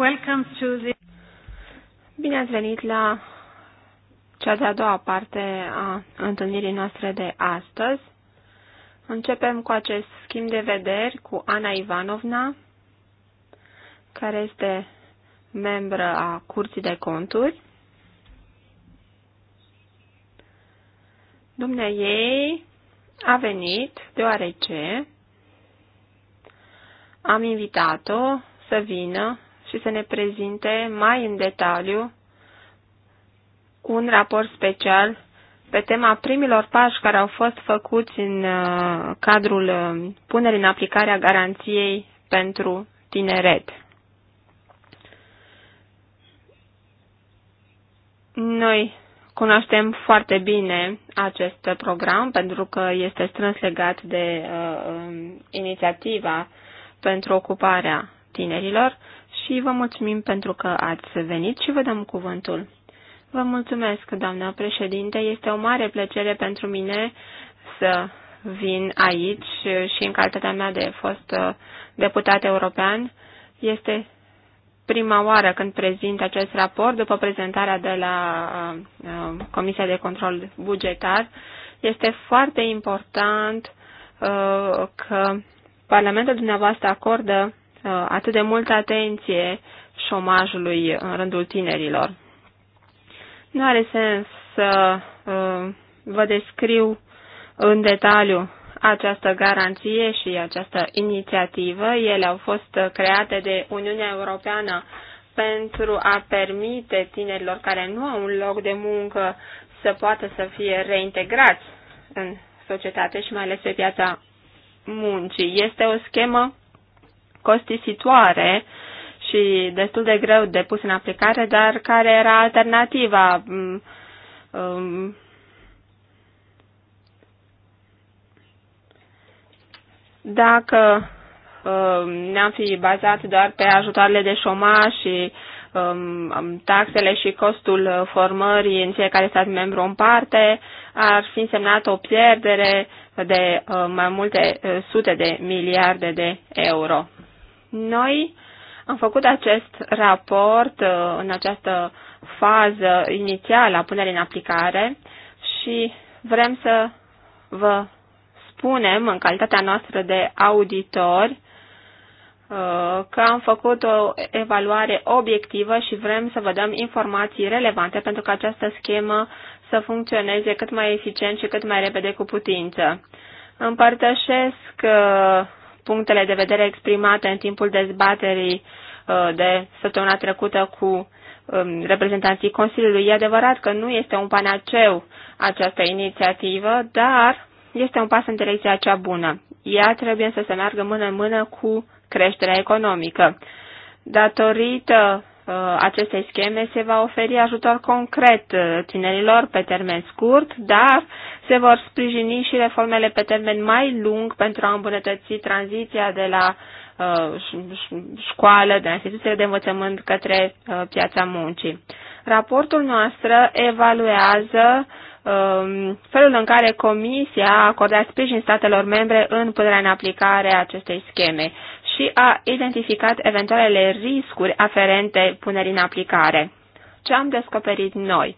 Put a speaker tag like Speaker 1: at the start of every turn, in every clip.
Speaker 1: Welcome to the... Bine ați venit
Speaker 2: la cea de-a doua parte a întâlnirii noastre de astăzi. Începem cu acest schimb de vederi cu Ana Ivanovna, care este membră a Curții de Conturi. Dumnea ei a venit deoarece am invitat-o să vină și să ne prezinte mai în detaliu un raport special pe tema primilor pași care au fost făcuți în uh, cadrul uh, punerii în aplicare a garanției pentru tineret. Noi cunoaștem foarte bine acest program pentru că este strâns legat de uh, um, inițiativa pentru ocuparea tinerilor și vă mulțumim pentru că ați venit și vă dăm cuvântul. Vă mulțumesc, doamna președinte. Este o mare plăcere pentru mine să vin aici și în calitatea mea de fost uh, deputat european. Este prima oară când prezint acest raport după prezentarea de la uh, uh, Comisia de Control Bugetar. Este foarte important că Parlamentul dumneavoastră acordă Uh, atât de multă atenție șomajului în rândul tinerilor. Nu are sens să uh, vă descriu în detaliu această garanție și această inițiativă. Ele au fost create de Uniunea Europeană pentru a permite tinerilor care nu au un loc de muncă să poată să fie reintegrați în societate și mai ales pe piața muncii. Este o schemă costisitoare și destul de greu de pus în aplicare, dar care era alternativa. Um, dacă mm, ne-am fi bazat doar pe ajutoarele de șomaș și taxele și costul formării în fiecare stat membru în parte, ar fi însemnat o pierdere de mai multe eh, sute de miliarde de euro. Noi am făcut acest raport uh, în această fază inițială a punerii în aplicare și vrem să vă spunem, în calitatea noastră de auditori, uh, că am făcut o evaluare obiectivă și vrem să vă dăm informații relevante pentru că această schemă să funcționeze cât mai eficient și cât mai repede cu putință. Împărtășesc uh, punctele de vedere exprimate în timpul dezbaterii uh, de săptămâna trecută cu um, reprezentanții Consiliului. E adevărat că nu este un panaceu această inițiativă, dar este un pas în direcția cea bună. Ea trebuie să se meargă mână în mână cu creșterea economică. Datorită Uh, acestei scheme se va oferi ajutor concret uh, tinerilor pe termen scurt, dar se vor sprijini și reformele pe termen mai lung pentru a îmbunătăți tranziția de la uh, școală, de la instituțiile de învățământ către piața muncii. Raportul noastră evaluează um, felul în care Comisia a acordat sprijin statelor membre în punerea în aplicare a acestei scheme și a identificat eventualele riscuri aferente punerii în aplicare. Ce am descoperit noi?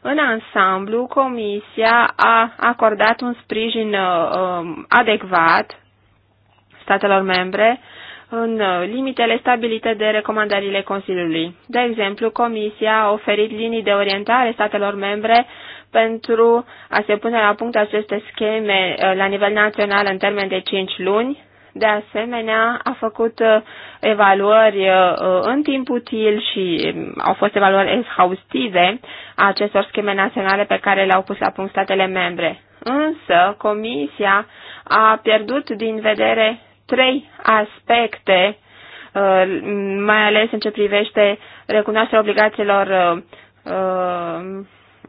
Speaker 2: În ansamblu, Comisia a acordat un sprijin uh, um, adecvat statelor membre în limitele stabilite de recomandările Consiliului. De exemplu, Comisia a oferit linii de orientare statelor membre pentru a se pune la punct aceste scheme uh, la nivel național în termen de 5 luni, de asemenea, a făcut uh, evaluări uh, uh, în timp util și um, au fost evaluări exhaustive a acestor scheme naționale pe care le-au pus la punct statele membre. Însă, Comisia a pierdut din vedere trei aspecte, mai ales în ce privește recunoașterea obligațiilor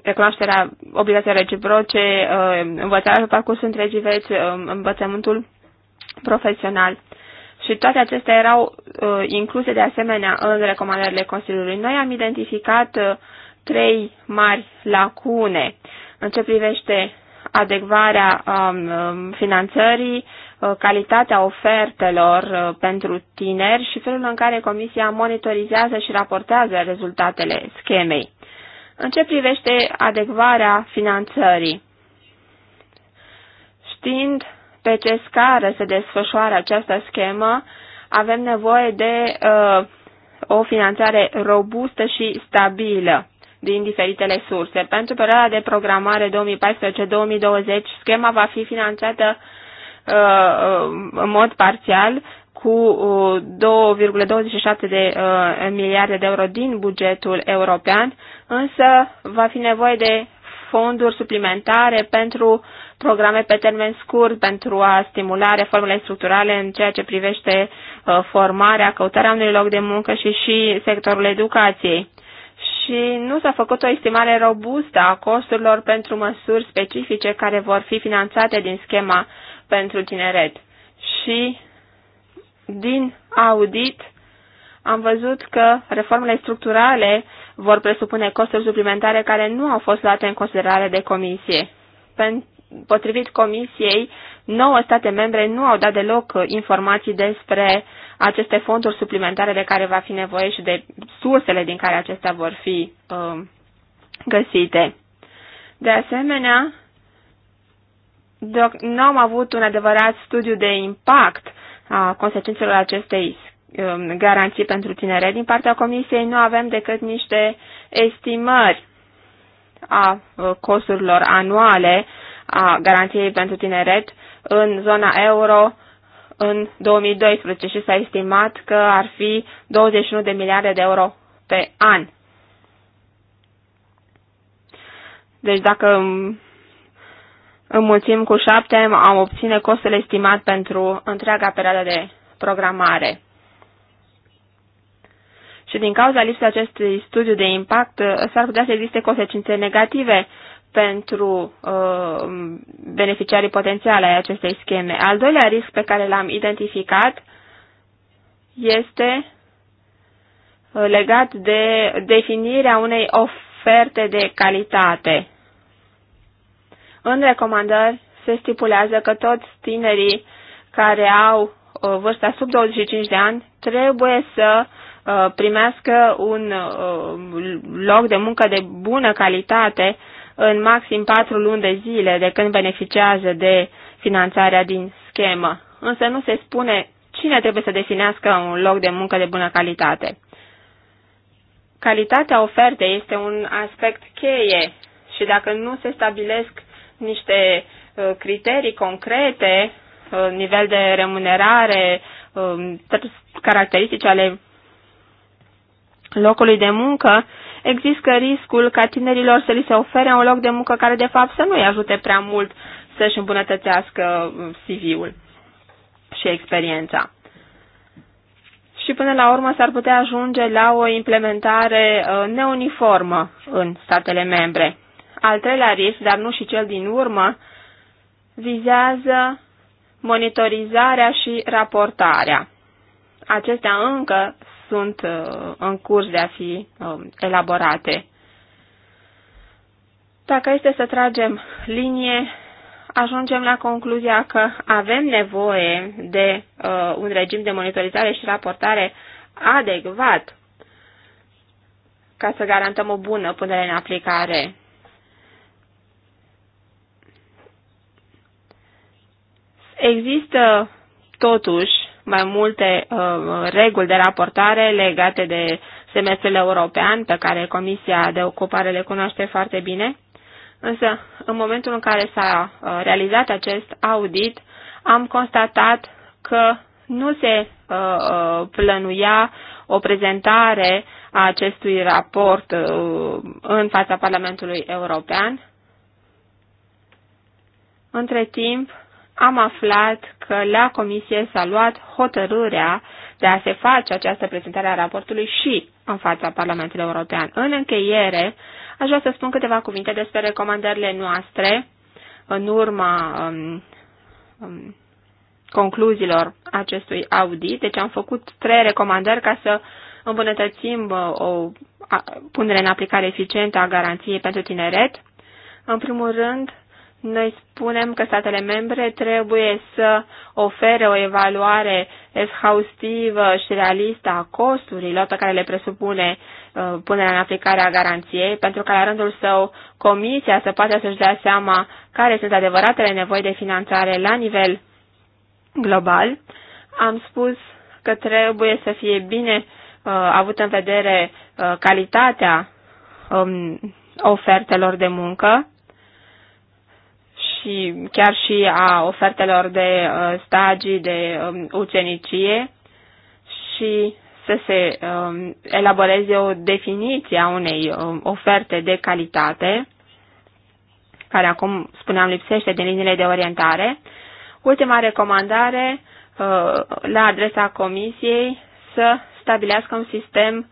Speaker 2: recunoașterea obligațiilor reciproce, învățarea pe parcursul întregii veți, învățământul profesional. Și toate acestea erau uh, incluse de asemenea în recomandările Consiliului. Noi am identificat uh, trei mari lacune în ce privește adecvarea um, um finanțării, uh, calitatea ofertelor uh, pentru tineri și felul în care Comisia monitorizează și raportează rezultatele schemei. În ce privește adecvarea finanțării, știind pe ce scară se desfășoară această schemă, avem nevoie de uh, o finanțare robustă și stabilă din diferitele surse. Pentru perioada de programare 2014-2020, schema va fi finanțată uh, în mod parțial cu 2,27 uh, de uh, miliarde de euro din bugetul european, însă va fi nevoie de fonduri suplimentare pentru programe pe termen scurt pentru a stimula reformele structurale în ceea ce privește uh, formarea, căutarea unui loc de muncă și și sectorul educației. Și nu s-a făcut o estimare robustă a costurilor pentru măsuri specifice care vor fi finanțate din schema pentru tineret. Și din audit am văzut că reformele structurale vor presupune costuri suplimentare care nu au fost luate în considerare de comisie. Pentru potrivit Comisiei, nouă state membre nu au dat deloc uh, informații despre aceste fonduri suplimentare de care va fi nevoie și de sursele din care acestea vor fi uh, găsite. De asemenea, nu am avut un adevărat studiu de impact a consecințelor acestei um, garanții pentru tinere. Din partea Comisiei nu avem decât niște estimări a uh, costurilor anuale a garanției pentru tineret în zona euro în 2012 și s-a estimat că ar fi 21 de miliarde de euro pe an. Deci dacă înmulțim cu șapte, am obține costul estimat pentru întreaga perioadă de programare. Și din cauza lipsei acestui studiu de impact, s-ar putea să existe consecințe negative pentru uh, beneficiarii potențiale ai acestei scheme. Al doilea risc pe care l-am identificat este uh, legat de definirea unei oferte de calitate. În recomandări se stipulează că toți tinerii care au uh, vârsta sub 25 de ani trebuie să uh, primească un loc de muncă de bună calitate în maxim patru luni de zile de când beneficiază de finanțarea din schemă, însă nu se spune cine trebuie să definească un loc de muncă de bună calitate. Calitatea ofertei este un aspect cheie și dacă nu se stabilesc niște uh, criterii concrete, uh, nivel de remunerare, um, caracteristici ale locului de muncă, există riscul ca tinerilor să li se ofere un loc de muncă care de fapt să nu îi ajute prea mult să-și îmbunătățească uh, CV-ul și experiența. Și până la urmă s-ar putea ajunge la o implementare uh, neuniformă în statele membre. Al treilea risc, dar nu și cel din urmă, vizează monitorizarea și raportarea. Acestea încă sunt uh, în curs de a fi um, elaborate. Dacă este să tragem linie, ajungem la concluzia că avem nevoie de uh, un regim de monitorizare și raportare adecvat ca să garantăm o bună punere în aplicare. Există totuși mai multe uh, reguli de raportare legate de semestrul european, pe care Comisia de Ocupare le cunoaște foarte bine. Însă, în momentul în care s-a uh, realizat acest audit, am constatat că nu se uh, uh plănuia o prezentare a acestui raport uh, în fața Parlamentului European. Între timp, am aflat că la comisie s-a luat hotărârea de a se face această prezentare a raportului și în fața Parlamentului European. În încheiere, aș vrea să spun câteva cuvinte despre recomandările noastre în urma um, um, concluziilor acestui audit. Deci am făcut trei recomandări ca să îmbunătățim uh, o punere în aplicare eficientă a garanției pentru tineret. În primul rând, noi spunem că statele membre trebuie să ofere o evaluare exhaustivă și realistă a costurilor pe care le presupune uh, punerea în aplicare a garanției, pentru că la rândul său comisia să poată să-și dea seama care sunt adevăratele nevoi de finanțare la nivel global. Am spus că trebuie să fie bine uh, avut în vedere uh, calitatea um, ofertelor de muncă și chiar și a ofertelor de uh, stagii, de um, ucenicie și să se um, elaboreze o definiție a unei um, oferte de calitate, care acum, spuneam, lipsește din liniile de orientare. Ultima recomandare uh, la adresa Comisiei să stabilească un sistem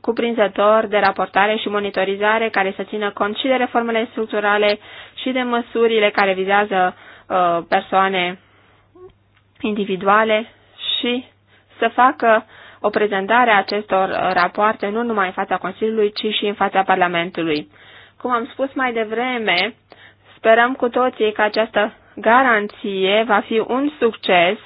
Speaker 2: cuprinzător de raportare și monitorizare care să țină cont și de reformele structurale și de măsurile care vizează uh, persoane individuale și să facă o prezentare a acestor uh, rapoarte nu numai în fața Consiliului, ci și în fața Parlamentului. Cum am spus mai devreme, sperăm cu toții că această garanție va fi un succes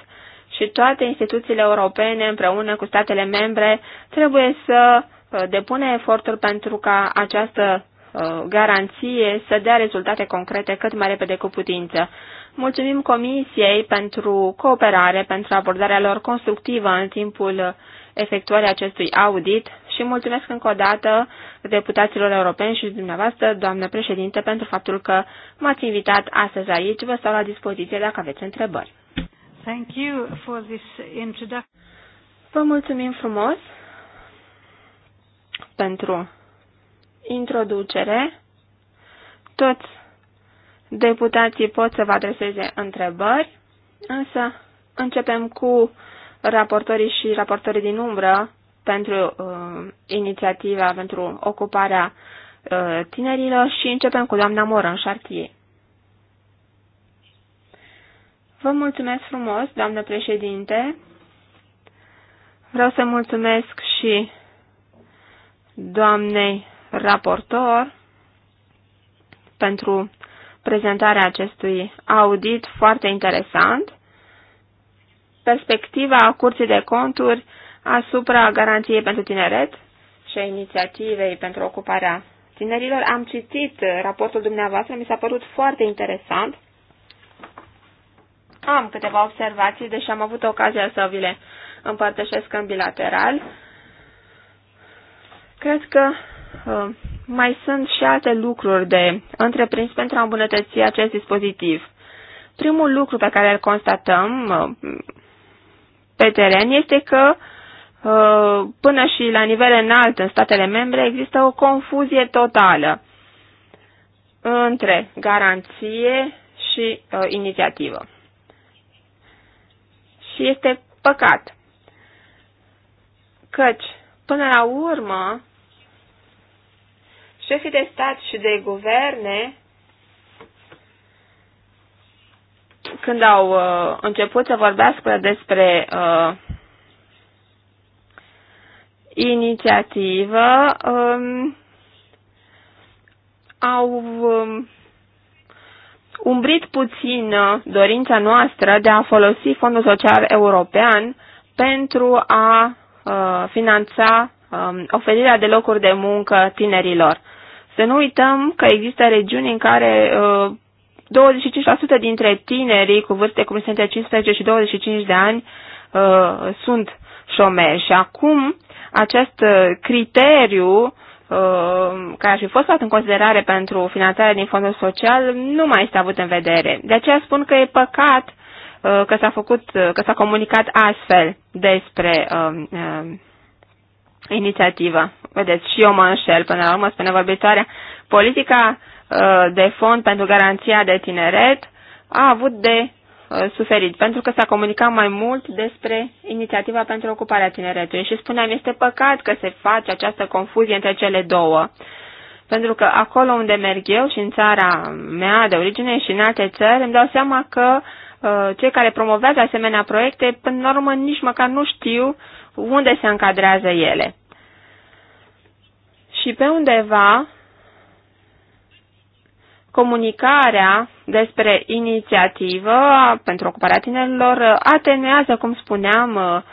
Speaker 2: și toate instituțiile europene împreună cu statele membre trebuie să Uh, depune eforturi pentru ca această uh, garanție să dea rezultate concrete cât mai repede cu putință. Mulțumim Comisiei pentru cooperare, pentru abordarea lor constructivă în timpul efectuării acestui audit și mulțumesc încă o dată deputaților europeni și dumneavoastră, doamnă președinte, pentru faptul că m-ați invitat astăzi aici. Vă stau la dispoziție dacă aveți întrebări.
Speaker 1: Thank you for this introduction. Vă mulțumim
Speaker 2: frumos pentru introducere. Toți deputații pot să vă adreseze întrebări, însă începem cu raportorii și raportorii din umbră pentru uh, inițiativa pentru ocuparea uh, tinerilor și începem cu doamna Moran Șartie. Vă mulțumesc frumos, doamnă președinte. Vreau să mulțumesc și doamnei raportor pentru prezentarea acestui audit foarte interesant, perspectiva Curții de Conturi asupra garanției pentru tineret și a inițiativei pentru ocuparea tinerilor. Am citit raportul dumneavoastră, mi s-a părut foarte interesant. Am câteva observații, deși am avut ocazia să vi le împărtășesc în bilateral. Cred că uh, mai sunt și alte lucruri de întreprins pentru a îmbunătăți acest dispozitiv. Primul lucru pe care îl constatăm uh, pe teren este că uh, până și la nivel înalt în statele membre există o confuzie totală între garanție și uh, inițiativă. Și este păcat, căci până la urmă Șefii de stat și de guverne, când au uh, început să vorbească despre uh, inițiativă, um, au um, umbrit puțin uh, dorința noastră de a folosi Fondul Social European pentru a uh, finanța um, oferirea de locuri de muncă tinerilor. Să nu uităm că există regiuni în care uh, 25% dintre tinerii cu vârste cum între 15 și 25 de ani uh, sunt șomeri și acum acest uh, criteriu uh, care ar fi fost luat în considerare pentru finanțarea din fondul social nu mai este avut în vedere. De aceea spun că e păcat uh, că s-a făcut, uh, că s-a comunicat astfel despre inițiativă. Vedeți, și eu mă înșel până la urmă, spune vorbitoarea. Politica uh, de fond pentru garanția de tineret a avut de uh, suferit, pentru că s-a comunicat mai mult despre inițiativa pentru ocuparea tineretului și spuneam, este păcat că se face această confuzie între cele două. Pentru că acolo unde merg eu și în țara mea de origine și în alte țări, îmi dau seama că uh, cei care promovează asemenea proiecte, până la urmă, nici măcar nu știu unde se încadrează ele. Și pe undeva, comunicarea despre inițiativă pentru ocuparea tinerilor atenuează, cum spuneam,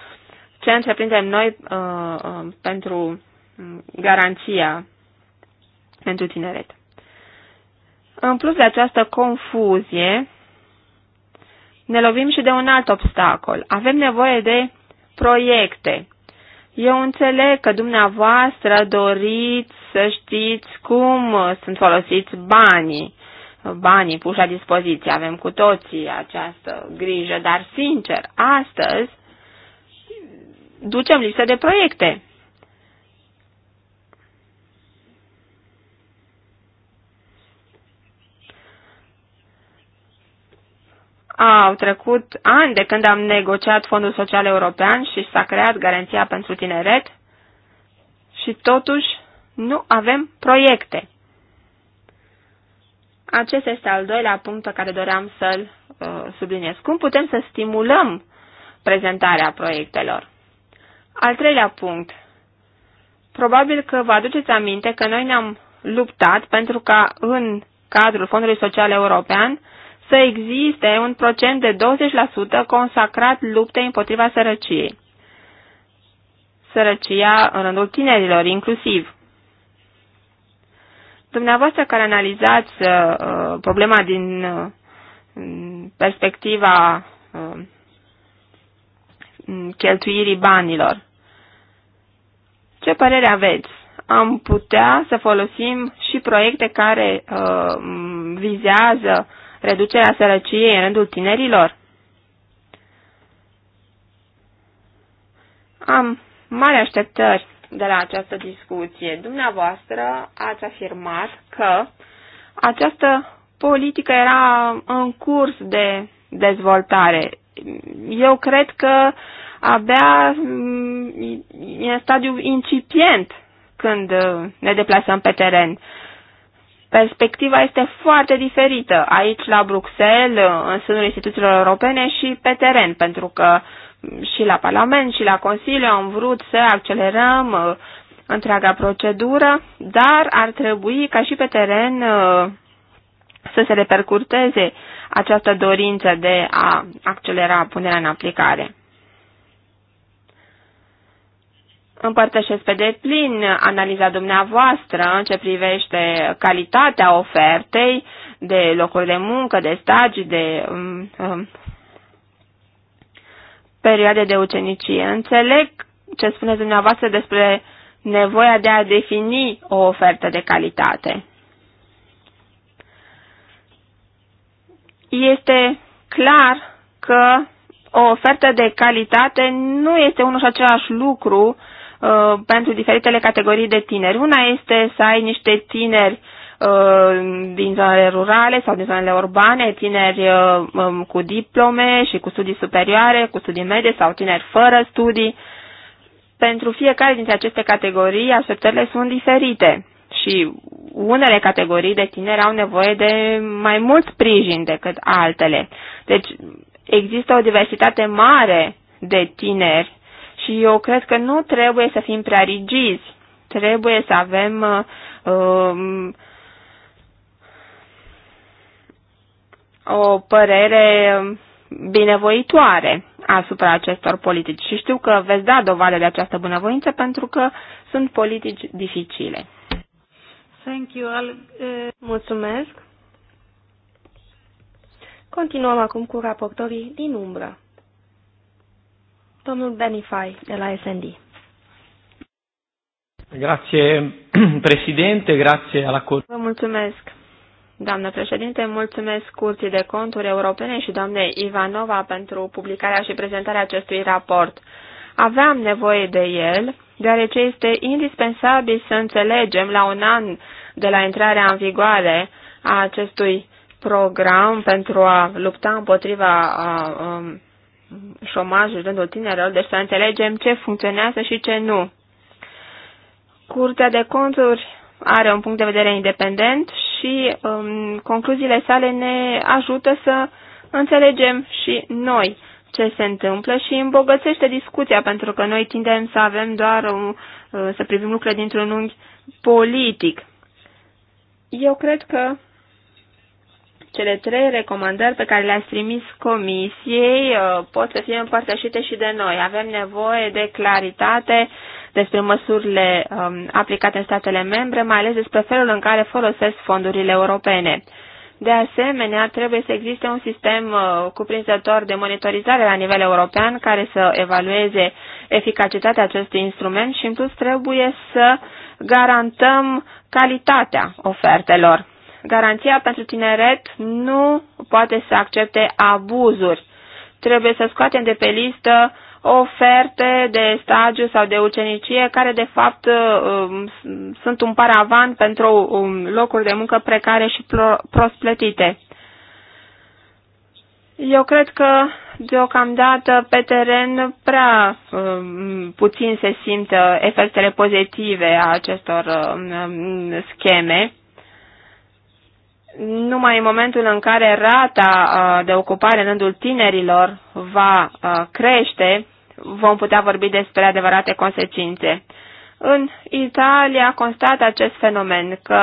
Speaker 2: ce întreprindem noi uh, uh, pentru garanția pentru tineret. În plus de această confuzie, ne lovim și de un alt obstacol. Avem nevoie de proiecte. Eu înțeleg că dumneavoastră doriți să știți cum sunt folosiți banii, banii puși la dispoziție. Avem cu toții această grijă, dar sincer, astăzi ducem lipsă de proiecte. Au trecut ani de când am negociat Fondul Social European și s-a creat Garanția pentru Tineret și totuși nu avem proiecte. Acesta este al doilea punct pe care doream să-l uh, subliniez. Cum putem să stimulăm prezentarea proiectelor? Al treilea punct. Probabil că vă aduceți aminte că noi ne-am luptat pentru ca în cadrul Fondului Social European să existe un procent de 20% consacrat luptei împotriva sărăciei. Sărăcia în rândul tinerilor inclusiv. Dumneavoastră care analizați uh, uh problema din uh, perspectiva uh, cheltuirii banilor, ce părere aveți? Am putea să folosim și proiecte care uh, vizează reducerea sărăciei în rândul tinerilor? Am mari așteptări de la această discuție. Dumneavoastră ați afirmat că această politică era în curs de dezvoltare. Eu cred că abia mm, e în stadiu incipient când uh, ne deplasăm pe teren. Perspectiva este foarte diferită aici la Bruxelles, în sânul instituțiilor europene și pe teren, pentru că și la Parlament și la Consiliu am vrut să accelerăm uh, întreaga procedură, dar ar trebui ca și pe teren uh, să se repercurteze această dorință de a accelera punerea în aplicare. Împărtășesc pe deplin analiza dumneavoastră în ce privește calitatea ofertei de locuri de muncă, de stagi, de um, um, perioade de ucenicie. Înțeleg ce spuneți dumneavoastră despre nevoia de a defini o ofertă de calitate. Este clar că o ofertă de calitate nu este unul și același lucru uh, Uh, pentru diferitele categorii de tineri. Una este să ai niște tineri uh, din zonele rurale sau din zonele urbane, tineri uh, um, cu diplome și cu studii superioare, cu studii medie sau tineri fără studii. Pentru fiecare dintre aceste categorii, așteptările sunt diferite și unele categorii de tineri au nevoie de mai mult sprijin decât altele. Deci există o diversitate mare de tineri și eu cred că nu trebuie să fim prea rigizi. Trebuie să avem uh, um, o părere binevoitoare asupra acestor politici. Și știu că veți da dovadă de această bunăvoință pentru că sunt politici dificile.
Speaker 1: Thank you. I'll, uh, Mulțumesc.
Speaker 3: Continuăm acum cu raportorii din umbră. Domnul Benifai, de la SND.
Speaker 4: Grazie, președinte, grazie alla Corte.
Speaker 3: Vă
Speaker 2: mulțumesc. Doamnă președinte, mulțumesc Curții de Conturi Europene și doamnei Ivanova pentru publicarea și prezentarea acestui raport. Aveam nevoie de el, deoarece este indispensabil să înțelegem la un an de la intrarea în vigoare a acestui program pentru a lupta împotriva a, a, șomajul rândul tinerilor, deci să înțelegem ce funcționează și ce nu. Curtea de conturi are un punct de vedere independent și um, concluziile sale ne ajută să înțelegem și noi ce se întâmplă și îmbogățește discuția, pentru că noi tindem să avem doar, um, să privim lucrurile dintr-un unghi politic. Eu cred că cele trei recomandări pe care le-ați trimis comisiei uh, pot să fie împărtășite și de noi. Avem nevoie de claritate despre măsurile um, aplicate în statele membre, mai ales despre felul în care folosesc fondurile europene. De asemenea, trebuie să existe un sistem uh, cuprinzător de monitorizare la nivel european care să evalueze eficacitatea acestui instrument și, în plus, trebuie să garantăm calitatea ofertelor. Garanția pentru tineret nu poate să accepte abuzuri. Trebuie să scoatem de pe listă oferte de stagiu sau de ucenicie care de fapt um, sunt un paravan pentru um, locuri de muncă precare și prost plătite. Eu cred că deocamdată pe teren prea um, puțin se simt uh, efectele pozitive a acestor scheme numai în momentul în care rata uh, de ocupare în rândul tinerilor va uh, crește, vom putea vorbi despre adevărate consecințe. În Italia constat acest fenomen că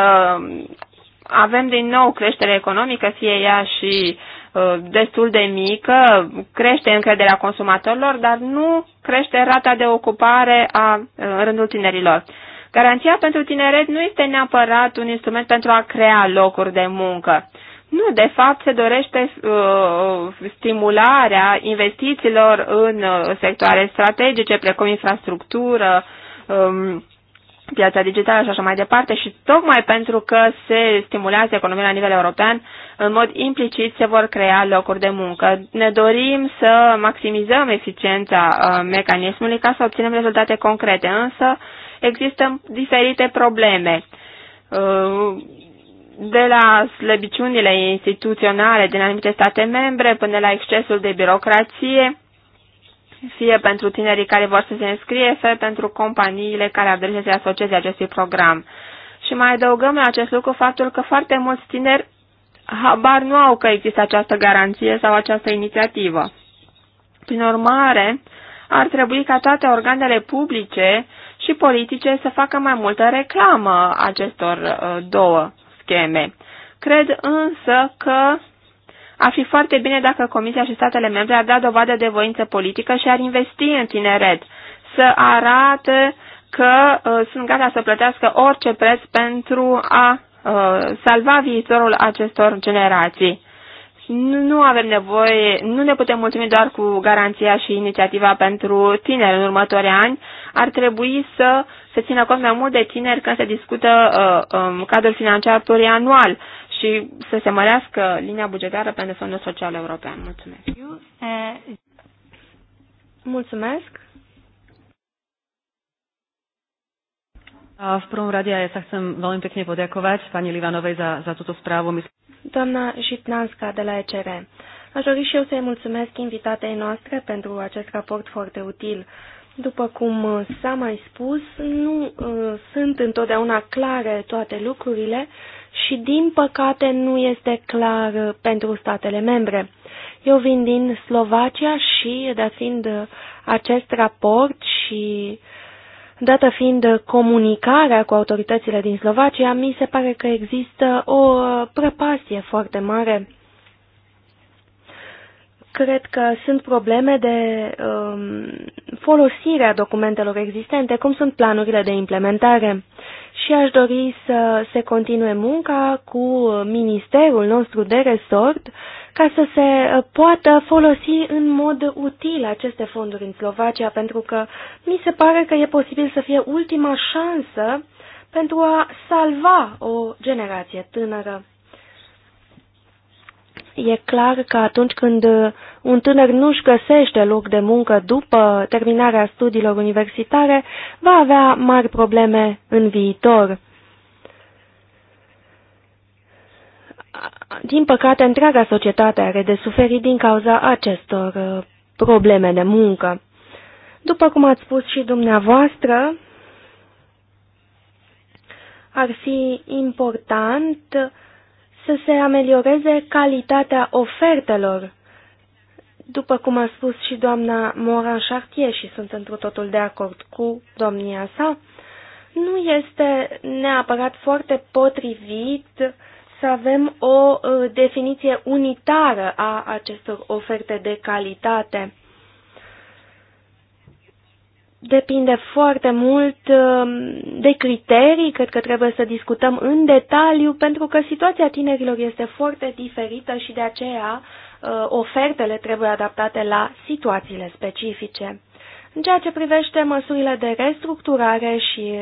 Speaker 2: avem din nou creștere economică, fie ea și uh, destul de mică, crește încrederea consumatorilor, dar nu crește rata de ocupare a, uh, rândul tinerilor. Garanția pentru tineret nu este neapărat un instrument pentru a crea locuri de muncă. Nu, de fapt se dorește uh, stimularea investițiilor în uh, sectoare strategice, precum infrastructură, um, piața digitală și așa mai departe și tocmai pentru că se stimulează economia la nivel european, în mod implicit se vor crea locuri de muncă. Ne dorim să maximizăm eficiența uh, mecanismului ca să obținem rezultate concrete, însă există diferite probleme. Uh, de la slăbiciunile instituționale din anumite state membre până la excesul de birocrație, fie pentru tinerii care vor să se înscrie, fie pentru companiile care ar dori să se asocieze acestui program. Și mai adăugăm la acest lucru faptul că foarte mulți tineri habar nu au că există această garanție sau această inițiativă. Prin urmare, ar trebui ca toate organele publice și politice să facă mai multă reclamă acestor uh, două scheme. Cred însă că ar fi foarte bine dacă Comisia și statele membre ar da dovadă de voință politică și ar investi în tineret, să arate că uh, sunt gata să plătească orice preț pentru a uh, salva viitorul acestor generații. Nu, nu avem nevoie, nu ne putem mulțumi doar cu garanția și inițiativa pentru tineri în următorii ani, ar trebui să se țină cont mai mult de tineri când se discută uh, um, cadrul financiar plurianual și să se mărească linia bugetară pentru Fondul Social European. Mulțumesc.
Speaker 1: Mulțumesc. A v prvom rade ja sa chcem veľmi pekne poďakovať pani Livanovej za, za túto správu.
Speaker 3: Doamna Jitnanska de la ECR. Aș dori și eu să-i mulțumesc invitatei noastre pentru acest raport foarte util. După cum uh, s-a mai spus, nu uh, sunt întotdeauna clare toate lucrurile și, din păcate, nu este clar uh, pentru statele membre. Eu vin din Slovacia și, dat fiind acest raport și dată fiind comunicarea cu autoritățile din Slovacia, mi se pare că există o prăpastie foarte mare Cred că sunt probleme de um, folosire a documentelor existente, cum sunt planurile de implementare. Și aș dori să se continue munca cu ministerul nostru de resort ca să se uh, poată folosi în mod util aceste fonduri în Slovacia, pentru că mi se pare că e posibil să fie ultima șansă pentru a salva o generație tânără. E clar că atunci când uh, un tânăr nu-și găsește loc de muncă după terminarea studiilor universitare, va avea mari probleme în viitor. Din păcate, întreaga societate are de suferit din cauza acestor uh, probleme de muncă. După cum ați spus și dumneavoastră, ar fi important să se amelioreze calitatea ofertelor, după cum a spus și doamna Moran Chartier și sunt într totul de acord cu domnia sa, nu este neapărat foarte potrivit să avem o uh, definiție unitară a acestor oferte de calitate depinde foarte mult um, de criterii, cred că trebuie să discutăm în detaliu, pentru că situația tinerilor este foarte diferită și de aceea uh, ofertele trebuie adaptate la situațiile specifice. În ceea ce privește măsurile de restructurare și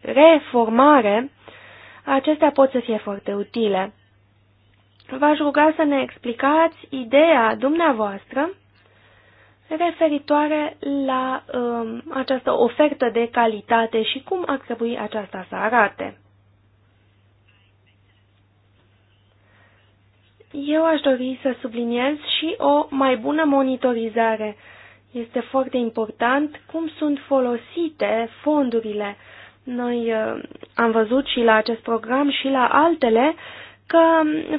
Speaker 3: reformare, acestea pot să fie foarte utile. V-aș ruga să ne explicați ideea dumneavoastră referitoare la um, această ofertă de calitate și cum ar trebui aceasta să arate. Eu aș dori să subliniez și o mai bună monitorizare. Este foarte important cum sunt folosite fondurile. Noi uh, am văzut și la acest program și la altele că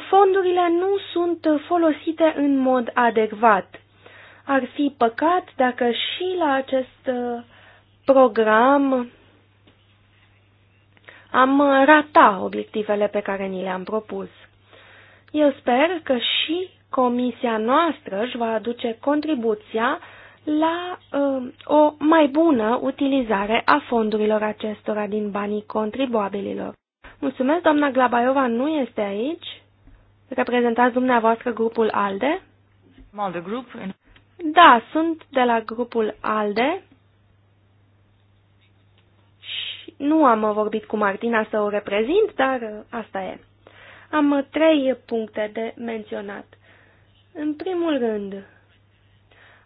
Speaker 3: fondurile nu sunt folosite în mod adecvat ar fi păcat dacă și la acest uh, program am rata obiectivele pe care ni le-am propus. Eu sper că și comisia noastră își va aduce contribuția la uh, o mai bună utilizare a fondurilor acestora din banii contribuabililor. Mulțumesc, doamna Glabaiova nu este aici. Reprezentați dumneavoastră grupul ALDE? ALDE Group. Da, sunt de la grupul ALDE și nu am vorbit cu Martina să o reprezint, dar uh, asta e. Am uh, trei puncte de menționat. În primul rând,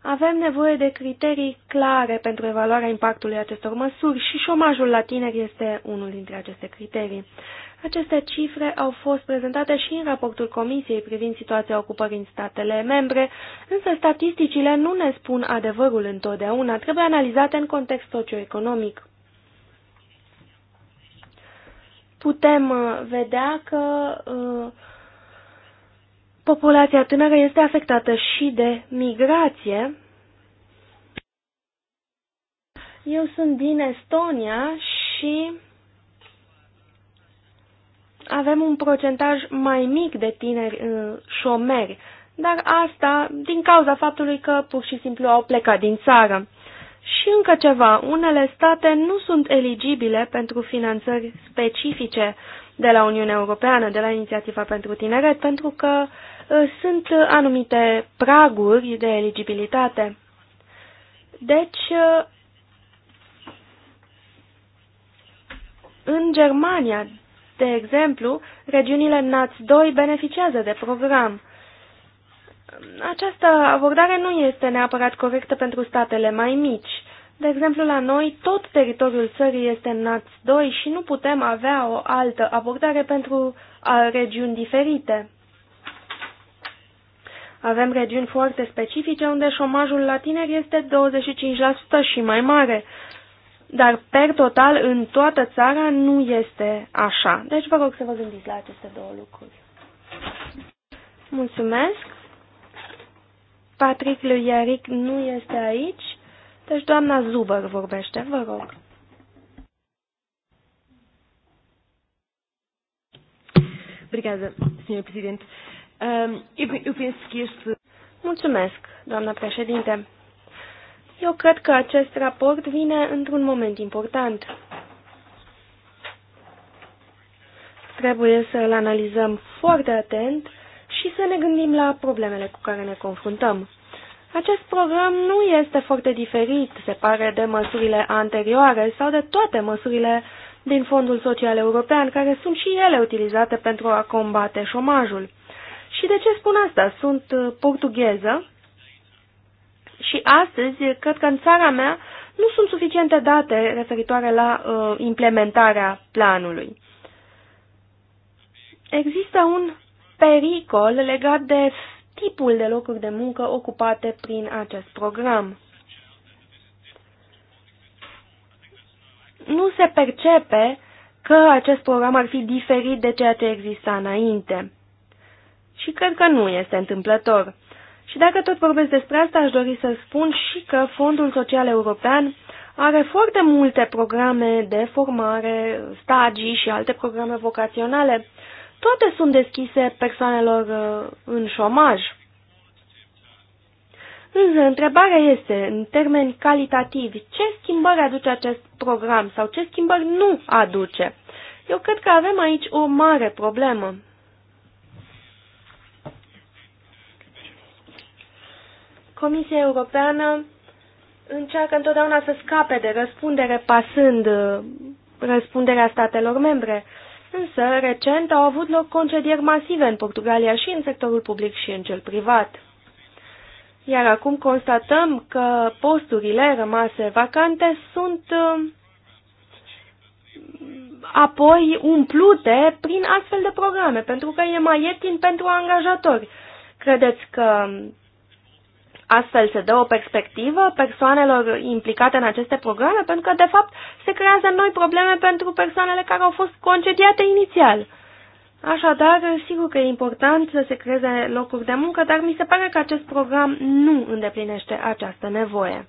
Speaker 3: avem nevoie de criterii clare pentru evaluarea impactului acestor măsuri și șomajul la tineri este unul dintre aceste criterii. Aceste cifre au fost prezentate și în raportul Comisiei privind situația ocupării în statele membre, însă statisticile nu ne spun adevărul întotdeauna, trebuie analizate în context socioeconomic. Putem uh, vedea că uh, populația tânără este afectată și de migrație. Eu sunt din Estonia și avem un procentaj mai mic de tineri uh, șomeri, dar asta din cauza faptului că pur și simplu au plecat din țară. Și încă ceva, unele state nu sunt eligibile pentru finanțări specifice de la Uniunea Europeană, de la Inițiativa pentru Tineret, pentru că uh, sunt anumite praguri de eligibilitate. Deci, uh, în Germania, de exemplu, regiunile NATS 2 beneficiază de program. Această abordare nu este neapărat corectă pentru statele mai mici. De exemplu, la noi, tot teritoriul țării este NATS 2 și nu putem avea o altă abordare pentru regiuni diferite. Avem regiuni foarte specifice unde șomajul la tineri este 25% și mai mare dar, per total, în toată țara nu este așa. Deci vă rog să vă gândiți la aceste două lucruri. Mulțumesc. Patrick lui nu este aici, deci doamna Zuber vorbește, vă rog. Obrigada, Presidente. Eu penso que este... Mulțumesc, doamna președinte. Eu cred că acest raport vine într-un moment important. Trebuie să îl analizăm foarte atent și să ne gândim la problemele cu care ne confruntăm. Acest program nu este foarte diferit, se pare, de măsurile anterioare sau de toate măsurile din Fondul Social European, care sunt și ele utilizate pentru a combate șomajul. Și de ce spun asta? Sunt uh, portugheză și astăzi, cred că în țara mea, nu sunt suficiente date referitoare la uh, implementarea planului. Există un pericol legat de tipul de locuri de muncă ocupate prin acest program. Nu se percepe că acest program ar fi diferit de ceea ce exista înainte. Și cred că nu este întâmplător. Și dacă tot vorbesc despre asta, aș dori să spun și că Fondul Social European are foarte multe programe de formare, stagii și alte programe vocaționale. Toate sunt deschise persoanelor uh, în șomaj. Însă, întrebarea este, în termeni calitativi, ce schimbări aduce acest program sau ce schimbări nu aduce? Eu cred că avem aici o mare problemă. Comisia Europeană încearcă întotdeauna să scape de răspundere pasând uh, răspunderea statelor membre. Însă, recent au avut loc concedieri masive în Portugalia și în sectorul public și în cel privat. Iar acum constatăm că posturile rămase vacante sunt uh, apoi umplute prin astfel de programe, pentru că e mai ieftin pentru angajatori. Credeți că Astfel se dă o perspectivă persoanelor implicate în aceste programe, pentru că, de fapt, se creează noi probleme pentru persoanele care au fost concediate inițial. Așadar, sigur că e important să se creeze locuri de muncă, dar mi se pare că acest program nu îndeplinește această nevoie.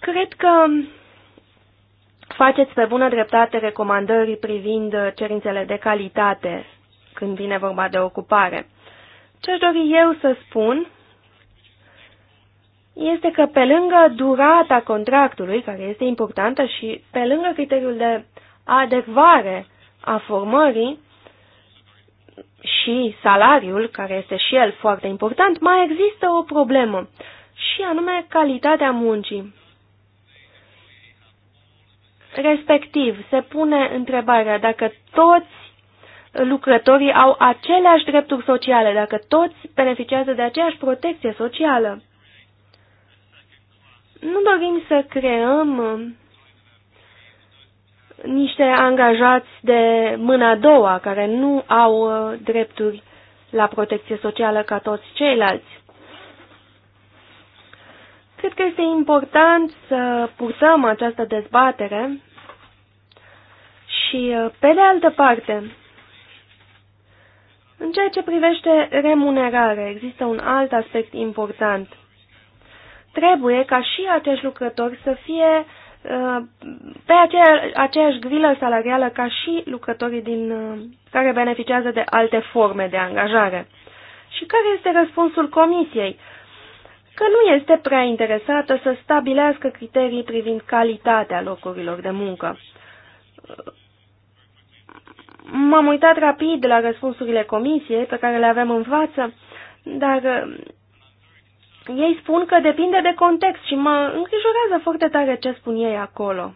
Speaker 3: Cred că faceți pe bună dreptate recomandări privind cerințele de calitate când vine vorba de ocupare. Ce-aș dori eu să spun este că pe lângă durata contractului, care este importantă, și pe lângă criteriul de adecvare a formării și salariul, care este și el foarte important, mai există o problemă, și anume calitatea muncii. Respectiv, se pune întrebarea dacă toți lucrătorii au aceleași drepturi sociale, dacă toți beneficiază de aceeași protecție socială. Nu dorim să creăm um, niște angajați de mâna a doua care nu au uh, drepturi la protecție socială ca toți ceilalți. Cred că este important să purtăm această dezbatere și, uh, pe de altă parte, în ceea ce privește remunerarea, există un alt aspect important. Trebuie ca și acești lucrători să fie uh, pe aceea, aceeași grilă salarială ca și lucrătorii din, uh, care beneficiază de alte forme de angajare. Și care este răspunsul comisiei? Că nu este prea interesată să stabilească criterii privind calitatea locurilor de muncă. M-am uitat rapid la răspunsurile comisiei pe care le avem în față, dar uh, ei spun că depinde de context și mă îngrijorează foarte tare ce spun ei acolo.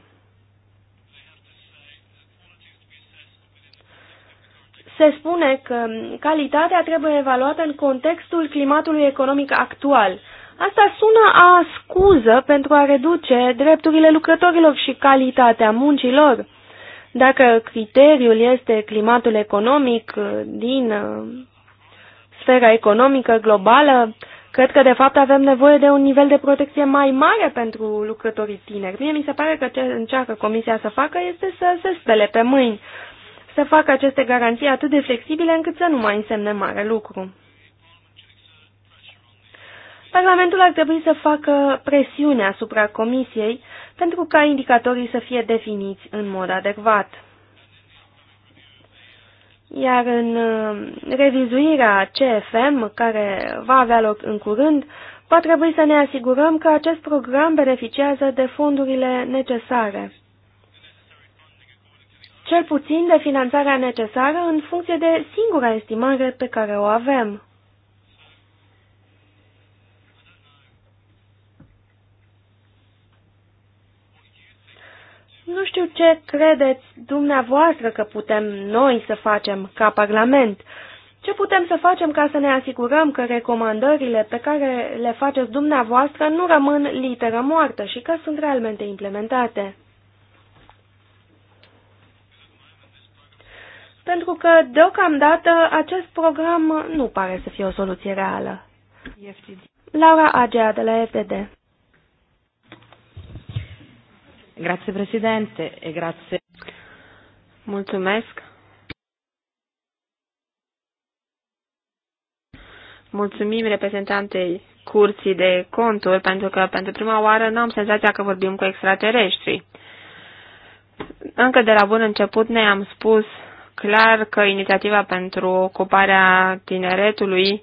Speaker 3: Se spune că calitatea trebuie evaluată în contextul climatului economic actual. Asta sună a scuză pentru a reduce drepturile lucrătorilor și calitatea muncilor. Dacă criteriul este climatul economic uh, din uh, sfera economică globală, cred că de fapt avem nevoie de un nivel de protecție mai mare pentru lucrătorii tineri. Mie mi se pare că ce încearcă Comisia să facă este să se spele pe mâini, să facă aceste garanții atât de flexibile încât să nu mai însemne mare lucru. Parlamentul ar trebui să facă presiune asupra Comisiei pentru ca indicatorii să fie definiți în mod adecvat. Iar în uh, revizuirea CFM, care va avea loc în curând, va trebui să ne asigurăm că acest program beneficiază de fondurile necesare, cel puțin de finanțarea necesară în funcție de singura estimare pe care o avem. Nu știu ce credeți dumneavoastră că putem noi să facem ca Parlament. Ce putem să facem ca să ne asigurăm că recomandările pe care le faceți dumneavoastră nu rămân literă moartă și că sunt realmente implementate? Pentru că, deocamdată, acest program nu pare să fie o soluție reală. Laura Agea de la FDD. Grazie Presidente e grazie. Mulțumesc.
Speaker 2: Mulțumim reprezentantei Curții de Conturi pentru că pentru prima oară n-am senzația că vorbim cu extraterestri. Încă de la bun început ne-am spus clar că inițiativa pentru ocuparea tineretului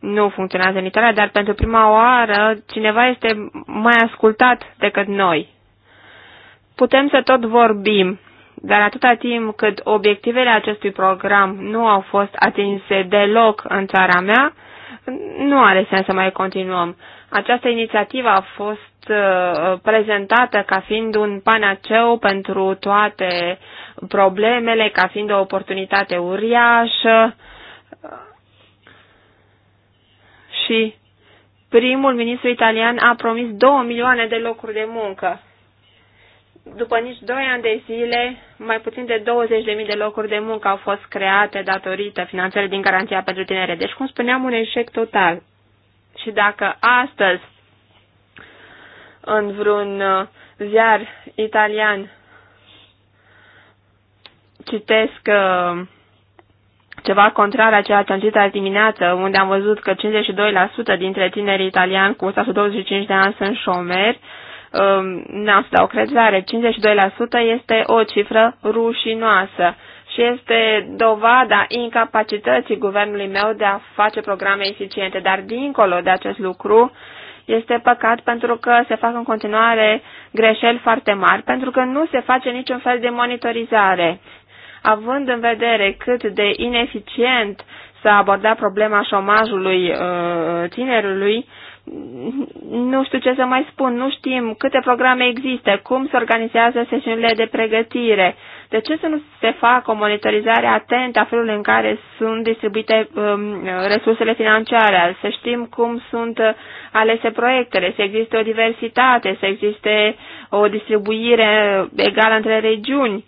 Speaker 2: nu funcționează în Italia, dar pentru prima oară cineva este mai ascultat decât noi. Putem să tot vorbim, dar atâta timp cât obiectivele acestui program nu au fost atinse deloc în țara mea, nu are sens să mai continuăm. Această inițiativă a fost uh, prezentată ca fiind un panaceu pentru toate problemele, ca fiind o oportunitate uriașă și primul ministru italian a promis 2 milioane de locuri de muncă după nici 2 ani de zile, mai puțin de 20.000 de locuri de muncă au fost create datorită finanțării din Garanția pentru Tinere. Deci, cum spuneam, un eșec total. Și dacă astăzi, în vreun uh, ziar italian, citesc uh, ceva contrar a ceea ce am citit azi dimineață, unde am văzut că 52% dintre tinerii italiani cu 125 de ani sunt șomeri, Um, n o crezare, 52% este o cifră rușinoasă și este dovada incapacității guvernului meu de a face programe eficiente. Dar dincolo de acest lucru, este păcat pentru că se fac în continuare greșeli foarte mari, pentru că nu se face niciun fel de monitorizare. Având în vedere cât de ineficient s-a abordat problema șomajului uh, tinerului, nu știu ce să mai spun, nu știm câte programe există, cum se organizează sesiunile de pregătire, de ce să nu se facă o monitorizare atentă a felului în care sunt distribuite um, resursele financiare, să știm cum sunt alese proiectele, să existe o diversitate, să existe o distribuire egală între regiuni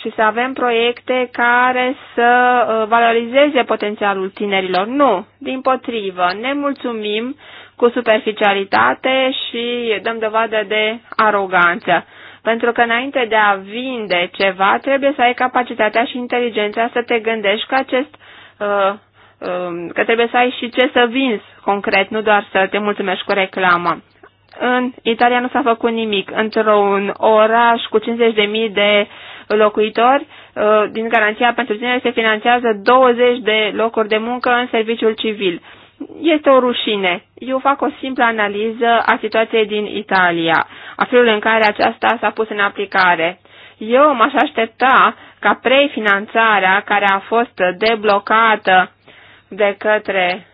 Speaker 2: și să avem proiecte care să uh, valorizeze potențialul tinerilor. Nu, din potrivă, ne mulțumim cu superficialitate și dăm dovadă de aroganță. Pentru că înainte de a vinde ceva, trebuie să ai capacitatea și inteligența să te gândești că acest uh, um, că trebuie să ai și ce să vinzi concret, nu doar să te mulțumești cu reclamă. În Italia nu s-a făcut nimic. Într-un oraș cu 50.000 de locuitori, uh, din garanția pentru tine se finanțează 20 de locuri de muncă în serviciul civil. Este o rușine. Eu fac o simplă analiză a situației din Italia, a felul în care aceasta s-a pus în aplicare. Eu m-aș aștepta ca prefinanțarea care a fost deblocată de către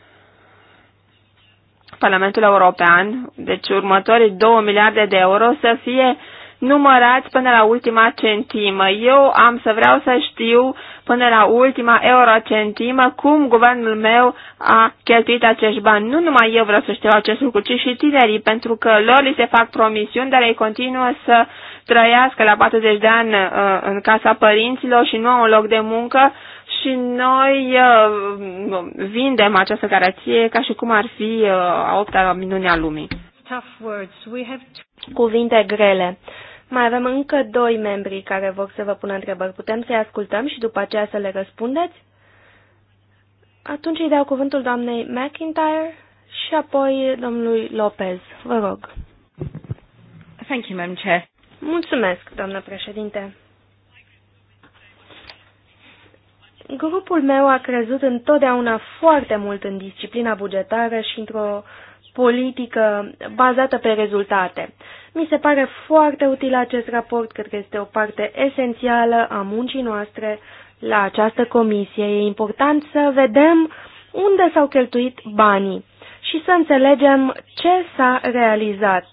Speaker 2: Parlamentul European, deci următorii 2 miliarde de euro, să fie numărați până la ultima centimă. Eu am să vreau să știu până la ultima eurocentimă cum guvernul meu a cheltuit acești bani. Nu numai eu vreau să știu acest lucru, ci și tinerii, pentru că lor li se fac promisiuni, dar ei continuă să trăiască la 40 de ani uh, în casa părinților și nu au un loc de muncă și noi uh, vindem această garanție ca și cum ar fi uh, a opta minune a lumii.
Speaker 3: Cuvinte grele. Mai avem încă doi membri care vor să vă pună întrebări. Putem să-i ascultăm și după aceea să le răspundeți? Atunci îi dau cuvântul doamnei McIntyre și apoi domnului Lopez. Vă rog. Thank you, Madam Chair. Mulțumesc, doamnă președinte. Grupul meu a crezut întotdeauna foarte mult în disciplina bugetară și într-o politică bazată pe rezultate. Mi se pare foarte util acest raport, cred că este o parte esențială a muncii noastre la această comisie. E important să vedem unde s-au cheltuit banii și să înțelegem ce s-a realizat.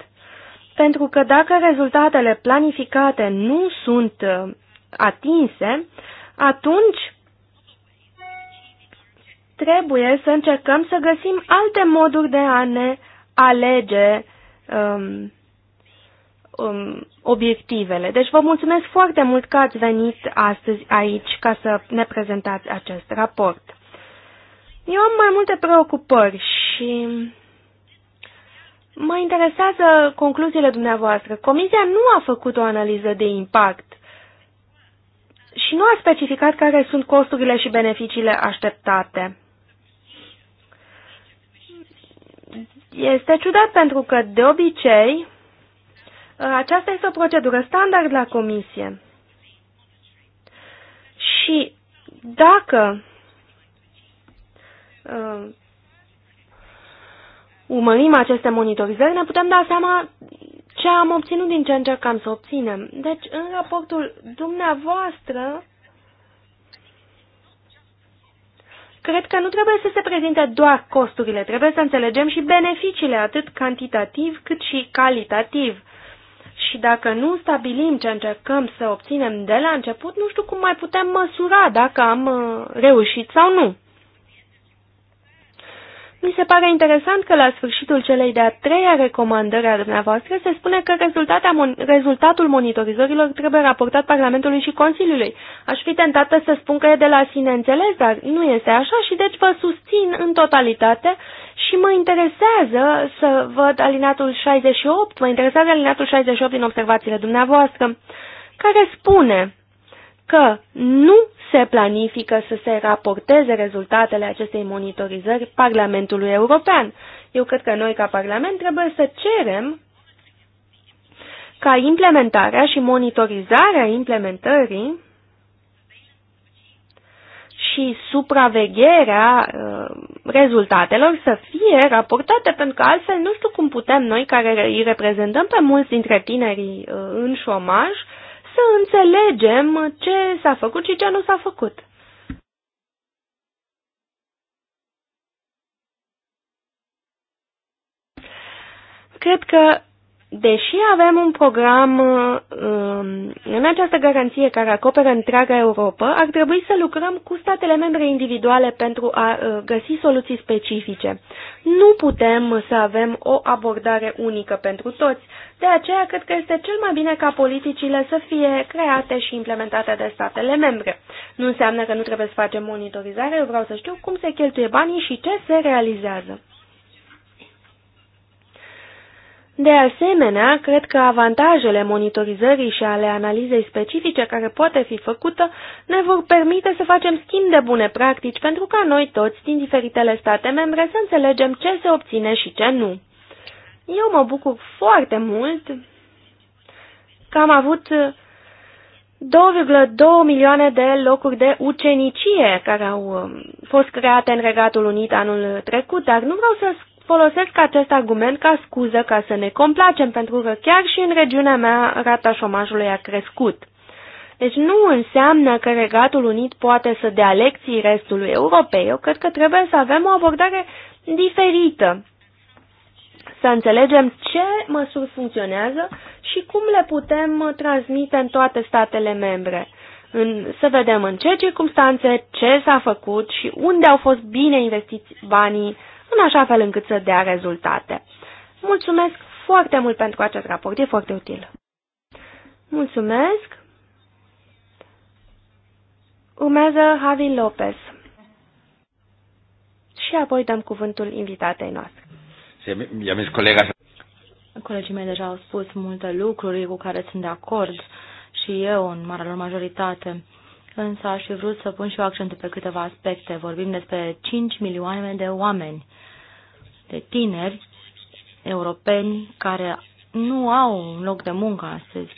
Speaker 3: Pentru că dacă rezultatele planificate nu sunt uh, atinse, atunci trebuie să încercăm să găsim alte moduri de a ne alege um, um, obiectivele. Deci vă mulțumesc foarte mult că ați venit astăzi aici ca să ne prezentați acest raport. Eu am mai multe preocupări și mă interesează concluziile dumneavoastră. Comisia nu a făcut o analiză de impact și nu a specificat care sunt costurile și beneficiile așteptate. Este ciudat pentru că, de obicei, aceasta este o procedură standard la comisie. Și dacă uh, urmărim aceste monitorizări, ne putem da seama ce am obținut din ce încercam să obținem. Deci, în raportul dumneavoastră, Cred că nu trebuie să se prezinte doar costurile, trebuie să înțelegem și beneficiile, atât cantitativ cât și calitativ. Și dacă nu stabilim ce încercăm să obținem de la început, nu știu cum mai putem măsura dacă am uh, reușit sau nu. Mi se pare interesant că la sfârșitul celei de-a treia recomandări a dumneavoastră se spune că rezultatul monitorizărilor trebuie raportat Parlamentului și Consiliului. Aș fi tentată să spun că e de la sine înțeles, dar nu este așa și deci vă susțin în totalitate și mă interesează să văd alineatul 68, mă interesează alineatul 68 din observațiile dumneavoastră, care spune că nu se planifică să se raporteze rezultatele acestei monitorizări Parlamentului European. Eu cred că noi, ca Parlament, trebuie să cerem ca implementarea și monitorizarea implementării și supravegherea uh, rezultatelor să fie raportate, pentru că altfel nu știu cum putem noi, care îi reprezentăm pe mulți dintre tinerii uh, în șomaj, să înțelegem ce s-a făcut și ce nu s-a făcut. Cred că Deși avem un program um, în această garanție care acoperă întreaga Europa, ar trebui să lucrăm cu statele membre individuale pentru a uh, găsi soluții specifice. Nu putem să avem o abordare unică pentru toți, de aceea cred că este cel mai bine ca politicile să fie create și implementate de statele membre. Nu înseamnă că nu trebuie să facem monitorizare, eu vreau să știu cum se cheltuie banii și ce se realizează. De asemenea, cred că avantajele monitorizării și ale analizei specifice care poate fi făcută ne vor permite să facem schimb de bune practici pentru ca noi toți din diferitele state membre să înțelegem ce se obține și ce nu. Eu mă bucur foarte mult că am avut 2,2 milioane de locuri de ucenicie care au um, fost create în Regatul Unit anul trecut, dar nu vreau să folosesc acest argument ca scuză ca să ne complacem, pentru că chiar și în regiunea mea rata șomajului a crescut. Deci nu înseamnă că Regatul Unit poate să dea lecții restului Europei. Eu cred că trebuie să avem o abordare diferită. Să înțelegem ce măsuri funcționează și cum le putem transmite în toate statele membre. În, să vedem în ce circunstanțe, ce s-a făcut și unde au fost bine investiți banii în așa fel încât să dea rezultate. Mulțumesc foarte mult pentru acest raport, e foarte util. Mulțumesc. Urmează Javi Lopez. Și apoi dăm
Speaker 5: cuvântul invitatei noastre. Am colega. Colegii mei deja au spus multe lucruri cu care sunt de acord și eu în marea lor majoritate însă aș fi vrut să pun și eu accentul pe câteva aspecte. Vorbim despre 5 milioane de oameni, de tineri europeni care nu au un loc de muncă astăzi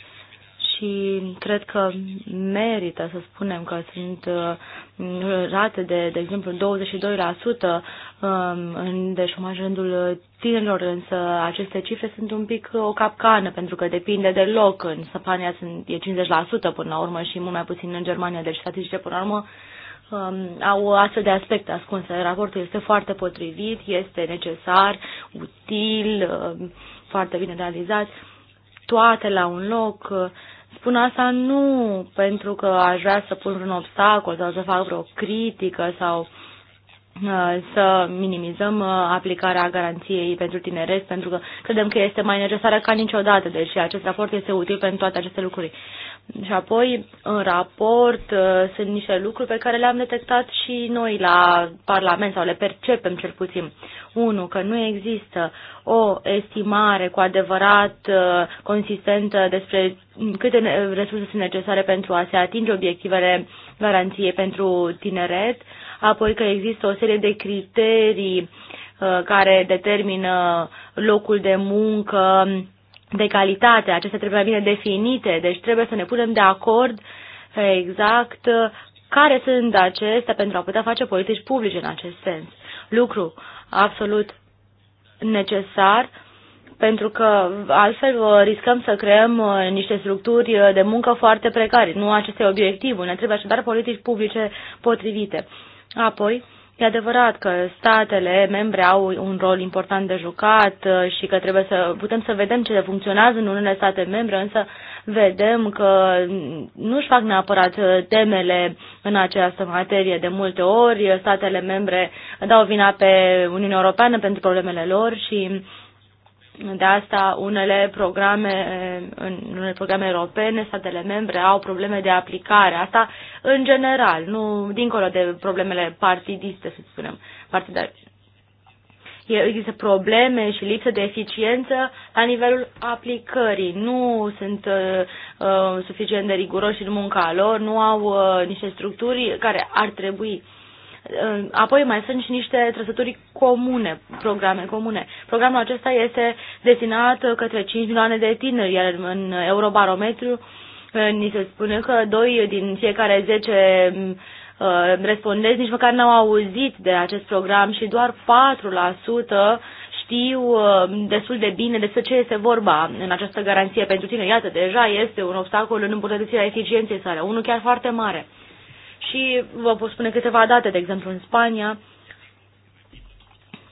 Speaker 5: și cred că merită să spunem că sunt uh, rate de, de exemplu, 22% Um, de șomaj rândul tinerilor, însă aceste cifre sunt un pic uh, o capcană, pentru că depinde de loc. În Spania sunt, e 50% până la urmă și mult mai puțin în Germania, deci statistice până la urmă um, au astfel de aspecte ascunse. Raportul este foarte potrivit, este necesar, util, um, foarte bine realizat, toate la un loc. Uh, spun asta nu pentru că aș vrea să pun un obstacol sau să fac vreo critică sau Uh, să minimizăm uh, aplicarea garanției pentru tineret, pentru că credem că este mai necesară ca niciodată, deși acest raport este util pentru toate aceste lucruri. Și apoi, în raport, uh, sunt niște lucruri pe care le-am detectat și noi la Parlament, sau le percepem cel puțin. Unu, că nu există o estimare cu adevărat consistentă despre câte resurse sunt necesare pentru a se atinge obiectivele garanției pentru tineret apoi că există o serie de criterii uh, care determină locul de muncă de calitate. Acestea trebuie bine definite, deci trebuie să ne punem de acord exact uh, care sunt acestea pentru a putea face politici publice în acest sens. Lucru absolut necesar pentru că altfel uh, riscăm să creăm niște structuri de muncă foarte precare. Nu acesta e obiectivul. Ne trebuie așadar politici publice potrivite. Apoi, e adevărat că statele membre au un rol important de jucat uh, și că trebuie să putem să vedem ce funcționează în unele state membre, însă vedem că nu își fac neapărat uh, temele în această materie. De multe ori, statele membre dau vina pe Uniunea Europeană pentru problemele lor și de asta unele programe, în unele programe europene, statele membre au probleme de aplicare. Asta în general, nu dincolo de problemele partidiste, să spunem, partidare. Există probleme și lipsă de eficiență la nivelul aplicării. Nu sunt uh, uh, suficient de riguroși în munca lor, nu au uh, niște structuri care ar trebui uh, Apoi mai sunt și niște trăsături comune, programe comune. Programul acesta este destinat către 5 milioane de tineri, iar în Eurobarometru eh, ni se spune că 2 din fiecare 10 eh, respondenți nici măcar n-au auzit de acest program și doar 4% știu eh, destul de bine despre ce este vorba în această garanție pentru tine. Iată, deja este un obstacol în îmbunătățirea eficienței sale, unul chiar foarte mare. Și vă pot spune câteva date, de exemplu, în Spania.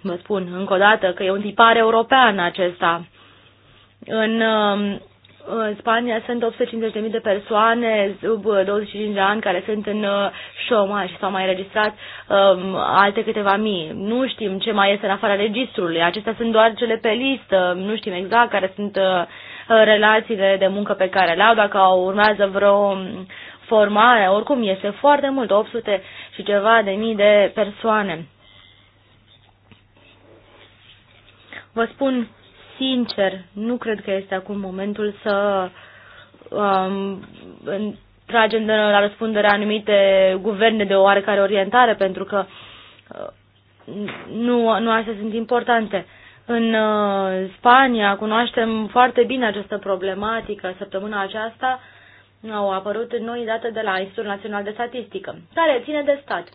Speaker 5: Vă spun încă o dată că e un tipar european acesta. În, um, în Spania sunt 850.000 de persoane sub 25 de ani care sunt în uh, șomaj și s-au mai registrat um, alte câteva mii. Nu știm ce mai este în afara registrului. Acestea sunt doar cele pe listă. Nu știm exact care sunt uh, relațiile de muncă pe care le au, dacă urmează vreo formare oricum este foarte mult, 800 și ceva de mii de persoane. Vă spun sincer, nu cred că este acum momentul să um, tragem de la răspundere anumite guverne de oarecare orientare, pentru că uh, nu, nu astea sunt importante. În uh, Spania cunoaștem foarte bine această problematică. Săptămâna aceasta au apărut noi date de la Institutul Național de Statistică, care ține de stat.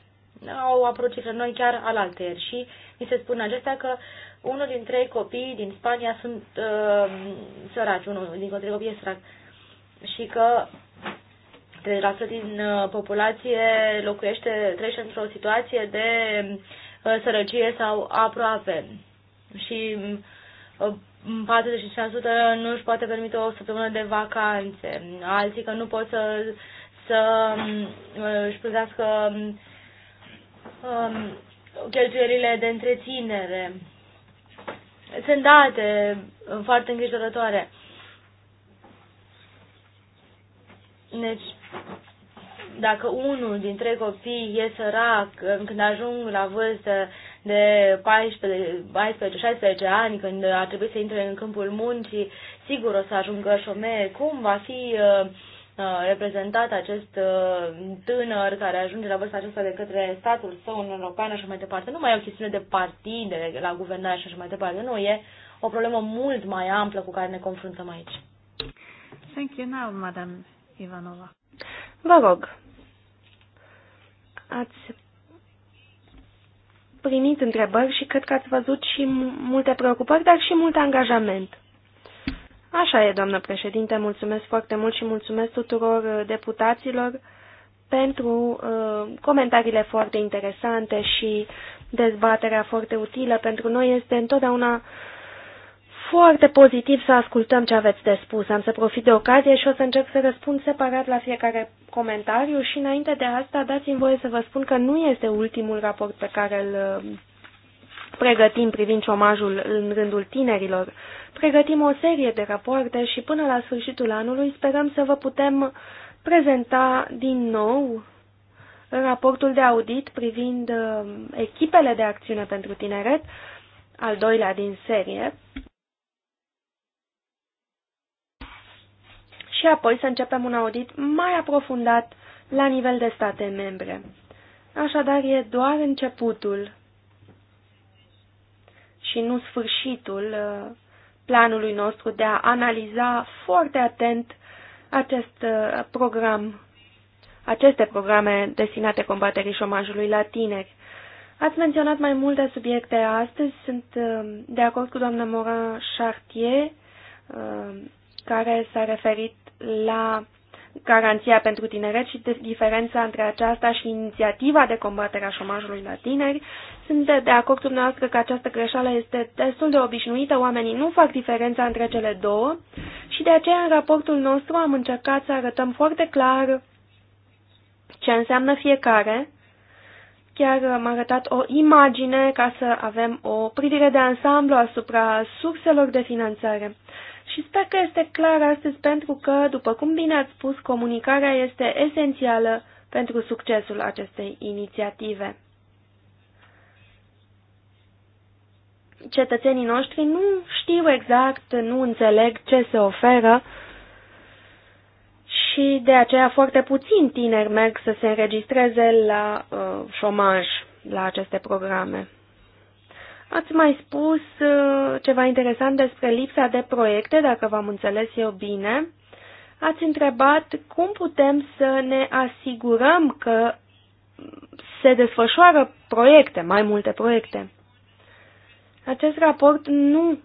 Speaker 5: Au apărut cifre noi chiar al alteri și mi se spune acestea că unul din trei copii din Spania sunt uh, săraci, unul din trei copii e sărac. Și că 3% din uh, populație locuiește, trece într-o situație de uh, sărăcie sau aproape. Și uh, 46% nu își poate permite o săptămână de vacanțe, alții că nu pot să, să mm, își plătească mm, um, cheltuierile de întreținere. Sunt date foarte îngrijorătoare. Deci, dacă unul dintre copii e sărac când ajung la vârstă de 14-16 ani, când ar trebui să intre în câmpul muncii, sigur o să ajungă șomer. Cum va fi uh, uh, reprezentat acest uh, tânăr care ajunge la vârsta aceasta de către statul său în Europeană și mai departe. Nu mai e o chestiune de partide la guvernare și așa mai departe. Nu, e o problemă mult mai amplă cu care ne confruntăm aici. Thank you now, Madam Ivanova.
Speaker 3: Vă rog, ați primit întrebări și cred că ați văzut și multe preocupări, dar și mult angajament. Așa e, doamnă președinte, mulțumesc foarte mult și mulțumesc tuturor uh, deputaților pentru uh, comentariile foarte interesante și dezbaterea foarte utilă. Pentru noi este întotdeauna uh, foarte pozitiv să ascultăm ce aveți de spus. Am să profit de ocazie și o să încerc să răspund separat la fiecare comentariu și înainte de asta dați-mi voie să vă spun că nu este ultimul raport pe care îl uh, pregătim privind șomajul în rândul tinerilor. Pregătim o serie de rapoarte și până la sfârșitul anului sperăm să vă putem prezenta din nou raportul de audit privind uh, echipele de acțiune pentru tineret, al doilea din serie, și apoi să începem un audit mai aprofundat la nivel de state membre. Așadar, e doar începutul și nu sfârșitul uh, planului nostru de a analiza foarte atent acest uh, program, aceste programe destinate combaterii șomajului la tineri. Ați menționat mai multe subiecte astăzi, sunt uh, de acord cu doamna Morin Chartier, care s-a referit la garanția pentru tineret și diferența între aceasta și inițiativa de combatere a șomajului la tineri. Sunt de, de acord cu dumneavoastră că această greșeală este destul de obișnuită, oamenii nu fac diferența între cele două și de aceea în raportul nostru am încercat să arătăm foarte clar ce înseamnă fiecare. Chiar am arătat o imagine ca să avem o privire de ansamblu asupra surselor de finanțare. Și sper că este clar astăzi pentru că, după cum bine ați spus, comunicarea este esențială pentru succesul acestei inițiative. Cetățenii noștri nu știu exact, nu înțeleg ce se oferă și de aceea foarte puțin tineri merg să se înregistreze la uh, șomaj, la aceste programe. Ați mai spus uh, ceva interesant despre lipsa de proiecte, dacă v-am înțeles eu bine. Ați întrebat cum putem să ne asigurăm că se desfășoară proiecte, mai multe proiecte. Acest raport nu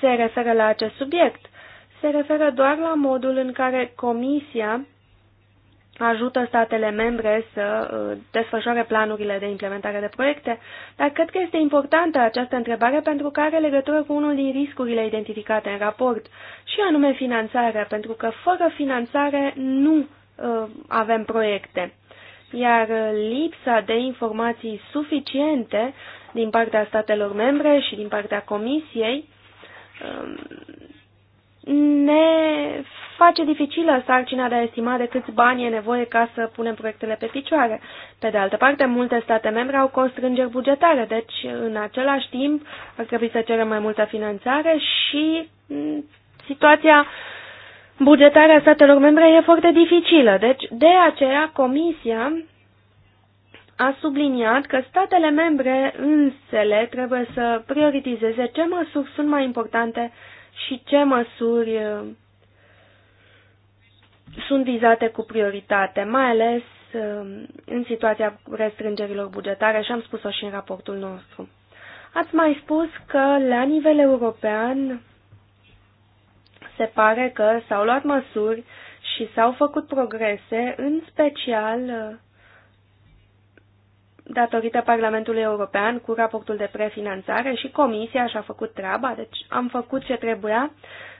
Speaker 3: se referă la acest subiect, se referă doar la modul în care Comisia ajută statele membre să uh, desfășoare planurile de implementare de proiecte, dar cred că este importantă această întrebare pentru că are legătură cu unul din riscurile identificate în raport, și anume finanțarea, pentru că fără finanțare nu uh, avem proiecte. Iar uh, lipsa de informații suficiente din partea statelor membre și din partea Comisiei um, ne face dificilă sarcina de a estima de câți bani e nevoie ca să punem proiectele pe picioare. Pe de altă parte, multe state membre au constrângeri bugetare, deci în același timp ar trebui să cerem mai multă finanțare și mm, situația bugetară a statelor membre e foarte dificilă. Deci, de aceea, Comisia a subliniat că statele membre însele trebuie să prioritizeze ce măsuri sunt mai importante și ce măsuri uh, sunt vizate cu prioritate, mai ales uh, în situația restrângerilor bugetare și am spus-o și în raportul nostru. Ați mai spus că la nivel european se pare că s-au luat măsuri și s-au făcut progrese, în special uh, datorită Parlamentului European cu raportul de prefinanțare și Comisia și-a făcut treaba, deci am făcut ce trebuia,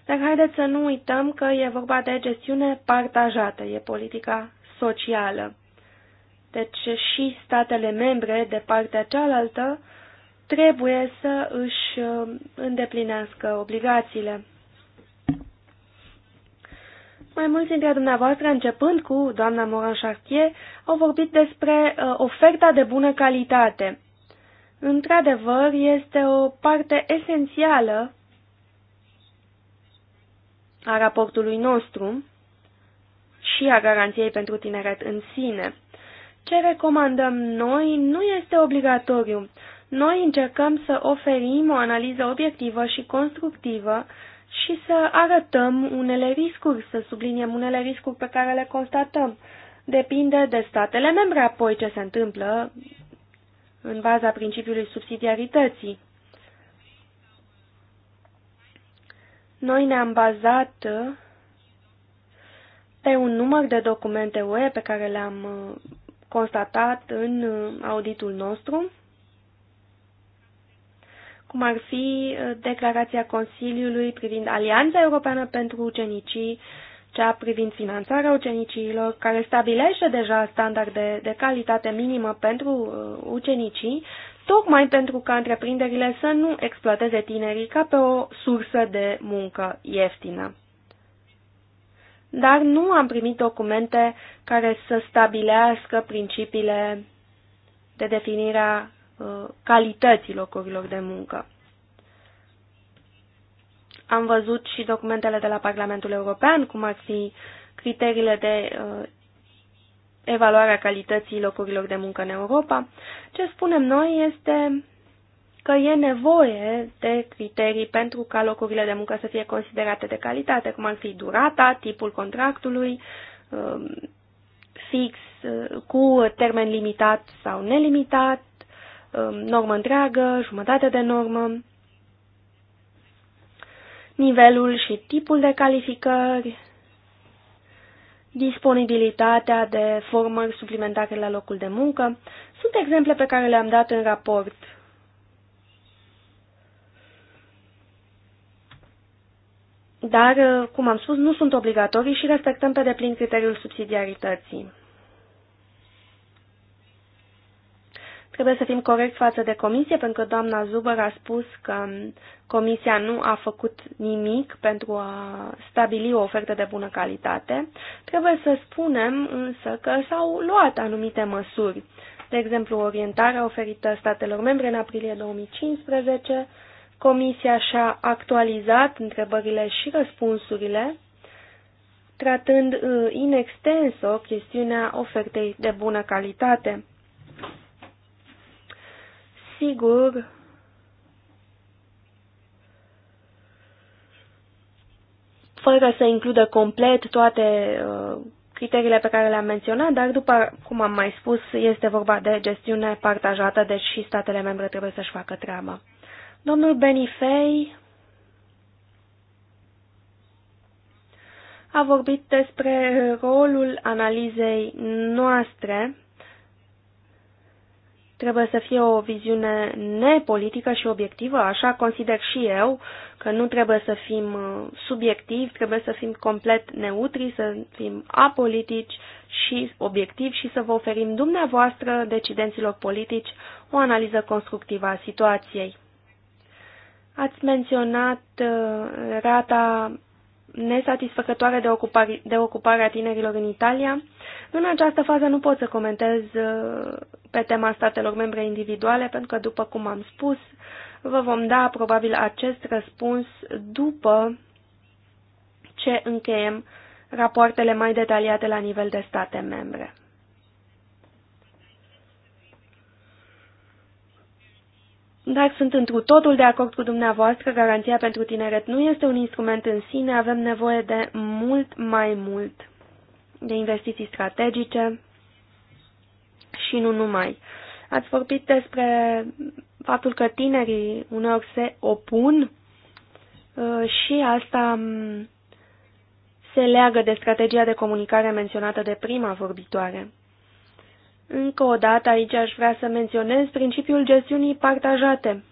Speaker 3: dar haideți să nu uităm că e vorba de gestiune partajată, e politica socială. Deci și statele membre de partea cealaltă trebuie să își uh, îndeplinească obligațiile. Mai mulți dintre dumneavoastră, începând cu doamna Moran Chartier, au vorbit despre uh, oferta de bună calitate. Într-adevăr, este o parte esențială a raportului nostru și a garanției pentru tineret în sine. Ce recomandăm noi nu este obligatoriu. Noi încercăm să oferim o analiză obiectivă și constructivă și să arătăm unele riscuri, să subliniem unele riscuri pe care le constatăm. Depinde de statele membre apoi ce se întâmplă în baza principiului subsidiarității. Noi ne-am bazat pe un număr de documente UE pe care le-am uh, constatat în uh, auditul nostru cum ar fi uh, declarația Consiliului privind Alianța Europeană pentru Ucenicii, cea privind finanțarea uceniciilor, care stabilește deja standarde de calitate minimă pentru uh, ucenicii, tocmai pentru ca întreprinderile să nu exploateze tinerii ca pe o sursă de muncă ieftină. Dar nu am primit documente care să stabilească principiile de definire a Uh, calității locurilor de muncă. Am văzut și documentele de la Parlamentul European, cum ar fi criteriile de uh, a calității locurilor de muncă în Europa. Ce spunem noi este că e nevoie de criterii pentru ca locurile de muncă să fie considerate de calitate, cum ar fi durata, tipul contractului, um, fix, uh, cu termen limitat sau nelimitat, Um, normă întreagă, jumătate de normă, nivelul și tipul de calificări, disponibilitatea de formări suplimentare la locul de muncă, sunt exemple pe care le-am dat în raport. Dar, uh, cum am spus, nu sunt obligatorii și respectăm pe deplin criteriul subsidiarității. Trebuie să fim corect față de comisie, pentru că doamna Zubăr a spus că comisia nu a făcut nimic pentru a stabili o ofertă de bună calitate. Trebuie să spunem însă că s-au luat anumite măsuri. De exemplu, orientarea oferită statelor membre în aprilie 2015, comisia și-a actualizat întrebările și răspunsurile, tratând uh, in extenso chestiunea ofertei de bună calitate. Sigur, fără să includă complet toate uh, criteriile pe care le-am menționat, dar după cum am mai spus, este vorba de gestiune partajată, deci și statele membre trebuie să-și facă treaba. Domnul Benifei a vorbit despre rolul analizei noastre Trebuie să fie o viziune nepolitică și obiectivă, așa consider și eu, că nu trebuie să fim uh, subiectivi, trebuie să fim complet neutri, să fim apolitici și obiectivi și să vă oferim dumneavoastră, decidenților politici, o analiză constructivă a situației. Ați menționat uh, rata nesatisfăcătoare de ocupare, de ocupare a tinerilor în Italia. În această fază nu pot să comentez uh, pe tema statelor membre individuale, pentru că, după cum am spus, vă vom da probabil acest răspuns după ce încheiem rapoartele mai detaliate la nivel de state membre. Dar sunt întru totul de acord cu dumneavoastră, garanția pentru tineret nu este un instrument în sine, avem nevoie de mult mai mult, de investiții strategice și nu numai. Ați vorbit despre faptul că tinerii uneori se opun uh, și asta mm, se leagă de strategia de comunicare menționată de prima vorbitoare. Încă o dată aici aș vrea să menționez principiul gestiunii partajate.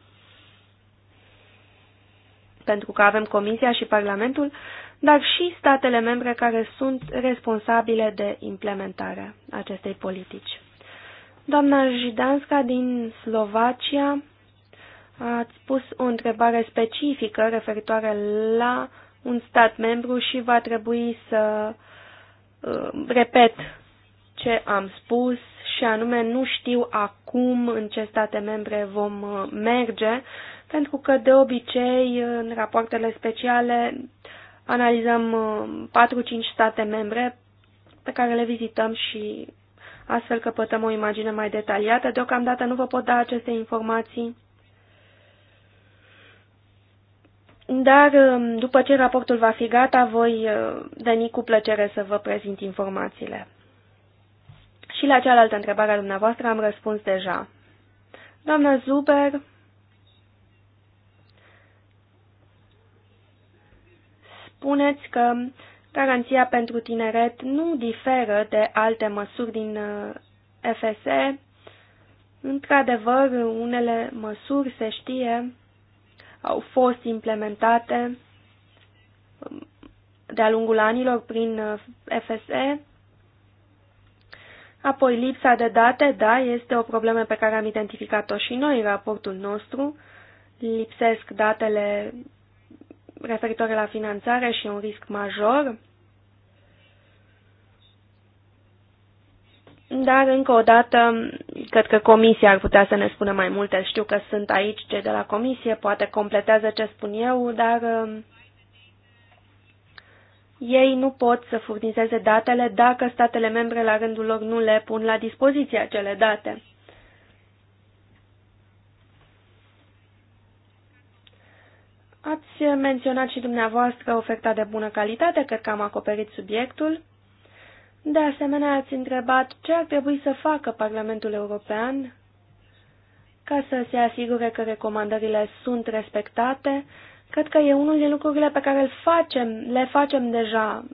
Speaker 3: Pentru că avem Comisia și Parlamentul, dar și statele membre care sunt responsabile de implementarea acestei politici. Doamna Jidanska din Slovacia a spus o întrebare specifică referitoare la un stat membru și va trebui să uh, repet ce am spus și anume nu știu acum în ce state membre vom uh, merge, pentru că de obicei uh, în rapoartele speciale analizăm 4-5 uh, state membre pe care le vizităm și astfel pătăm o imagine mai detaliată. Deocamdată nu vă pot da aceste informații. Dar um, după ce raportul va fi gata, voi veni cu plăcere să vă prezint informațiile. Și la cealaltă întrebare a dumneavoastră am răspuns deja. Doamna Zuber, spuneți că garanția pentru tineret nu diferă de alte măsuri din uh, FSE. Într-adevăr, unele măsuri, se știe, au fost implementate um, de-a lungul anilor prin uh, FSE, Apoi, lipsa de date, da, este o problemă pe care am identificat-o și noi în raportul nostru. Lipsesc datele referitoare la finanțare și un risc major. Dar, încă o dată, cred că comisia ar putea să ne spună mai multe. Știu că sunt aici cei de la comisie, poate completează ce spun eu, dar ei nu pot să furnizeze datele dacă statele membre la rândul lor nu le pun la dispoziție acele date. Ați menționat și dumneavoastră oferta de bună calitate, cred că am acoperit subiectul. De asemenea, ați întrebat ce ar trebui să facă Parlamentul European ca să se asigure că recomandările sunt respectate Cred că e unul din lucrurile pe care îl facem, le facem deja.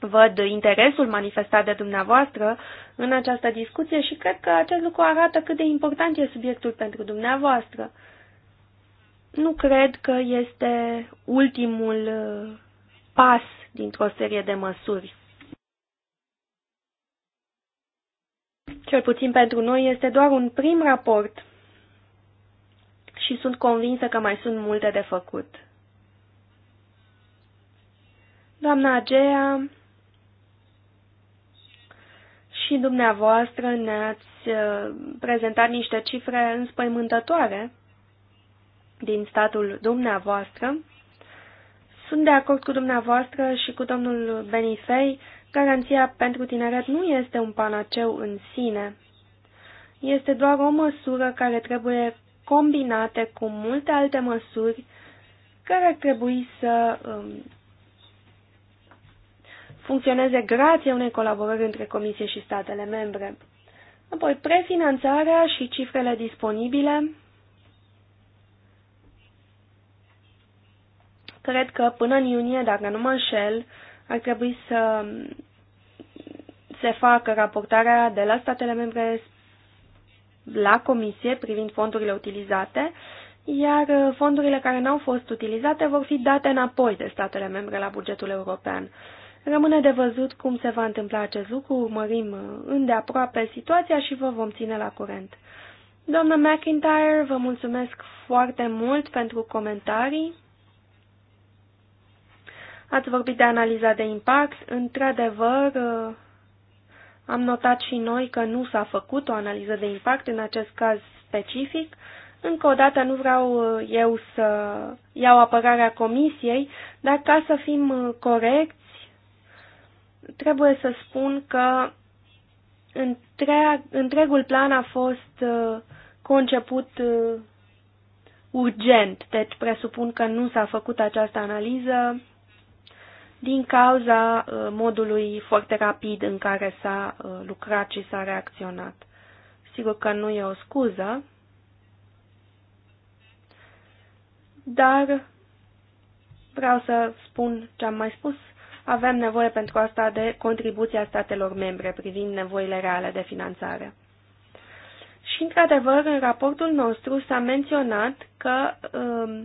Speaker 3: Văd interesul manifestat de dumneavoastră în această discuție și cred că acest lucru arată cât de important e subiectul pentru dumneavoastră. Nu cred că este ultimul uh, pas dintr-o serie de măsuri. Cel puțin pentru noi este doar un prim raport și sunt convinsă că mai sunt multe de făcut. Doamna Agea și dumneavoastră ne-ați uh, prezentat niște cifre înspăimântătoare din statul dumneavoastră. Sunt de acord cu dumneavoastră și cu domnul Benifei, garanția pentru tineret nu este un panaceu în sine. Este doar o măsură care trebuie combinate cu multe alte măsuri care ar trebui să um, funcționeze grație unei colaborări între Comisie și statele membre. Apoi, prefinanțarea și cifrele disponibile. Cred că până în iunie, dacă nu mă înșel, ar trebui să se facă raportarea de la statele membre la comisie privind fondurile utilizate, iar uh, fondurile care n-au fost utilizate vor fi date înapoi de statele membre la bugetul european. Rămâne de văzut cum se va întâmpla acest lucru, urmărim uh, îndeaproape situația și vă vom ține la curent. Doamnă McIntyre, vă mulțumesc foarte mult pentru comentarii. Ați vorbit de analiza de impact. Într-adevăr, uh, am notat și noi că nu s-a făcut o analiză de impact în acest caz specific. Încă o dată nu vreau uh, eu să iau apărarea comisiei, dar ca să fim uh, corecți, trebuie să spun că întreag, întregul plan a fost uh, conceput urgent, deci presupun că nu s-a făcut această analiză din cauza uh, modului foarte rapid în care s-a uh, lucrat și s-a reacționat. Sigur că nu e o scuză, dar vreau să spun ce am mai spus. Avem nevoie pentru asta de contribuția statelor membre privind nevoile reale de finanțare. Și, într-adevăr, în raportul nostru s-a menționat că uh,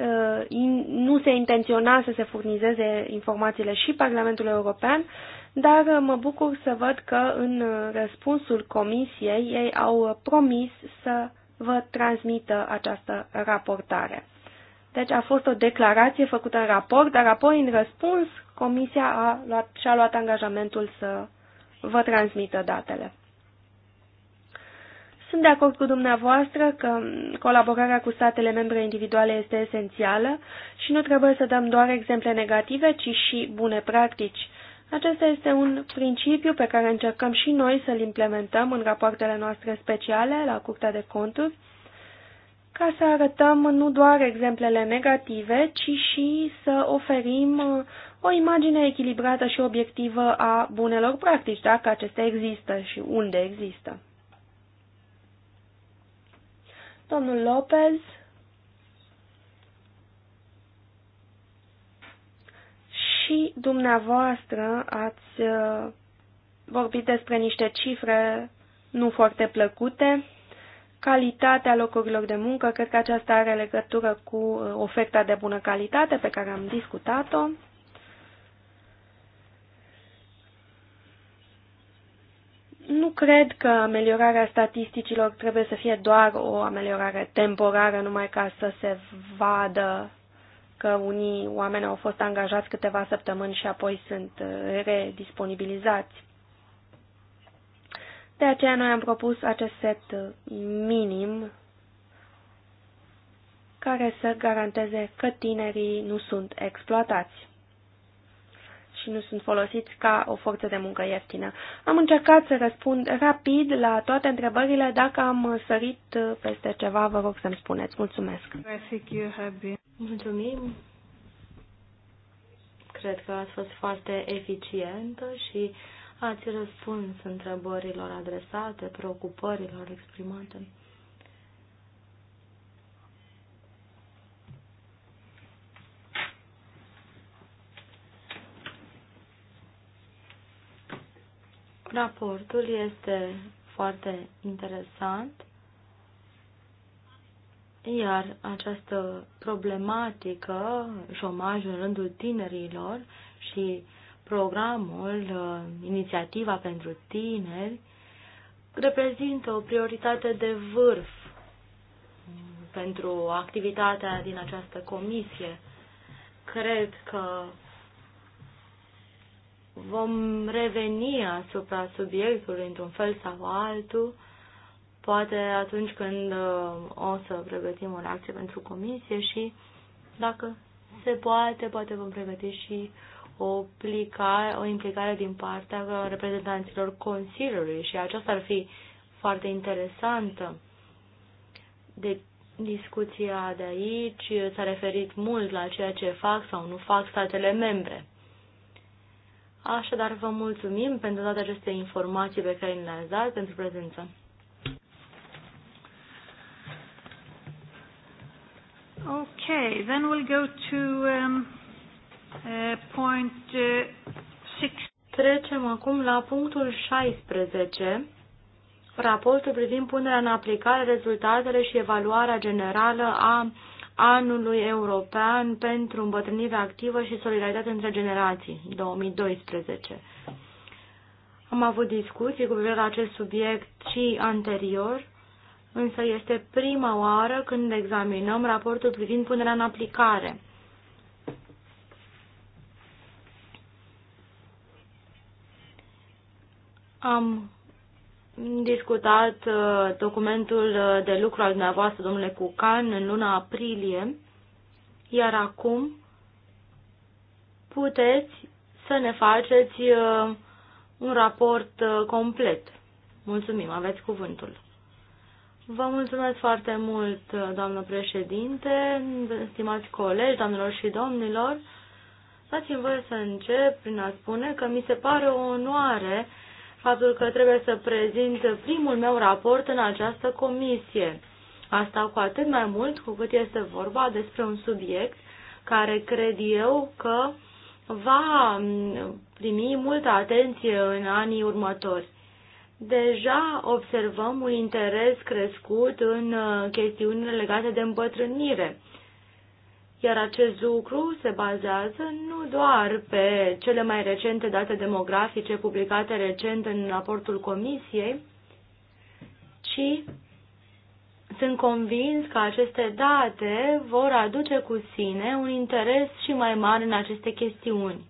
Speaker 3: Uh, nu se intenționa să se furnizeze informațiile și Parlamentul European, dar uh, mă bucur să văd că în uh, răspunsul comisiei ei au promis să vă transmită această raportare. Deci a fost o declarație făcută în raport, dar apoi în răspuns comisia a luat, și-a luat angajamentul să vă transmită datele. Sunt de acord cu dumneavoastră că colaborarea cu statele membre individuale este esențială și nu trebuie să dăm doar exemple negative, ci și bune practici. Acesta este un principiu pe care încercăm și noi să-l implementăm în rapoartele noastre speciale la Curtea de Conturi, ca să arătăm nu doar exemplele negative, ci și să oferim o imagine echilibrată și obiectivă a bunelor practici, dacă acestea există și unde există. Domnul Lopez. Și dumneavoastră ați uh, vorbit despre niște cifre nu foarte plăcute. Calitatea locurilor de muncă, cred că aceasta are legătură cu uh, oferta de bună calitate pe care am discutat-o. Nu cred că ameliorarea statisticilor trebuie să fie doar o ameliorare temporară, numai ca să se vadă că unii oameni au fost angajați câteva săptămâni și apoi sunt uh, redisponibilizați. De aceea noi am propus acest set uh, minim care să garanteze că tinerii nu sunt exploatați și nu sunt folosiți ca o forță de muncă ieftină. Am încercat să răspund rapid la toate întrebările. Dacă am sărit peste ceva, vă rog să-mi spuneți. Mulțumesc!
Speaker 5: Mulțumim! Cred că ați fost foarte eficientă și ați răspuns întrebărilor adresate, preocupărilor exprimate. Raportul este foarte interesant, iar această problematică, șomajul în rândul tinerilor și programul, uh, inițiativa pentru tineri, reprezintă o prioritate de vârf pentru activitatea din această comisie. Cred că vom reveni asupra subiectului într-un fel sau altul, poate atunci când uh, o să pregătim o reacție pentru comisie și dacă se poate, poate vom pregăti și o, plica, o implicare din partea reprezentanților Consiliului și aceasta ar fi foarte interesantă. De discuția de aici s-a referit mult la ceea ce fac sau nu fac statele membre. Așadar, vă mulțumim pentru toate aceste informații pe care le-ați dat, pentru prezență.
Speaker 1: Okay, then we'll go to um, uh,
Speaker 5: point uh, six. Trecem acum la punctul 16, raportul privind punerea în aplicare, rezultatele și evaluarea generală a anului european pentru îmbătrânire activă și solidaritate între generații, 2012. Am avut discuții cu privire la acest subiect și anterior, însă este prima oară când examinăm raportul privind punerea în aplicare. Am discutat uh, documentul uh, de lucru al dumneavoastră, domnule Cucan, în luna aprilie, iar acum puteți să ne faceți uh, un raport complet. Mulțumim, aveți cuvântul. Vă mulțumesc foarte mult, doamnă președinte, stimați colegi, doamnelor și domnilor. Dați-mi voie să încep prin a spune că mi se pare o onoare faptul că trebuie să prezint primul meu raport în această comisie. Asta cu atât mai mult cu cât este vorba despre un subiect care cred eu că va mm, primi multă atenție în anii următori. Deja observăm un interes crescut în uh, chestiunile legate de îmbătrânire iar acest lucru se bazează nu doar pe cele mai recente date demografice publicate recent în raportul Comisiei, ci sunt convins că aceste date vor aduce cu sine un interes și mai mare în aceste chestiuni.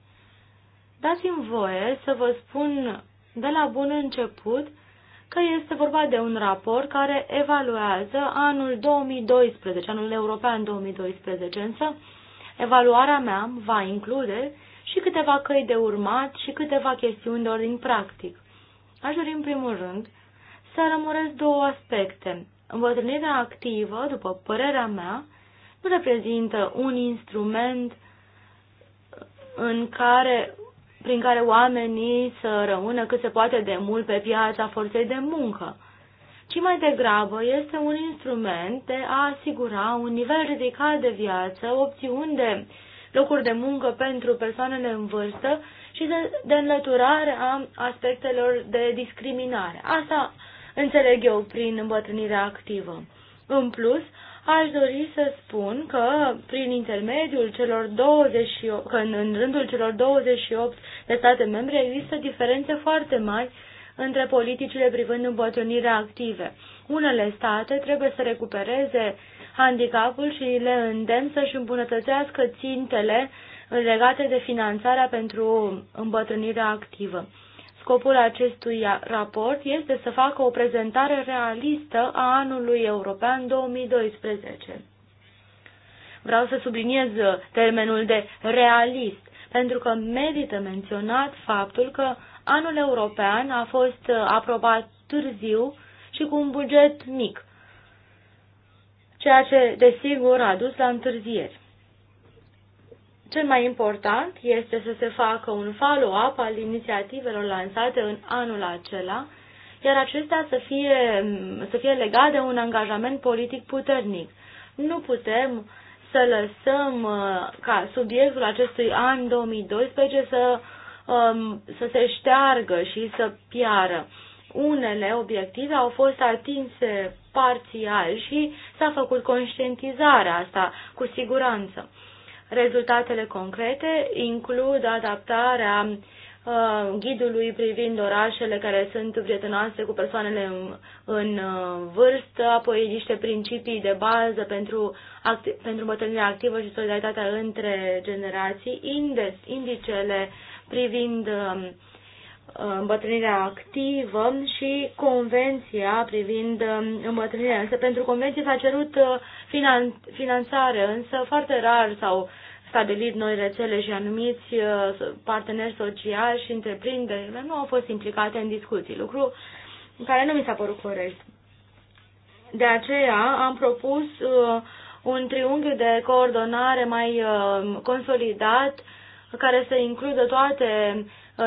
Speaker 5: Dați-mi voie să vă spun de la bun început că este vorba de un raport care evaluează anul 2012, anul european 2012, însă evaluarea mea va include și câteva căi de urmat și câteva chestiuni de ordin practic. Aș dori în primul rând să rămuresc două aspecte. Îmbătrânirea activă, după părerea mea, nu reprezintă un instrument în care prin care oamenii să rămână cât se poate de mult pe piața forței de muncă, ci mai degrabă este un instrument de a asigura un nivel ridicat de viață, opțiuni de locuri de muncă pentru persoanele în vârstă și de, de înlăturare a aspectelor de discriminare. Asta înțeleg eu prin îmbătrânirea activă. În plus, aș dori să spun că prin intermediul celor 28, că în, în rândul celor 28 de state membre există diferențe foarte mari între politicile privind îmbătrânirea active. Unele state trebuie să recupereze handicapul și le îndemn să-și îmbunătățească țintele legate de finanțarea pentru îmbătrânirea activă. Scopul acestui raport este să facă o prezentare realistă a anului european 2012. Vreau să subliniez termenul de realist, pentru că merită menționat faptul că anul european a fost aprobat târziu și cu un buget mic, ceea ce, desigur, a dus la întârzieri. Cel mai important este să se facă un follow-up al inițiativelor lansate în anul acela, iar acestea să fie, să fie legate de un angajament politic puternic. Nu putem să lăsăm uh, ca subiectul acestui an 2012 să, um, să se șteargă și să piară. Unele obiective au fost atinse parțial și s-a făcut conștientizarea asta cu siguranță Rezultatele concrete includ adaptarea uh, ghidului privind orașele care sunt prietenoase cu persoanele în, în uh, vârstă, apoi niște principii de bază pentru, acti, pentru bătrânirea activă și solidaritatea între generații, indes, indicele privind um, uh, îmbătrânirea activă și convenția privind um, îmbătrânirea. Însă pentru convenție s-a cerut finanțare, însă foarte rar sau stabilit noi rețele și anumiți uh, parteneri sociali și întreprinderile nu au fost implicate în discuții, lucru care nu mi s-a părut corect. De aceea am propus uh, un triunghi de coordonare mai uh, consolidat care să includă toate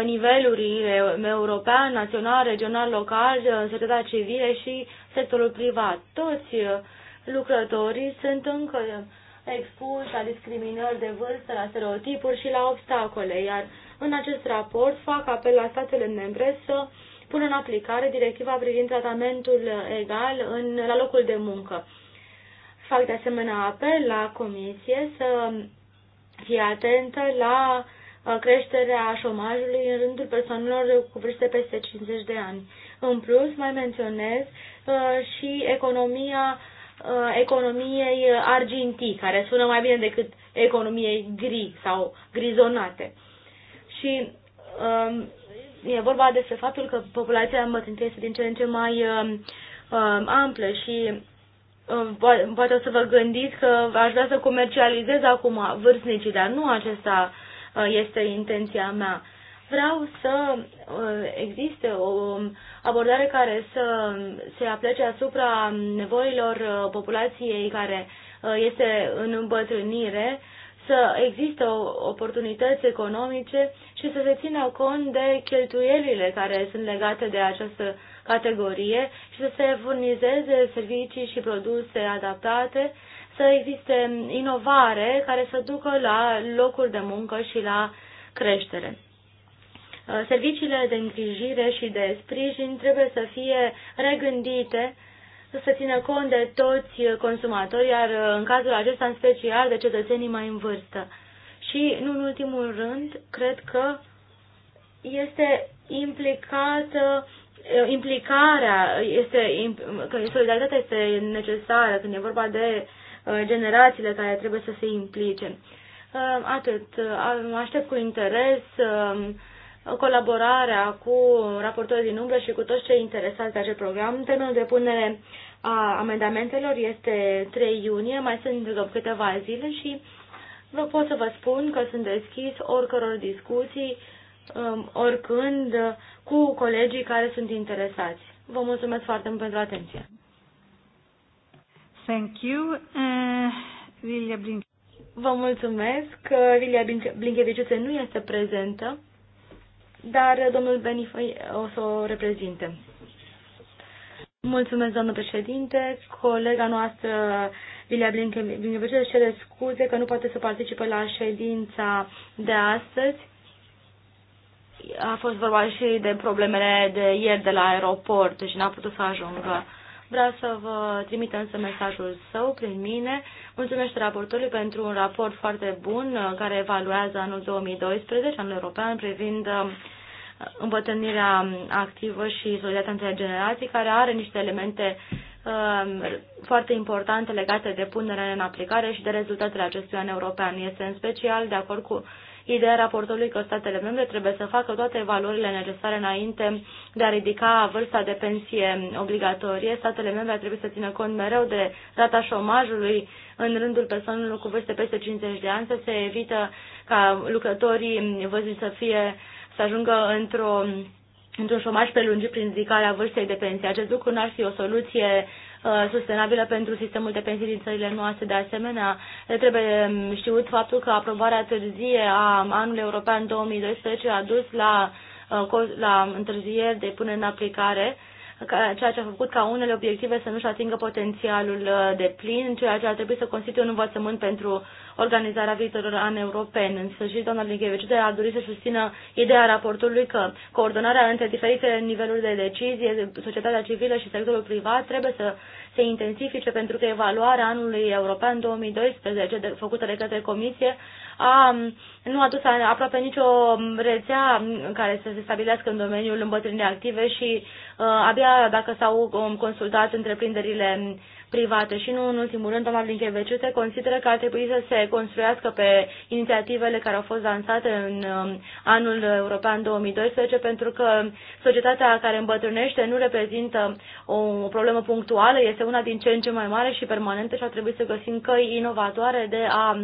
Speaker 5: nivelurile european, național, regional, local, societatea civilă și sectorul privat. Toți lucrătorii sunt încă expuși la discriminări de vârstă, la stereotipuri și la obstacole, iar în acest raport fac apel la statele membre să pună în aplicare directiva privind tratamentul egal în, la locul de muncă. Fac de asemenea apel la Comisie să fie atentă la uh, creșterea șomajului în rândul persoanelor cu vârste peste 50 de ani. În plus, mai menționez uh, și economia Uh, economiei argintii, care sună mai bine decât economiei gri sau grizonate. Și um, e vorba despre faptul că populația îmbătrânită este din ce în ce mai um, um amplă și um, poate o să vă gândiți că aș vrea să comercializez acum vârstnicii, dar nu acesta uh, este intenția mea. Vreau să uh, existe o, um, abordare care să se aplece asupra nevoilor uh, populației care uh, este în îmbătrânire, să există oportunități economice și să se țină cont de cheltuielile care sunt legate de această categorie și să se furnizeze servicii și produse adaptate, să existe inovare care să ducă la locuri de muncă și la creștere. Uh, serviciile de îngrijire și de sprijin trebuie să fie regândite să țină cont de toți consumatorii, iar uh, în cazul acesta în special de cetățenii mai în vârstă. Și, nu în ultimul rând, cred că este implicată uh, implicarea, este, că solidaritatea este necesară când e vorba de generațiile care trebuie să se implice. Atât. Aștept cu interes colaborarea cu raportorii din umbră și cu toți cei interesați de acest program. Termenul de punere a amendamentelor este 3 iunie, mai sunt câteva zile și vă pot să vă spun că sunt deschis oricăror discuții, um, oricând, cu colegii care sunt interesați. Vă mulțumesc foarte mult pentru atenție. Thank you. Uh, Blink. Vă mulțumesc. Vilia Blinkeviciuță nu este prezentă dar uh, domnul Benifei uh, o să o reprezinte. Mulțumesc, doamnă președinte. Colega noastră, Vilia Blinchevice, își cere scuze că nu poate să participe la ședința de astăzi. A fost vorba și de problemele de ieri de la aeroport și deci n-a putut să ajungă. Vreau să vă trimit însă mesajul său prin mine. Mulțumesc raportorului pentru un raport foarte bun uh, care evaluează anul 2012, anul european, privind um, îmbătrânirea activă și solidaritatea între generații, care are niște elemente um, foarte importante legate de punerea în aplicare și de rezultatele acestui an european. Este în special de acord cu ideea raportului că statele membre trebuie să facă toate valorile necesare înainte de a ridica vârsta de pensie obligatorie. Statele membre trebuie să țină cont mereu de rata șomajului în rândul persoanelor cu vârste peste 50 de ani, să se evită ca lucrătorii văzuți să fie să ajungă într-o într-un șomaj prelungit prin zicarea vârstei de pensie. Acest lucru nu ar fi o soluție uh, sustenabilă pentru sistemul de pensii din țările noastre. De asemenea, trebuie um, știut faptul că aprobarea târzie a anului european 2012 a dus la, uh, la întârzieri de până în aplicare uh, ceea ce a făcut ca unele obiective să nu-și atingă potențialul uh, de plin, ceea ce ar trebui să constituie un învățământ pentru organizarea viitorului an european. În sfârșit, doamna Blinkevici a dorit să susțină ideea raportului că coordonarea între diferite niveluri de decizie, societatea civilă și sectorul privat trebuie să se intensifice pentru că evaluarea anului european 2012 de, făcută de către Comisie a, nu a dus a, aproape nicio rețea care să se stabilească în domeniul îmbătrânirii active și a, uh, abia dacă s-au um, consultat întreprinderile private și nu în ultimul rând, doamna Blinkeveciute consideră că ar trebui să se construiască pe inițiativele care au fost lansate în um, anul european 2012 pentru că societatea care îmbătrânește nu reprezintă o problemă punctuală, este una din ce în ce mai mare și permanentă și ar trebui să găsim căi inovatoare de a,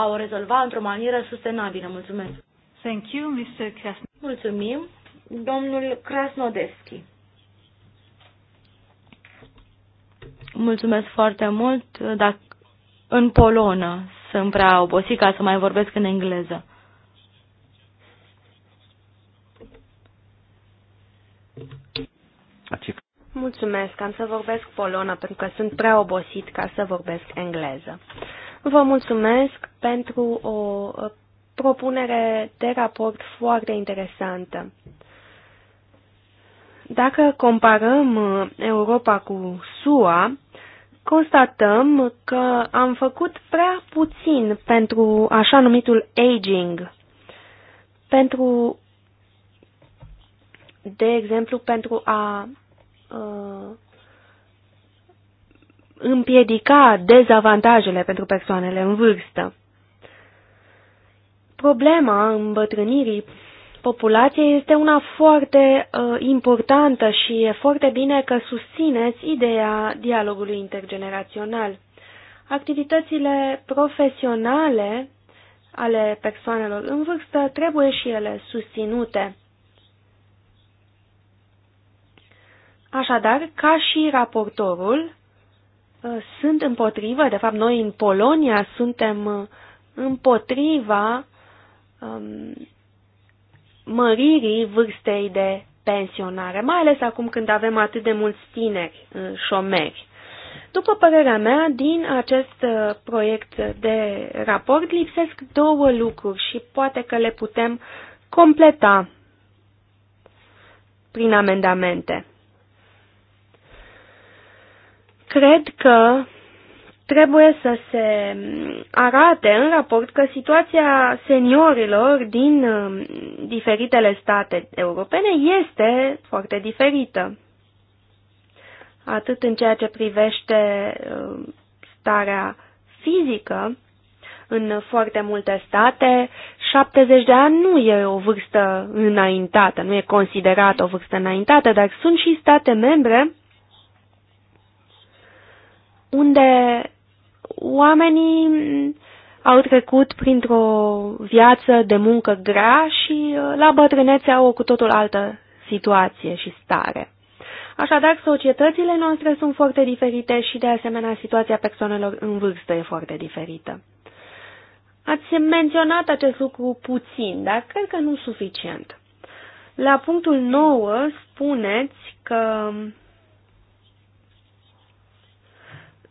Speaker 5: a o rezolva într-o manieră sustenabilă. Mulțumesc! Thank you, Mr. Mulțumim, domnul Krasnodeschi. Mulțumesc foarte mult, dacă în polonă sunt prea obosit ca să mai vorbesc în engleză.
Speaker 3: Mulțumesc, am să vorbesc polonă pentru că sunt prea obosit ca să vorbesc engleză. Vă mulțumesc pentru o propunere de raport foarte interesantă. Dacă comparăm uh, Europa cu SUA, constatăm că am făcut prea puțin pentru așa numitul aging, pentru, de exemplu, pentru a uh, împiedica dezavantajele pentru persoanele în vârstă. Problema îmbătrânirii populației este una foarte uh, importantă și e foarte bine că susțineți ideea dialogului intergenerațional. Activitățile profesionale ale persoanelor în vârstă trebuie și ele susținute. Așadar, ca și raportorul, uh, sunt împotrivă, de fapt noi în Polonia suntem uh, împotriva um, măririi vârstei de pensionare, mai ales acum când avem atât de mulți tineri uh, șomeri. După părerea mea, din acest uh, proiect de raport lipsesc două lucruri și poate că le putem completa prin amendamente. Cred că Trebuie să se arate în raport că situația seniorilor din um, diferitele state europene este foarte diferită, atât în ceea ce privește um, starea fizică, în foarte multe state, 70 de ani nu e o vârstă înaintată, nu e considerată o vârstă înaintată, dar sunt și state membre unde oamenii au trecut printr-o viață de muncă grea și uh, la bătrânețe au o cu totul altă situație și stare. Așadar, societățile noastre sunt foarte diferite și, de asemenea, situația persoanelor în vârstă e foarte diferită. Ați menționat acest lucru puțin, dar cred că nu suficient. La punctul 9 spuneți că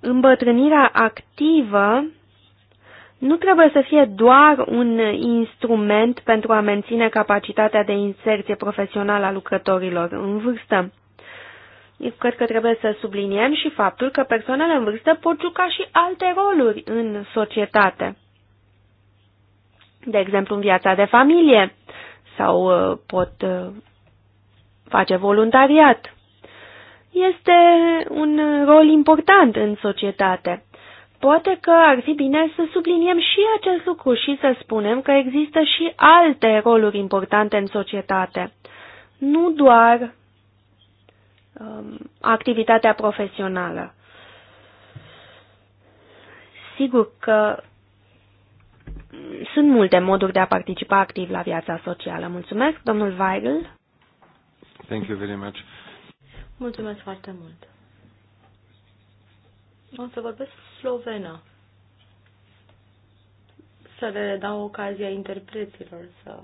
Speaker 3: îmbătrânirea activă nu trebuie să fie doar un instrument pentru a menține capacitatea de inserție profesională a lucrătorilor în vârstă. Eu cred că trebuie să subliniem și faptul că persoanele în vârstă pot juca și alte roluri în societate. De exemplu, în viața de familie sau uh, pot uh, face voluntariat este un rol important în societate. Poate că ar fi bine să subliniem și acest lucru și să spunem că există și alte roluri importante în societate, nu doar um, activitatea profesională. Sigur că sunt multe moduri de a participa activ la viața socială. Mulțumesc, domnul Weigel.
Speaker 4: Thank you very much.
Speaker 5: Mulțumesc foarte mult. O să vorbesc slovena. Să le dau ocazia interpreților să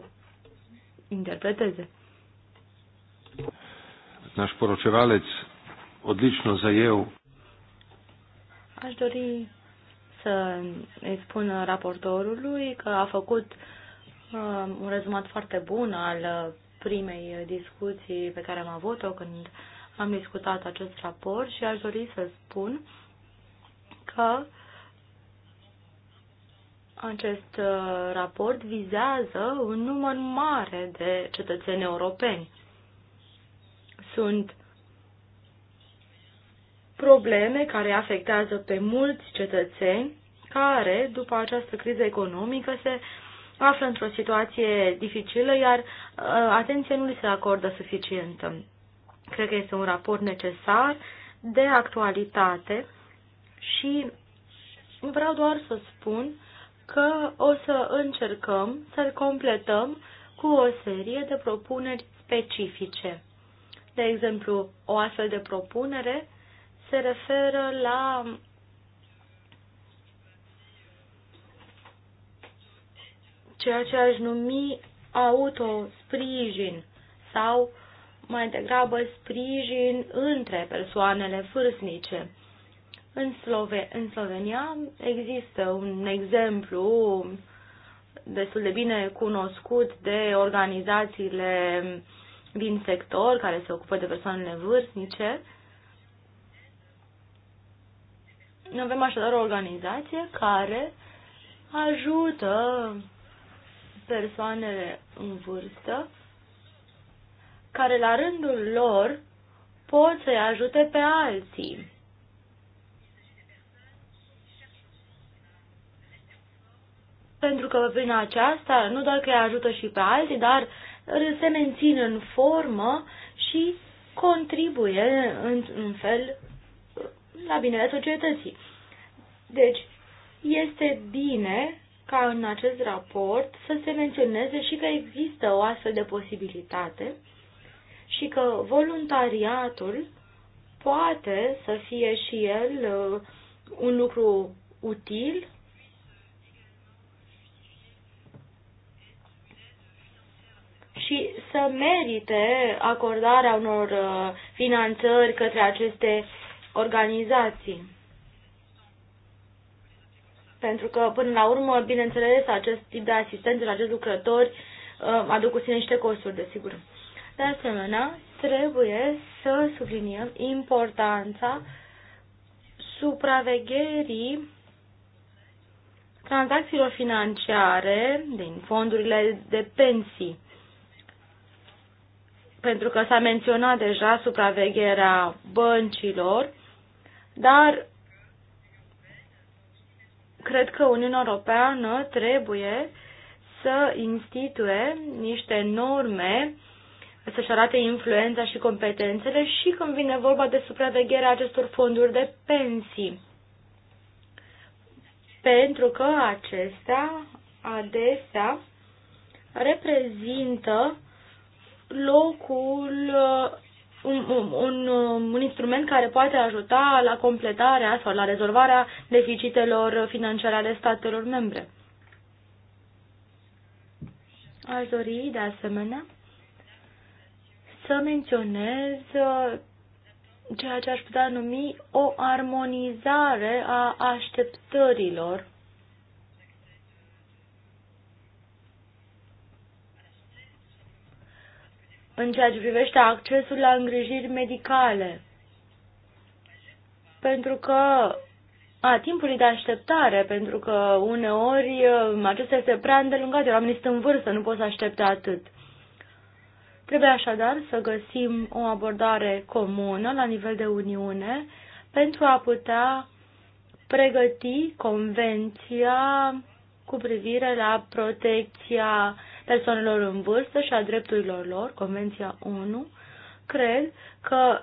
Speaker 5: interpreteze.
Speaker 4: Naș poročevalec odlično eu.
Speaker 5: Aș dori să îi spun raportorului că a făcut uh, un rezumat foarte bun al uh, primei discuții pe care am avut-o când uh, am discutat acest raport și aș dori să spun că acest uh, raport vizează un număr mare de cetățeni europeni. Sunt probleme care afectează pe mulți cetățeni care, după această criză economică, se află într-o situație dificilă, iar uh, atenție nu li se acordă suficientă. Cred că este un raport necesar, de actualitate și vreau doar să spun că o să încercăm să-l completăm cu o serie de propuneri specifice. De exemplu, o astfel de propunere se referă la ceea ce aș numi autosprijin sau uh, mai degrabă sprijin între persoanele fârsnice. În, Slove- în Slovenia există un exemplu destul de bine cunoscut de organizațiile din sector care se ocupă de persoanele vârstnice. Avem așadar o organizație care ajută persoanele în vârstă care la rândul lor pot să-i ajute pe alții. Pentru că prin aceasta nu doar că îi ajută și pe alții, dar se mențin în formă și contribuie în, în fel la binele societății. Deci, este bine ca în acest raport să se menționeze și că există o astfel de posibilitate și că voluntariatul poate să fie și el uh, un lucru util și să merite acordarea unor uh, finanțări către aceste organizații. Pentru că, până la urmă, bineînțeles, acest tip de asistență la acești lucrători uh, aduc cu sine niște costuri, desigur. De asemenea, trebuie să subliniem importanța supravegherii tranzacțiilor financiare din fondurile de pensii. Pentru că s-a menționat deja supravegherea băncilor, dar cred că Uniunea Europeană trebuie să institue niște norme să-și arate influența și competențele și când vine vorba de supravegherea acestor fonduri de pensii. Pentru că acestea adesea reprezintă locul, uh, un, un, uh, un instrument care poate ajuta la completarea sau la rezolvarea deficitelor financiare ale statelor membre. Aș dori, de asemenea, să menționez uh, ceea ce aș putea numi o armonizare a așteptărilor în ceea ce privește accesul la îngrijiri medicale. Pentru că a timpului de așteptare, pentru că uneori uh, acesta este prea îndelungat, oamenii sunt în vârstă, nu pot să aștepte atât. Trebuie așadar să găsim o abordare comună la nivel de Uniune pentru a putea pregăti convenția cu privire la protecția persoanelor în vârstă și a drepturilor lor, Convenția 1. Cred că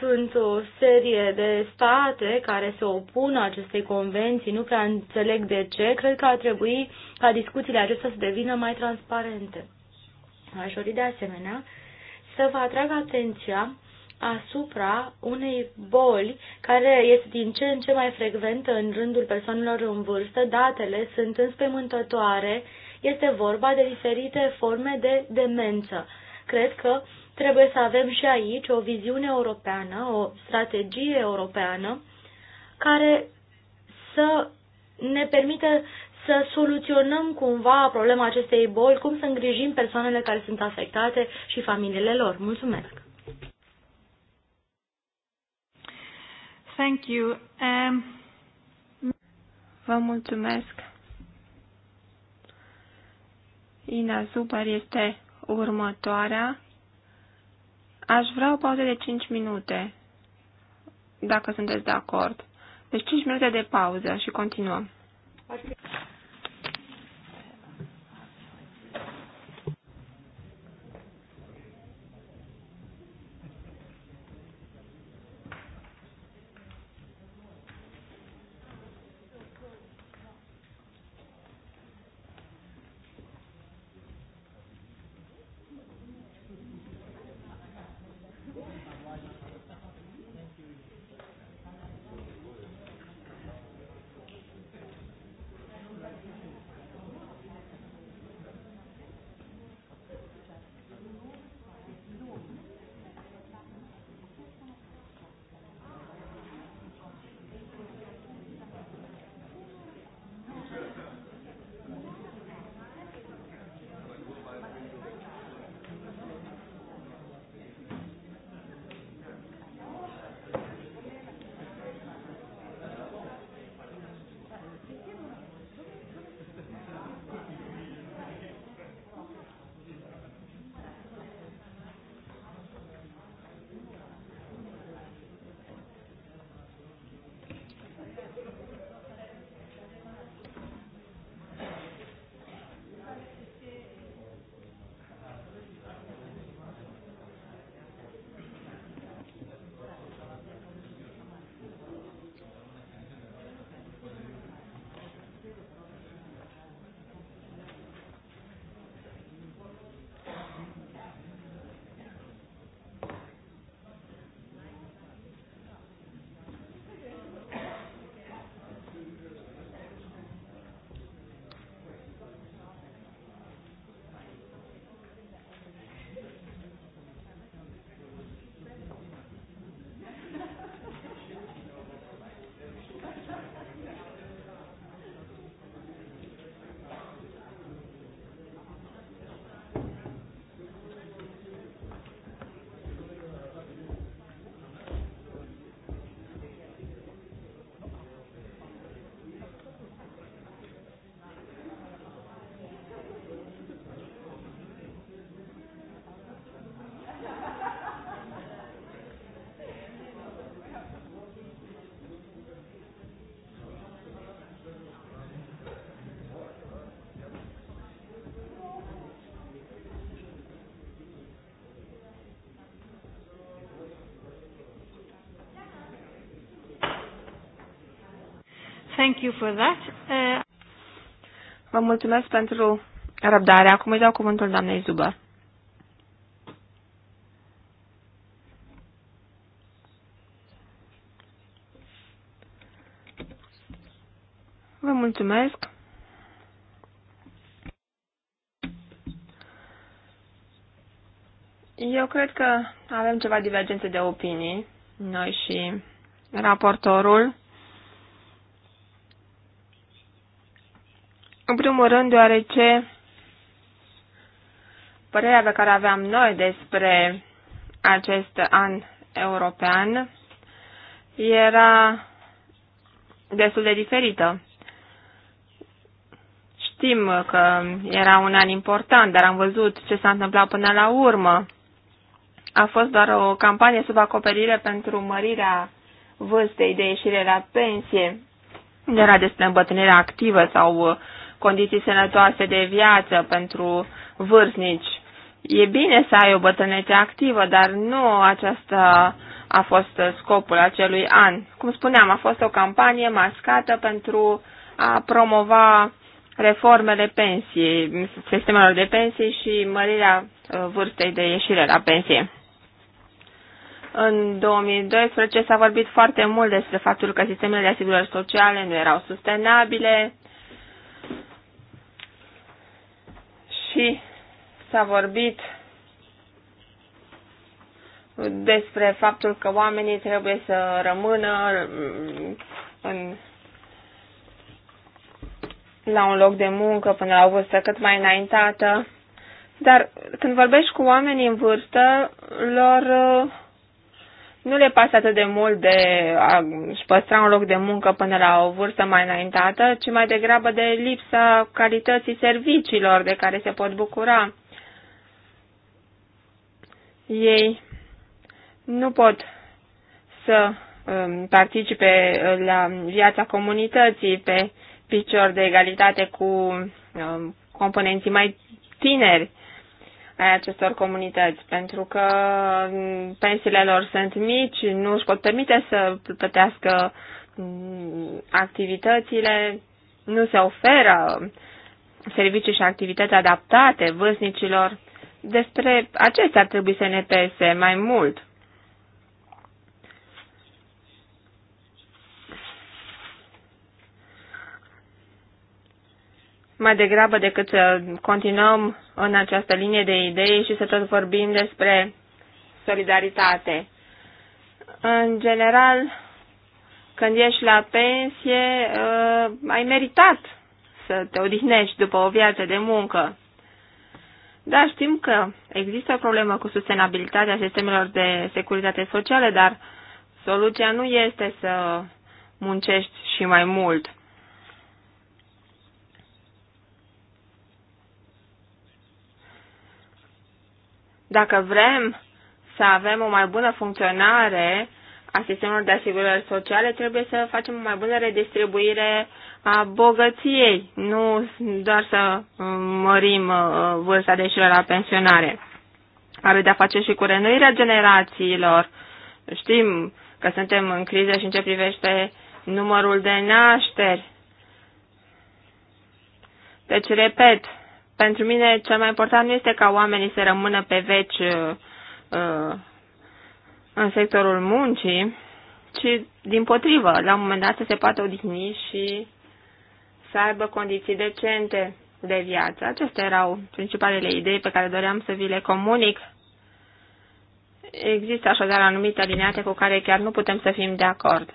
Speaker 5: sunt o serie de state care se opun acestei convenții, nu prea înțeleg de ce. Cred că ar trebui ca discuțiile acestea să devină mai transparente. Aș dori de asemenea să vă atrag atenția asupra unei boli care este din ce în ce mai frecventă în rândul persoanelor în vârstă. Datele sunt înspăimântătoare. Este vorba de diferite forme de demență. Cred că trebuie să avem și aici o viziune europeană, o strategie europeană care să ne permită să soluționăm cumva problema acestei boli, cum să îngrijim persoanele care sunt afectate și familiile lor. Mulțumesc! Thank you. Um,
Speaker 2: Vă mulțumesc. Ina Zubar este următoarea. Aș vrea o pauză de 5 minute, dacă sunteți de acord. Deci 5 minute de pauză și continuăm.
Speaker 1: Thank you for that. Uh...
Speaker 2: Vă mulțumesc pentru răbdare. Acum îi dau cuvântul doamnei Zuba. Vă mulțumesc. Eu cred că avem ceva divergențe de opinii, noi și raportorul. primul rând deoarece părerea pe care aveam noi despre acest an european era destul de diferită. Știm că era un an important, dar am văzut ce s-a întâmplat până la urmă. A fost doar o campanie sub acoperire pentru mărirea vârstei de ieșire la pensie. era despre îmbătrânirea activă sau condiții sănătoase de viață pentru vârstnici. E bine să ai o bătrânețe activă, dar nu aceasta a fost scopul acelui an. Cum spuneam, a fost o campanie mascată pentru a promova reformele pensiei, sistemelor de pensii și mărirea uh, vârstei de ieșire la pensie. În 2012 s-a vorbit foarte mult despre faptul că sistemele de asigurări sociale nu erau sustenabile, și s-a vorbit despre faptul că oamenii trebuie să rămână mm, în, la un loc de muncă până la o vârstă cât mai înaintată. Dar când vorbești cu oamenii în vârstă, lor uh, nu le pasă atât de mult de a-și păstra un loc de muncă până la o vârstă mai înaintată, ci mai degrabă de lipsa calității serviciilor de care se pot bucura. Ei nu pot să um, participe uh, la viața comunității pe picior de egalitate cu um, componenții mai tineri ai acestor comunități, pentru că mm, pensiile lor sunt mici, nu își pot permite să plătească mm, activitățile, nu se oferă servicii și activități adaptate vârstnicilor. Despre acestea ar trebui să ne pese mai mult. mai degrabă decât să continuăm în această linie de idei și să tot vorbim despre solidaritate. În general, când ești la pensie, uh, ai meritat să te odihnești după o viață de muncă. Da, știm că există o problemă cu sustenabilitatea sistemelor de securitate sociale, dar soluția nu este să muncești și mai mult. Dacă vrem să avem o mai bună funcționare a sistemului de asigurări sociale, trebuie să facem o mai bună redistribuire a bogăției, nu doar să uh, mărim uh, vârsta de ieșire la pensionare. Are de-a face și cu renuirea generațiilor. Știm că suntem în criză și în ce privește numărul de nașteri. Deci, repet, pentru mine cel mai important nu este ca oamenii să rămână pe veci uh, uh, în sectorul muncii, ci din potrivă, la un moment dat să se poată odihni și să aibă condiții decente de viață. Acestea erau principalele idei pe care doream să vi le comunic. Există așadar anumite alineate cu care chiar nu putem să fim de acord.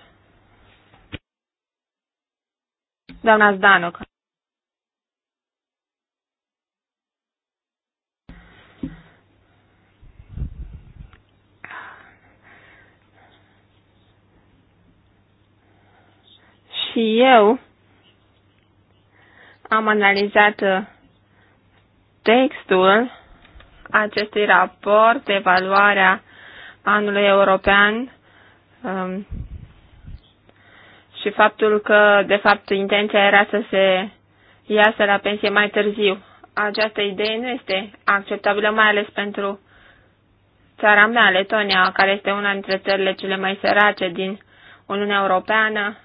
Speaker 2: Doamna Zdanuc. și eu am analizat uh, textul acestui raport, evaluarea anului european um, și faptul că, de fapt, intenția era să se iasă la pensie mai târziu. Această idee nu este acceptabilă, mai ales pentru țara mea, Letonia, care este una dintre țările cele mai sărace din Uniunea Europeană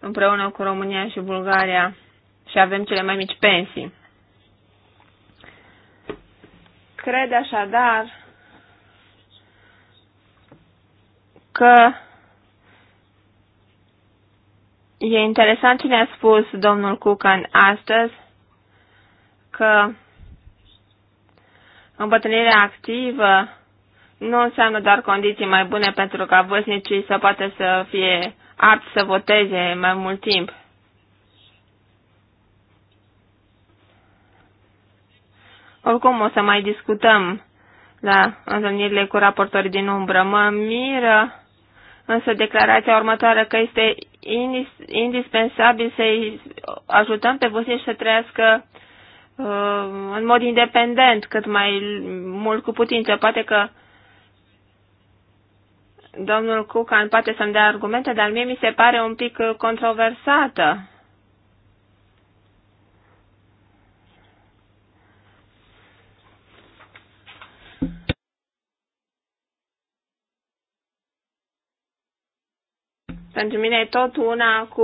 Speaker 2: împreună cu România și Bulgaria și avem cele mai mici pensii. Cred așadar că e interesant ce ne-a spus domnul Cucan astăzi, că îmbătrânirea activă nu înseamnă doar condiții mai bune pentru ca vârstnicii să poată să fie apt să voteze mai mult timp. Oricum o să mai discutăm la întâlnirile cu raportorii din umbră. Mă miră însă declarația următoare că este indis, indispensabil să-i ajutăm pe bosnici să trăiască uh, în mod independent cât mai mult cu putință. Poate că uh, Domnul Cucan poate să-mi dea argumente, dar mie mi se pare un pic controversată. Pentru mine e tot una cu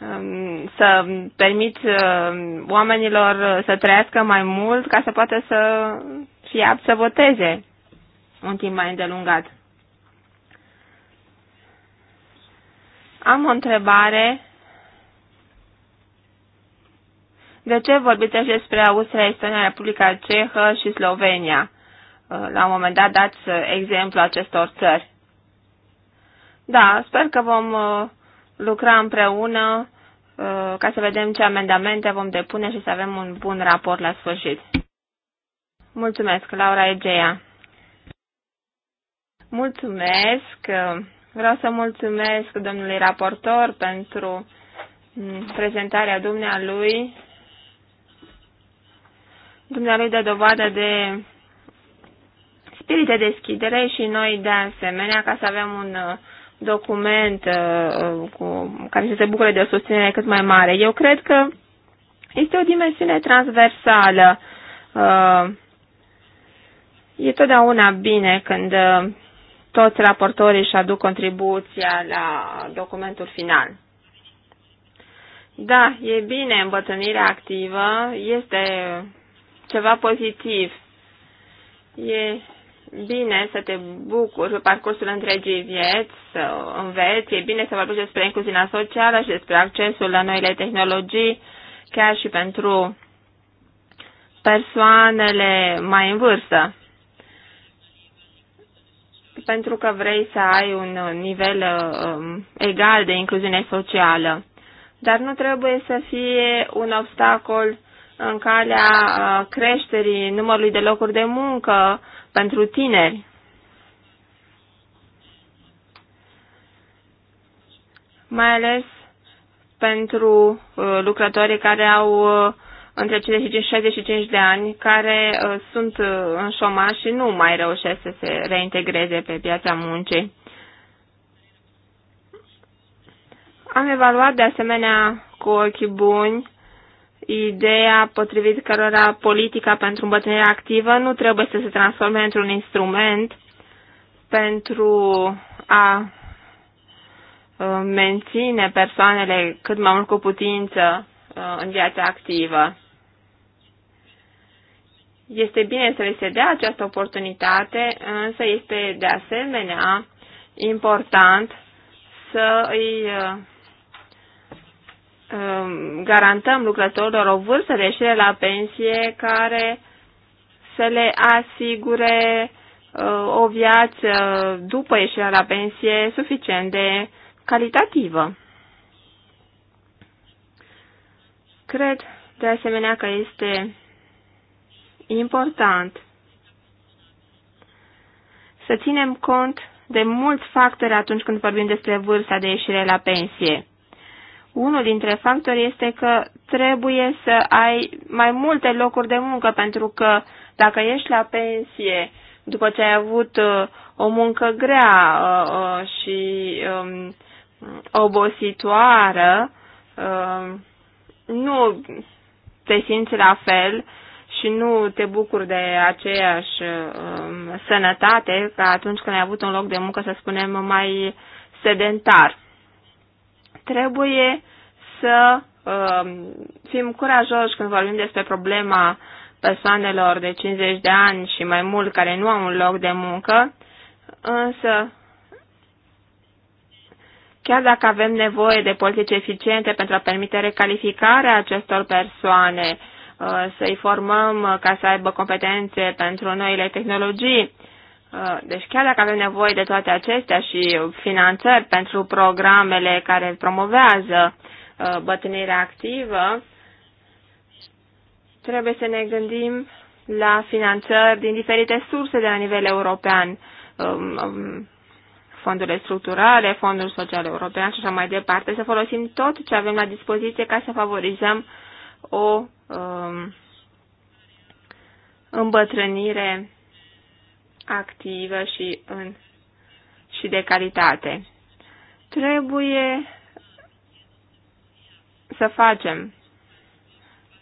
Speaker 2: um, să permit um, oamenilor să trăiască mai mult ca să poată să și apt să voteze un timp mai îndelungat. Am o întrebare. De ce vorbiți despre Austria, Estonia, Republica Cehă și Slovenia? Uh, la un moment dat dați uh, exemplu acestor țări. Da, sper că vom uh, lucra împreună ca să vedem ce amendamente vom depune și să avem un bun raport la sfârșit. Mulțumesc, Laura Egea. Mulțumesc. Vreau să mulțumesc domnului raportor pentru mm, prezentarea dumnealui. Dumnealui de dovadă de spirit de deschidere și noi de asemenea ca să avem un uh, document uh, uh, cu, care să se bucure de o susținere cât mai mare. Eu cred că este o dimensiune transversală E totdeauna bine când uh, toți raportorii își aduc contribuția la documentul final. Da, e bine, îmbătrânirea activă este ceva pozitiv. E bine să te bucuri pe parcursul întregii vieți, să înveți, e bine să vorbești despre incluziunea socială și despre accesul la noile tehnologii, chiar și pentru persoanele mai în vârstă pentru că vrei să ai un uh, nivel uh, um, egal de incluziune socială. Dar nu trebuie să fie un obstacol în calea uh, creșterii numărului de locuri de muncă pentru tineri. Mai ales pentru uh, lucrătorii care au uh, între 55 și 65 de ani care uh, sunt uh, în șomaș și nu mai reușesc să se reintegreze pe piața muncii. Am evaluat de asemenea cu ochii buni ideea potrivit cărora politica pentru îmbătrânirea activă nu trebuie să se transforme într-un instrument pentru a uh, menține persoanele cât mai mult cu putință în viața activă. Este bine să le se dea această oportunitate, însă este de asemenea important să îi uh, um, garantăm lucrătorilor o vârstă de ieșire la pensie care să le asigure uh, o viață după ieșirea la pensie suficient de calitativă. Cred de asemenea că este important să ținem cont de mulți factori atunci când vorbim despre vârsta de ieșire la pensie. Unul dintre factori este că trebuie să ai mai multe locuri de muncă, pentru că dacă ești la pensie după ce ai avut uh, o muncă grea uh, uh, și um, obositoară, nu te simți la fel și nu te bucuri de aceeași um, sănătate ca atunci când ai avut un loc de muncă, să spunem, mai sedentar. Trebuie să um, fim curajoși când vorbim despre problema persoanelor de 50 de ani și mai mult care nu au un loc de muncă, însă chiar dacă avem nevoie de politici eficiente pentru a permite recalificarea acestor persoane, Uh, să-i formăm uh, ca să aibă competențe pentru noile tehnologii. Uh, deci chiar dacă avem nevoie de toate acestea și finanțări pentru programele care promovează bătrânirea activă, trebuie să ne gândim la finanțări din diferite surse de la nivel european, um, um, fondurile structurale, fondul social european și așa mai departe, să folosim tot ce avem la dispoziție ca să favorizăm o Um, îmbătrânire activă și, în, și de calitate. Trebuie să facem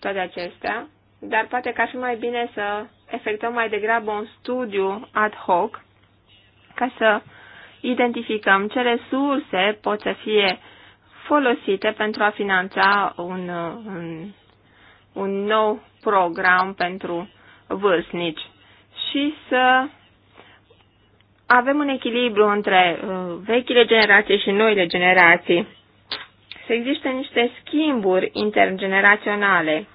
Speaker 2: toate acestea, dar poate că ar fi mai bine să efectuăm mai degrabă un studiu ad hoc ca să identificăm ce resurse pot să fie folosite pentru a finanța un, un un nou program pentru vârstnici și să avem un echilibru între uh, vechile generații și noile generații. Să existe niște schimburi intergeneraționale,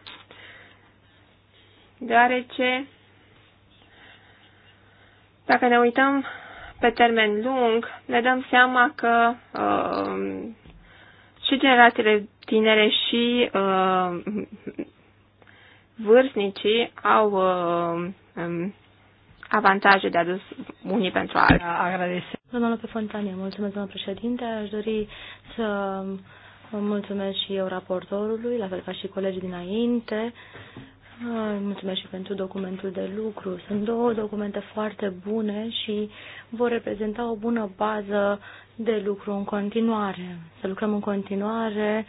Speaker 2: deoarece dacă ne uităm pe termen lung, ne dăm seama că uh, și generațiile tinere și uh, vârstnicii au uh, um, avantaje de adus unii pentru alții. Agradesc.
Speaker 5: Domnul pe Fontanie, mulțumesc, domnul președinte. Aș dori să mulțumesc și eu raportorului, la fel ca și colegii dinainte. Mulțumesc și pentru documentul de lucru. Sunt două documente foarte bune și vor reprezenta o bună bază de lucru în continuare. Să lucrăm în continuare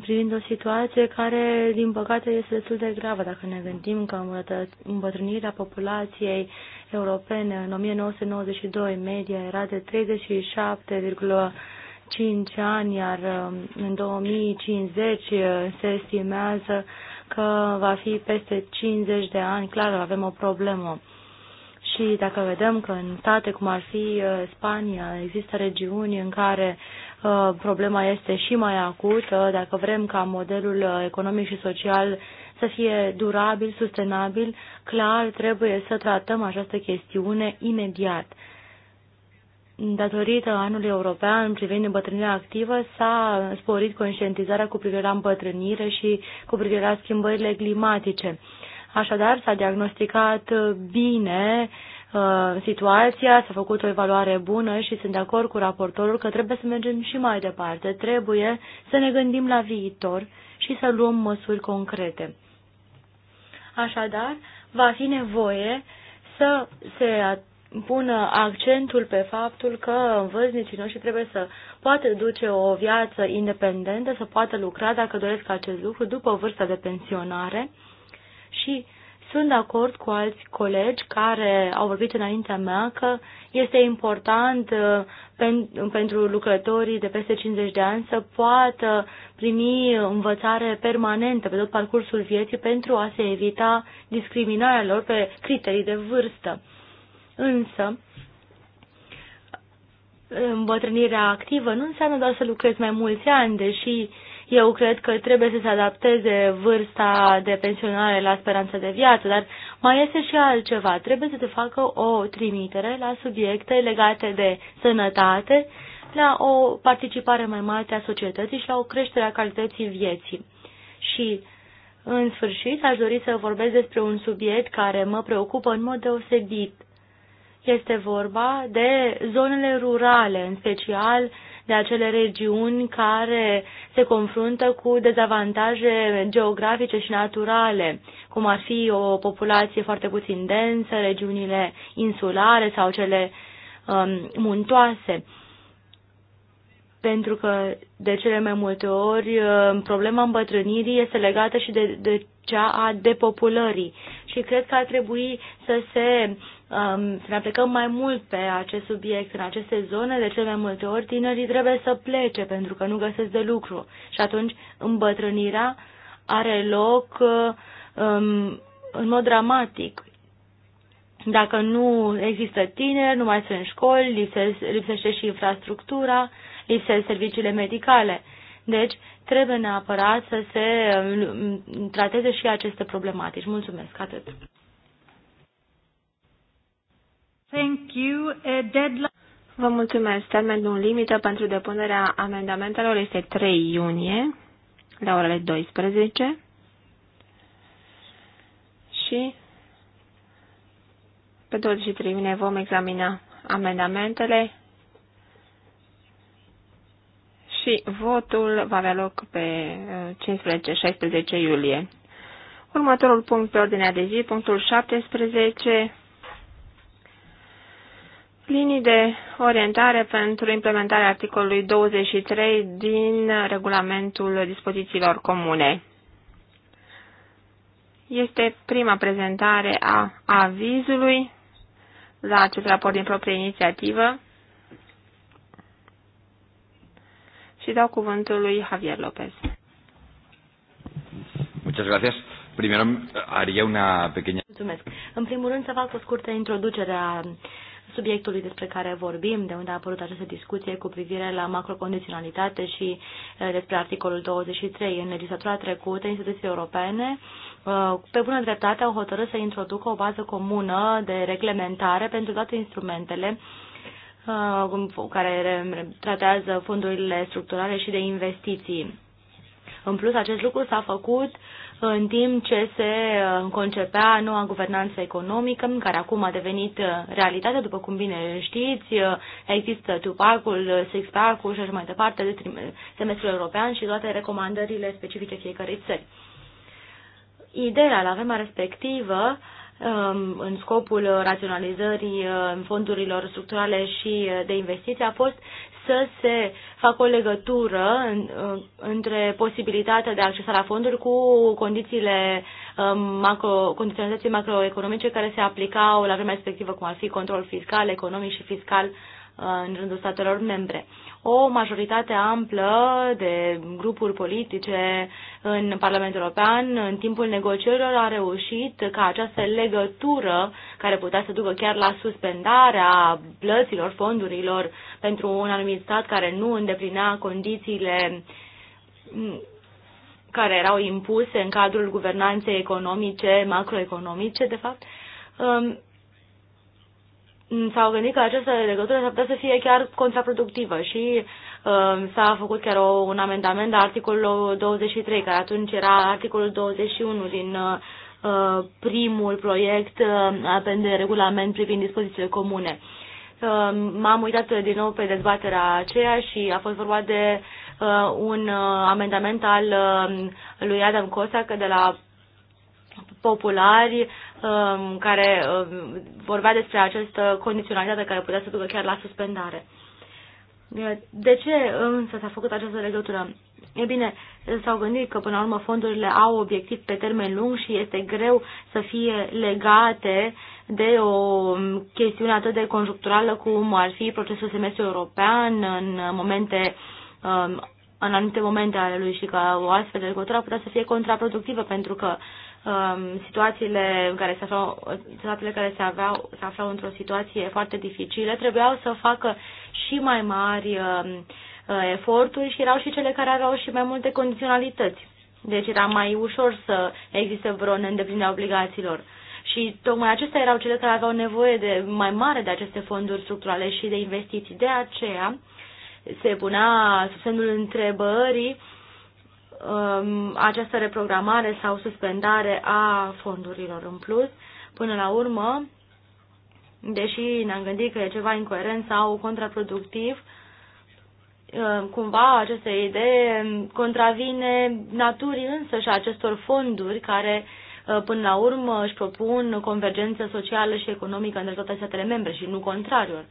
Speaker 5: privind o situație care, din păcate, este destul de gravă dacă ne gândim că îmbătrânirea populației europene în 1992 media era de 37,5 ani, iar um, în 2050 uh, se estimează că va fi peste 50 de ani. Clar, avem o problemă. Și dacă vedem că în state cum ar fi uh, Spania există regiuni în care Uh, problema este și mai acută dacă vrem ca modelul uh, economic și social să fie durabil, sustenabil, clar trebuie să tratăm această chestiune imediat. Datorită anului european privind îmbătrânirea activă s-a sporit conștientizarea cu privire la îmbătrânire și cu privire la schimbările climatice. Așadar, s-a diagnosticat bine Uh, situația, s-a făcut o evaluare bună și sunt de acord cu raportorul că trebuie să mergem și mai departe, trebuie să ne gândim la viitor și să luăm măsuri concrete. Așadar, va fi nevoie să se pună accentul pe faptul că învăznicii noștri trebuie să poată duce o viață independentă, să poată lucra dacă doresc acest lucru după vârsta de pensionare și uh, sunt de acord cu alți colegi care au vorbit înaintea mea că este important uh, pentru lucrătorii de peste 50 de ani să poată primi învățare permanentă pe tot parcursul vieții pentru a se evita discriminarea lor pe criterii de vârstă. Însă, îmbătrânirea activă nu înseamnă doar să lucrezi mai mulți ani, deși eu cred că trebuie să se adapteze vârsta de pensionare la speranța de viață, dar mai este și altceva. Trebuie să se facă o trimitere la subiecte legate de sănătate, la o participare mai mare a societății și la o creștere a calității vieții. Și, în sfârșit, aș dori să vorbesc despre un subiect care mă preocupă în mod deosebit. Este vorba de zonele rurale, în special de acele regiuni care se confruntă cu dezavantaje geografice și naturale, cum ar fi o populație foarte puțin densă, regiunile insulare sau cele um, muntoase. Pentru că de cele mai multe ori um, problema îmbătrânirii este legată și de, de cea a depopulării și cred că ar trebui să se um, să ne aplicăm mai mult pe acest subiect. În aceste zone, de cele mai multe ori, tinerii trebuie să plece pentru că nu găsesc de lucru. Și atunci îmbătrânirea are loc uh, um, în mod dramatic. Dacă nu există tineri, nu mai sunt școli, lipsește, lipsește și infrastructura, lipsesc serviciile medicale. Deci, trebuie neapărat să se um, trateze și aceste problematici. Mulțumesc, atât.
Speaker 1: Thank you. deadline...
Speaker 5: Vă mulțumesc.
Speaker 2: Termenul limită pentru depunerea amendamentelor este 3 iunie la orele 12 și pe 23 iunie vom examina amendamentele și votul va avea loc pe 15-16 uh, iulie. Următorul punct pe ordinea de zi, punctul 17, linii de orientare pentru implementarea articolului 23 din regulamentul dispozițiilor comune. Este prima prezentare a avizului la acest raport din proprie inițiativă și dau cuvântul lui Javier López.
Speaker 4: Muchas gracias. Primero eh, haría una pequeña...
Speaker 5: Mulțumesc. În primul rând să fac o scurtă introducere a subiectului despre care vorbim, de unde a apărut această discuție cu privire la macrocondiționalitate și uh, despre articolul 23. În legislatura trecută, instituții europene, uh, pe bună dreptate, au hotărât să introducă o bază comună de reglementare pentru toate instrumentele uh, care tratează fondurile structurale și de investiții. În plus, acest lucru s-a făcut în timp ce se uh, concepea noua guvernanță economică, care acum a devenit uh, realitate, după cum bine știți, uh, există Tupacul, Sixpacul ul și așa mai departe, de semestrul european și toate recomandările specifice fiecărei țări. Ideea la vremea respectivă Um, în scopul raționalizării uh, fondurilor structurale și uh, de investiții a fost să se facă o legătură uh, între posibilitatea de a la fonduri cu condițiile um, macro, condiționalității macroeconomice care se aplicau la vremea respectivă, cum ar fi control fiscal, economic și fiscal în rândul statelor membre o majoritate amplă de grupuri politice în Parlamentul European, în timpul negocierilor, a reușit ca această legătură, care putea să ducă chiar la suspendarea plăților fondurilor pentru un anumit stat care nu îndeplinea condițiile care erau impuse în cadrul guvernanței economice, macroeconomice, de fapt, um, Mm, s-au gândit că această legătură s-ar putea să fie chiar contraproductivă și uh, s-a făcut chiar o, un amendament la articolul 23, care atunci era articolul 21 din uh, primul proiect uh, de regulament privind dispozițiile comune. Uh, M-am uitat din nou pe dezbaterea aceea și a fost vorba de uh, un uh, amendament al uh, lui Adam Cosac de la populari um, care um, vorbea despre această condiționalitate care putea să ducă chiar la suspendare. De ce însă s-a făcut această legătură? E bine, s-au gândit că până la urmă fondurile au obiectiv pe termen lung și este greu să fie legate de o chestiune atât de conjuncturală cum ar fi procesul semestru european în momente um, în anumite momente ale lui și că o astfel de legătură putea să fie contraproductivă pentru că Um, situațiile în care se aflau, statele care se, aveau, se aflau într-o situație foarte dificilă trebuiau să facă și mai mari um, uh, eforturi și erau și cele care aveau și mai multe condiționalități. Deci era mai ușor să existe vreo neîndeplinire a obligațiilor. Și tocmai acestea erau cele care aveau nevoie de mai mare de aceste fonduri structurale și de investiții. De aceea se punea sub semnul întrebării um, această reprogramare sau suspendare a fondurilor în plus. Până la urmă, deși ne-am gândit că e ceva incoerent sau contraproductiv, um, cumva această idee contravine naturii însă și acestor fonduri care uh, până la urmă își propun convergență socială și economică între toate statele membre și nu contrariul.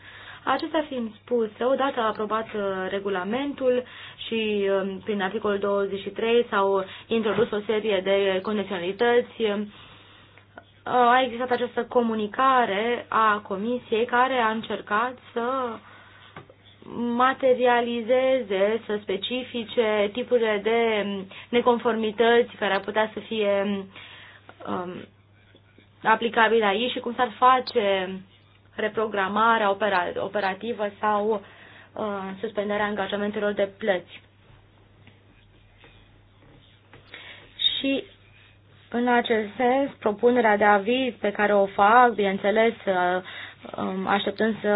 Speaker 5: Acestea fiind spuse, odată aprobat uh, regulamentul și um, prin articolul 23 s-au introdus o serie de condiționalități, uh, a existat această comunicare a Comisiei care a încercat să materializeze, să specifice tipurile de neconformități care ar putea să fie um, aplicabile aici și cum s-ar face reprogramarea opera, operativă sau uh, suspendarea angajamentelor de plăți. Și în acest sens, propunerea de aviz pe care o fac, bineînțeles, uh, um, așteptând să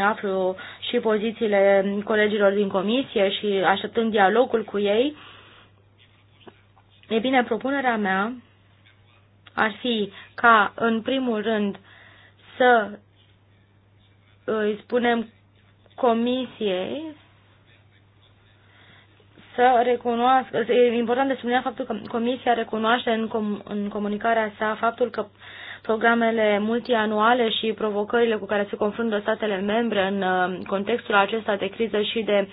Speaker 5: aflu și pozițiile colegilor din comisie și așteptând dialogul cu ei, e bine, propunerea mea ar fi ca, în primul rând, să îi spunem comisiei să recunoască, e important de spunea faptul că Comisia recunoaște în, com, în comunicarea sa faptul că programele multianuale și provocările cu care se confruntă statele membre în uh, contextul acesta de criză și de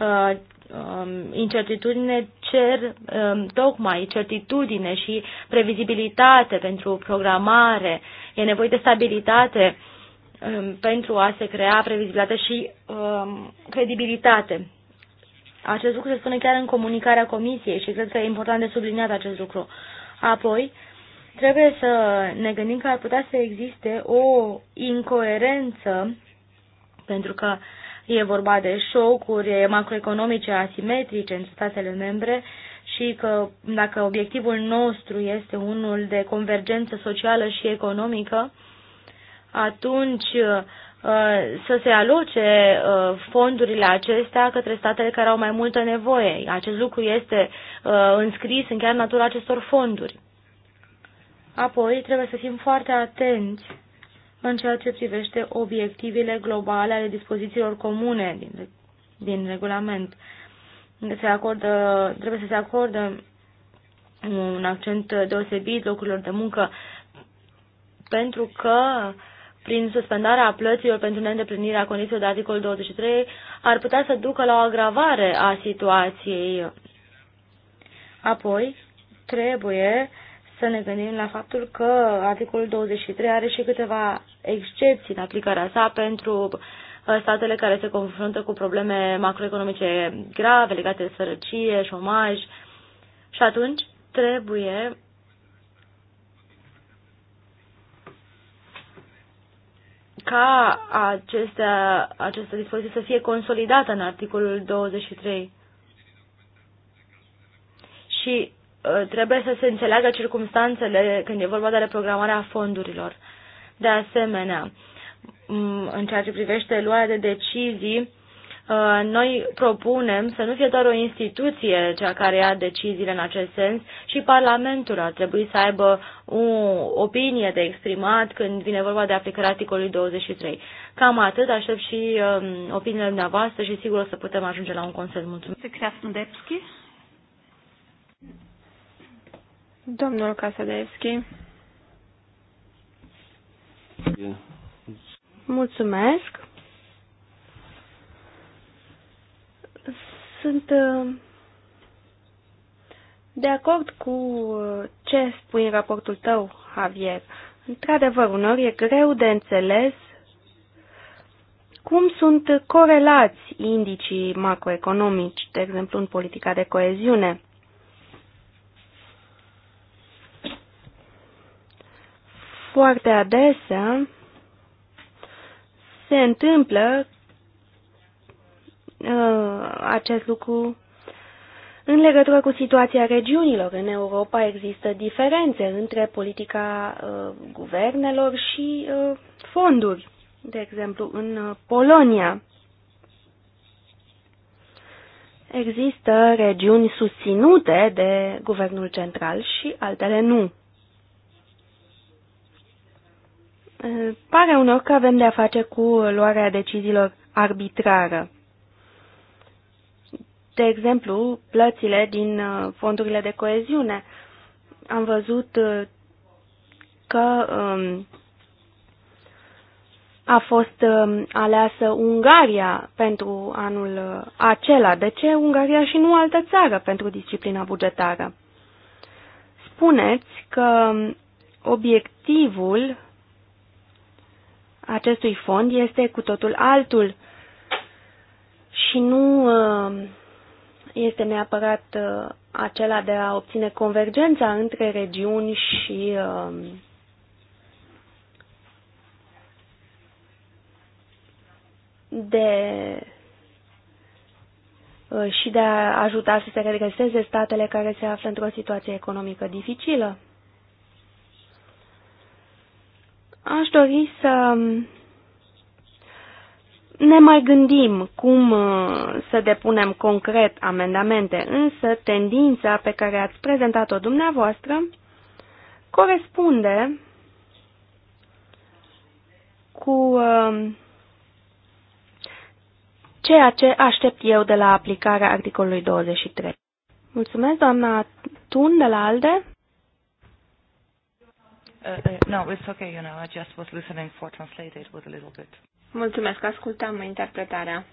Speaker 5: uh, um, incertitudine cer um, tocmai certitudine și previzibilitate pentru programare. E nevoie de stabilitate uh, Um, pentru a se crea previzibilitate și um, credibilitate. Acest lucru se spune chiar în comunicarea comisiei și cred că e important de subliniat acest lucru. Apoi, trebuie să ne gândim că ar putea să existe o incoerență, pentru că e vorba de șocuri macroeconomice asimetrice în statele membre și că dacă obiectivul nostru este unul de convergență socială și economică, atunci uh, să se aloce uh, fondurile acestea către statele care au mai multă nevoie. Acest lucru este uh, înscris în chiar natura acestor fonduri. Apoi, trebuie să fim foarte atenți în ceea ce privește obiectivele globale ale dispozițiilor comune din, din regulament. Se acordă, trebuie să se acordă un accent deosebit locurilor de muncă pentru că prin suspendarea plăților pentru neîndeplinirea condițiilor de articolul 23 ar putea să ducă la o agravare a situației. Apoi, trebuie să ne gândim la faptul că articolul 23 are și câteva excepții în aplicarea sa pentru uh, statele care se confruntă cu probleme macroeconomice grave legate de sărăcie, șomaj și atunci trebuie ca acestea, această dispoziție să fie consolidată în articolul 23. Și ă, trebuie să se înțeleagă circumstanțele când e vorba de reprogramarea fondurilor. De asemenea, în ceea ce privește luarea de decizii, Uh, noi propunem să nu fie doar o instituție cea care ia deciziile în acest sens și Parlamentul ar trebui să aibă o opinie de exprimat când vine vorba de aplicarea articolului 23. Cam atât, aștept și um, opiniile dumneavoastră și sigur o să putem ajunge la un consens. Mulțumesc. Domnul
Speaker 2: Casadevski.
Speaker 3: Mulțumesc. Sunt uh, de acord cu uh, ce spui în raportul tău, Javier. Într-adevăr, unor e greu de înțeles cum sunt corelați indicii macroeconomici, de exemplu în politica de coeziune. Foarte adesea se întâmplă Uh, acest lucru în legătură cu situația regiunilor. În Europa există diferențe între politica uh, guvernelor și uh, fonduri, de exemplu în Polonia. Există regiuni susținute de guvernul central și altele nu. Pare unor că avem de a face cu luarea deciziilor arbitrară de exemplu, plățile din uh, fondurile de coeziune. Am văzut uh, că um, a fost um, aleasă Ungaria pentru anul uh, acela. De ce Ungaria și nu altă țară pentru disciplina bugetară? Spuneți că um, obiectivul acestui fond este cu totul altul și nu este neapărat uh, acela de a obține convergența între regiuni și um, de uh, și de a ajuta să se regreseze statele care se află într-o situație economică dificilă. Aș dori să um, ne mai gândim cum uh, să depunem concret amendamente, însă tendința pe care ați prezentat-o dumneavoastră corespunde cu uh, ceea ce aștept eu de la aplicarea articolului 23. Mulțumesc, doamna Tun de la ALDE.
Speaker 1: Uh, uh, no, it's okay, you know, I just was listening for translated with a little bit.
Speaker 2: Mulțumesc, ascultam
Speaker 1: interpretarea.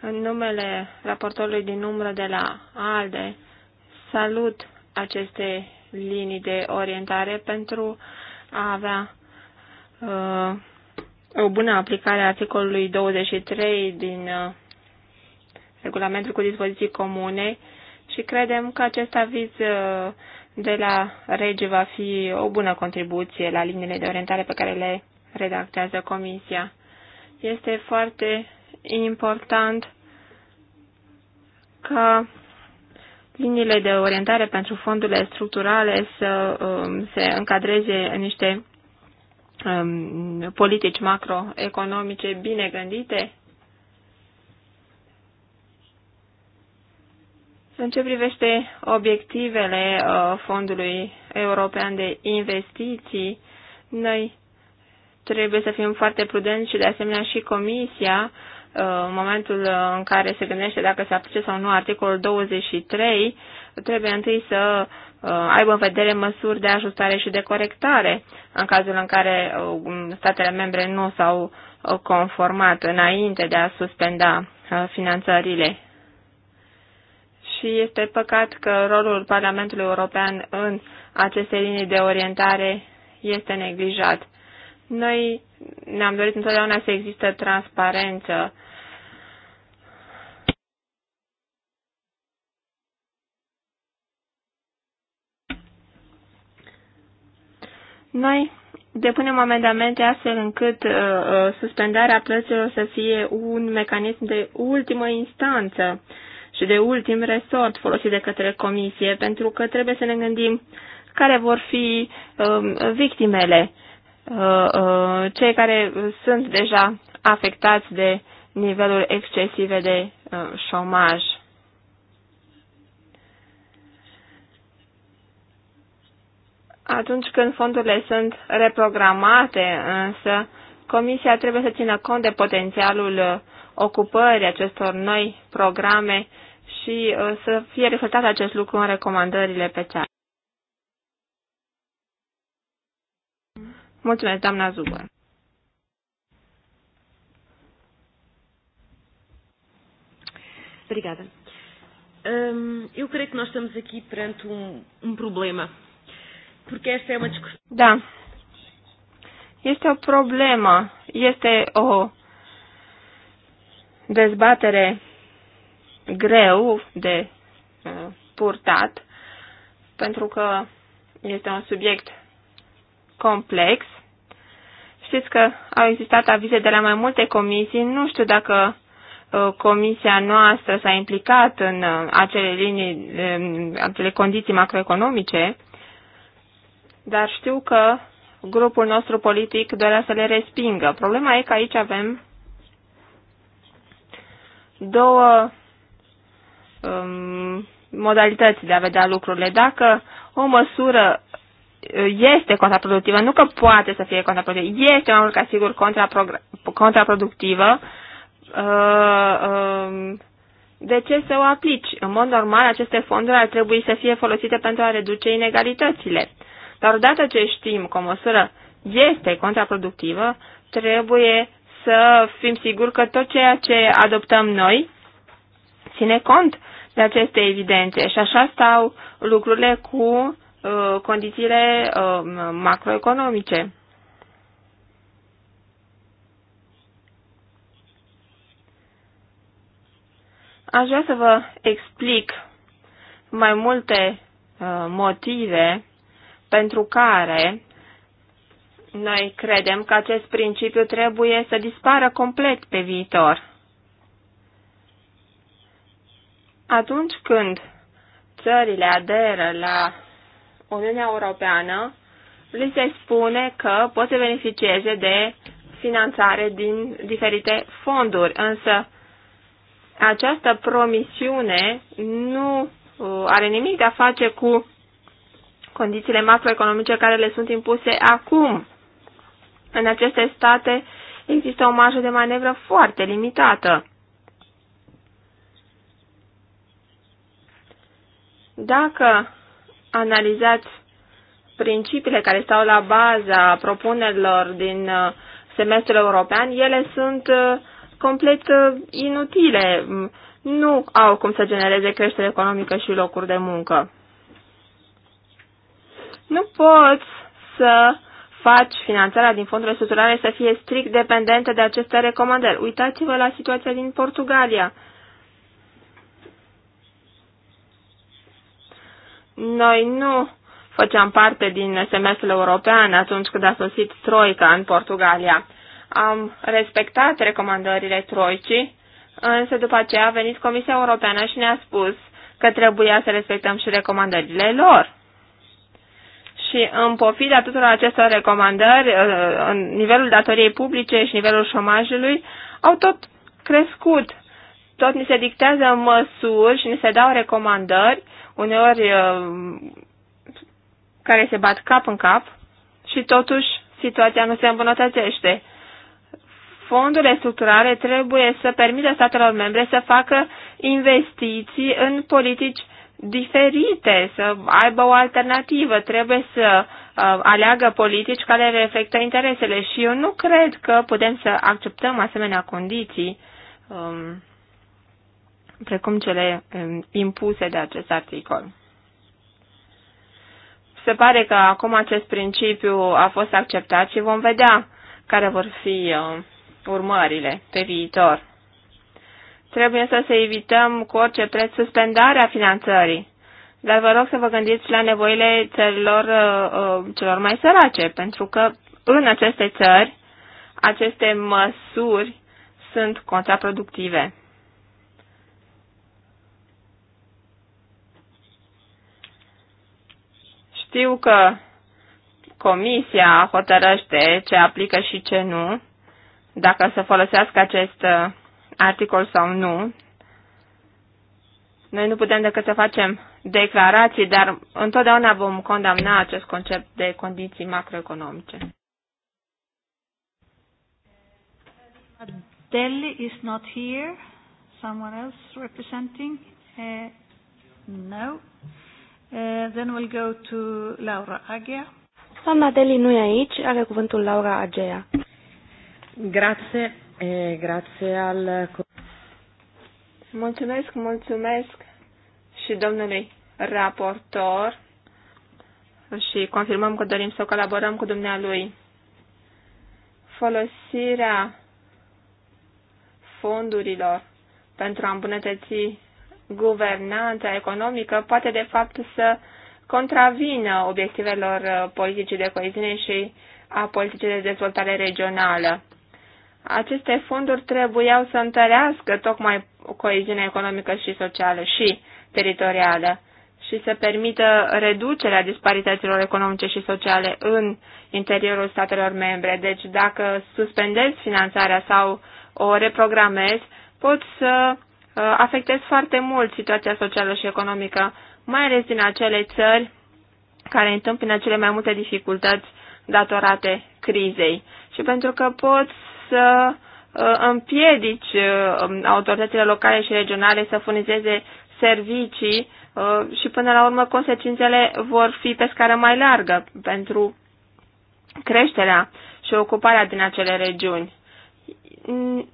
Speaker 2: În numele raportorului din umbră de la ALDE, salut aceste linii de orientare pentru a avea uh, o bună aplicare a articolului 23 din uh, regulamentul cu dispoziții comune și credem că acest aviz uh, de la rege va fi o bună contribuție la liniile de orientare pe care le redactează comisia. Este foarte important ca liniile de orientare pentru fondurile structurale să um, se încadreze în niște um, politici macroeconomice bine gândite. În ce privește obiectivele uh, Fondului European de Investiții, noi Trebuie să fim foarte prudenți și de asemenea și Comisia uh, în momentul uh, în care se gândește dacă se aplice sau nu articolul 23, trebuie întâi să uh, aibă în vedere măsuri de ajustare și de corectare în cazul în care statele membre nu s-au conformat înainte de a suspenda finanțările. Și este păcat că rolul Parlamentului European în aceste linii de orientare este neglijat. Noi ne-am dorit întotdeauna să există transparență Noi depunem amendamente astfel încât uh, uh, suspendarea plăților să fie un mecanism de ultimă instanță și de ultim resort folosit de către comisie, pentru că trebuie să ne gândim care vor fi uh, victimele Uh, uh, cei care sunt deja afectați de niveluri excesive de uh, șomaj. Atunci când fondurile sunt reprogramate, însă, Comisia trebuie să țină cont de potențialul ocupării acestor noi programe și să fie reflectat acest lucru în recomandările pe cea. Mulțumesc, doamna Zubă.
Speaker 3: Obrigada. Um, eu creio que nós estamos aqui perante um, um problema,
Speaker 5: porque esta é uma
Speaker 3: discussão. Da.
Speaker 2: Este o problemă, este o dezbatere greu de uh, purtat, pentru că este un subiect complex Știți că au existat avize de la mai multe comisii. Nu știu dacă uh, comisia noastră s-a implicat în uh, acele linii, în acele condiții macroeconomice, dar știu că grupul nostru politic dorea să le respingă. Problema e că aici avem două um, modalități de a vedea lucrurile. Dacă o măsură este contraproductivă, nu că poate să fie contraproductivă, este mai mult ca sigur contraproductivă, uh, um, de ce să o aplici? În mod normal, aceste fonduri ar trebui să fie folosite pentru a reduce inegalitățile. Dar odată ce știm că o măsură este contraproductivă, trebuie să fim siguri că tot ceea ce adoptăm noi ține cont de aceste evidențe. Și așa stau lucrurile cu Uh, condițiile uh, macroeconomice. Aș vrea să vă explic mai multe uh, motive pentru care noi credem că acest principiu trebuie să dispară complet pe viitor. Atunci când țările aderă la Uniunea Europeană li se spune că pot să beneficieze de finanțare din diferite fonduri, însă această promisiune nu uh, are nimic de a face cu condițiile macroeconomice care le sunt impuse acum. În aceste state există o marjă de manevră foarte limitată. Dacă analizați principiile care stau la baza propunerilor din uh, semestrul european, ele sunt uh, complet uh, inutile. Mm, nu au cum să genereze creștere economică și locuri de muncă. Nu poți să faci finanțarea din fondurile structurale să fie strict dependentă de aceste recomandări. Uitați-vă la situația din Portugalia. Noi nu făceam parte din semestrul european atunci când a sosit Troica în Portugalia. Am respectat recomandările Troicii, însă după aceea a venit Comisia Europeană și ne-a spus că trebuia să respectăm și recomandările lor. Și în pofida tuturor acestor recomandări, uh, în nivelul datoriei publice și nivelul șomajului au tot crescut. Tot ni se dictează măsuri și ni se dau recomandări uneori uh, care se bat cap în cap și totuși situația nu se îmbunătățește. Fondurile structurale trebuie să permită statelor membre să facă investiții în politici diferite, să aibă o alternativă, trebuie să uh, aleagă politici care reflectă interesele și eu nu cred că putem să acceptăm asemenea condiții um, precum cele impuse de acest articol. Se pare că acum acest principiu a fost acceptat și vom vedea care vor fi uh, urmările pe viitor. Trebuie să se evităm cu orice preț suspendarea finanțării, dar vă rog să vă gândiți la nevoile țărilor uh, uh, celor mai sărace, pentru că în aceste țări aceste măsuri sunt contraproductive. Știu că comisia hotărăște ce aplică și ce nu, dacă să folosească acest uh, articol sau nu. Noi nu putem decât să facem declarații, dar întotdeauna vom condamna acest concept de condiții macroeconomice.
Speaker 1: Delhi is not here. Someone else representing? Uh, no. Uh, then we'll go to Laura Agea.
Speaker 3: Doamna Deli nu e aici, are cuvântul Laura Agea.
Speaker 1: Grazie, eh,
Speaker 3: grazie al...
Speaker 2: Mulțumesc, mulțumesc și domnului raportor și confirmăm că dorim să colaborăm cu dumnealui. Folosirea fondurilor pentru a îmbunătăți guvernanța economică poate de fapt să contravină obiectivelor uh, politicii de coeziune și a politicii de dezvoltare regională. Aceste fonduri trebuiau să întărească tocmai coeziunea economică și socială și teritorială și să permită reducerea disparităților economice și sociale în interiorul statelor membre. Deci dacă suspendezi finanțarea sau o reprogramezi, poți să Uh, afectez foarte mult situația socială și economică, mai ales din acele țări care întâmpină cele mai multe dificultăți datorate crizei. Și pentru că pot să uh, împiedici uh, autoritățile locale și regionale să furnizeze servicii și până la urmă consecințele vor fi pe scară mai largă pentru creșterea și ocuparea din acele regiuni.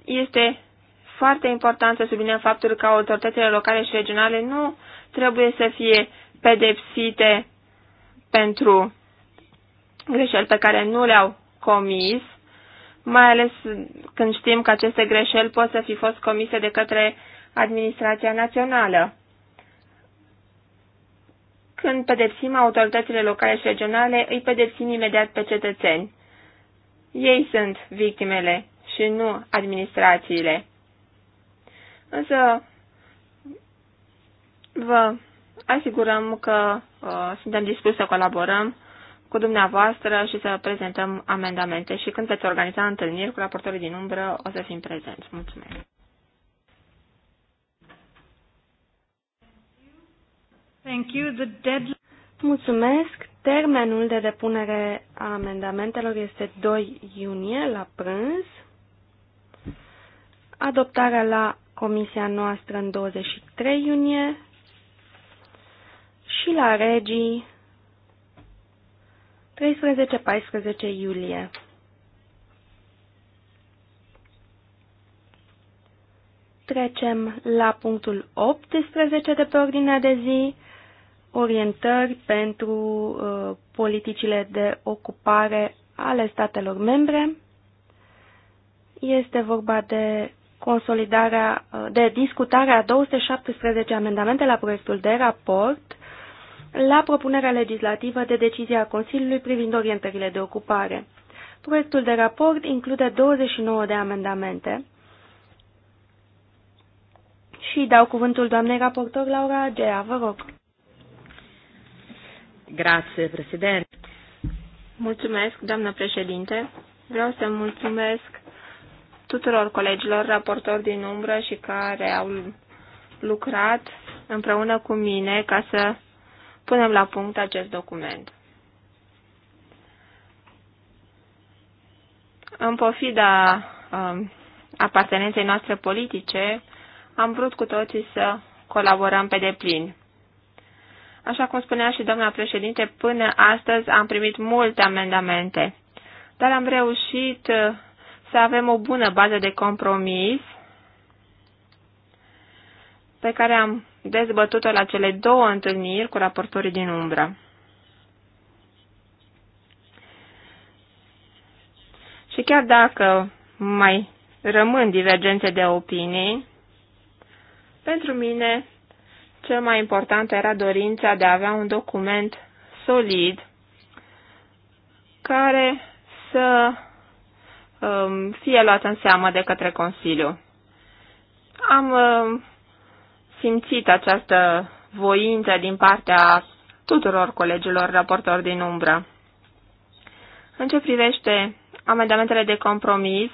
Speaker 2: Este foarte important să subliniem faptul că autoritățile locale și regionale nu trebuie să fie pedepsite pentru greșeli pe care nu le-au comis, mai ales când știm că aceste greșeli pot să fi fost comise de către administrația națională. Când pedepsim autoritățile locale și regionale, îi pedepsim imediat pe cetățeni. Ei sunt victimele și nu administrațiile. Însă vă asigurăm că uh, suntem dispuși să colaborăm cu dumneavoastră și să prezentăm amendamente și când veți organiza întâlniri cu raportorii din umbră, o să fim prezenți. Mulțumesc!
Speaker 1: Thank you. The deadline...
Speaker 3: Mulțumesc! Termenul de depunere a amendamentelor este 2 iunie la prânz. Adoptarea la comisia noastră în 23 iunie și la regii 13-14 iulie. Trecem la punctul 18 de pe ordinea de zi, orientări pentru uh, politicile de ocupare ale statelor membre. Este vorba de consolidarea, de discutarea a 217 amendamente la proiectul de raport la propunerea legislativă de decizie a Consiliului privind orientările de ocupare. Proiectul de raport include 29 de amendamente și dau cuvântul doamnei raportor Laura Agea. Vă rog. Grație, președinte. Mulțumesc, doamnă președinte.
Speaker 2: Vreau să mulțumesc tuturor colegilor raportori din umbră și care au lucrat împreună cu mine ca să punem la punct acest document. În pofida um, apartenenței noastre politice, am vrut cu toții să colaborăm pe deplin. Așa cum spunea și doamna președinte, până astăzi am primit multe amendamente, dar am reușit uh, să avem o bună bază de compromis pe care am dezbătut-o la cele două întâlniri cu raportorii din umbră. Și chiar dacă mai rămân divergențe de opinii, pentru mine cel mai important era dorința de a avea un document solid care să Um, fie luat în seamă de către Consiliu. Am um, simțit această voință din partea tuturor colegilor raportori din umbră. În ce privește amendamentele de compromis,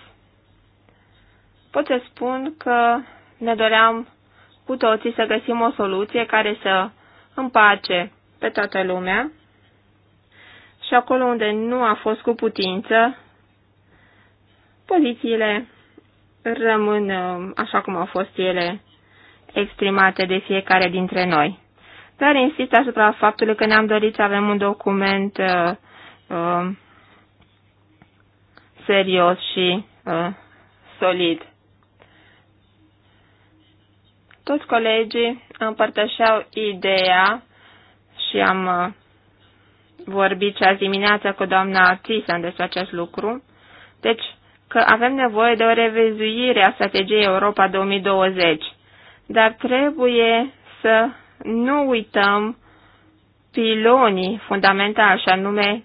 Speaker 2: pot să spun că ne doream cu toții să găsim o soluție care să împace pe toată lumea și acolo unde nu a fost cu putință pozițiile rămân uh, așa cum au fost ele exprimate de fiecare dintre noi. Dar insist asupra faptului că ne-am dorit să avem un document uh, uh, serios și uh, solid. Toți colegii împărtășeau ideea și am uh, vorbit și azi dimineața cu doamna Tisan despre acest lucru. Deci, că avem nevoie de o revizuire a strategiei Europa 2020, dar trebuie să nu uităm pilonii fundamentali, și anume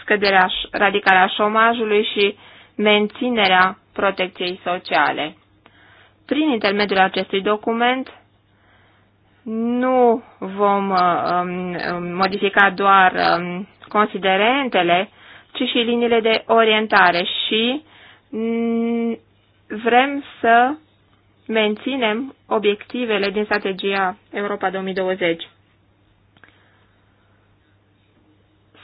Speaker 2: scăderea radicală a șomajului și menținerea protecției sociale. Prin intermediul acestui document nu vom uh, um, um, modifica doar um, considerentele, ci și liniile de orientare și mm, vrem să menținem obiectivele din strategia Europa 2020.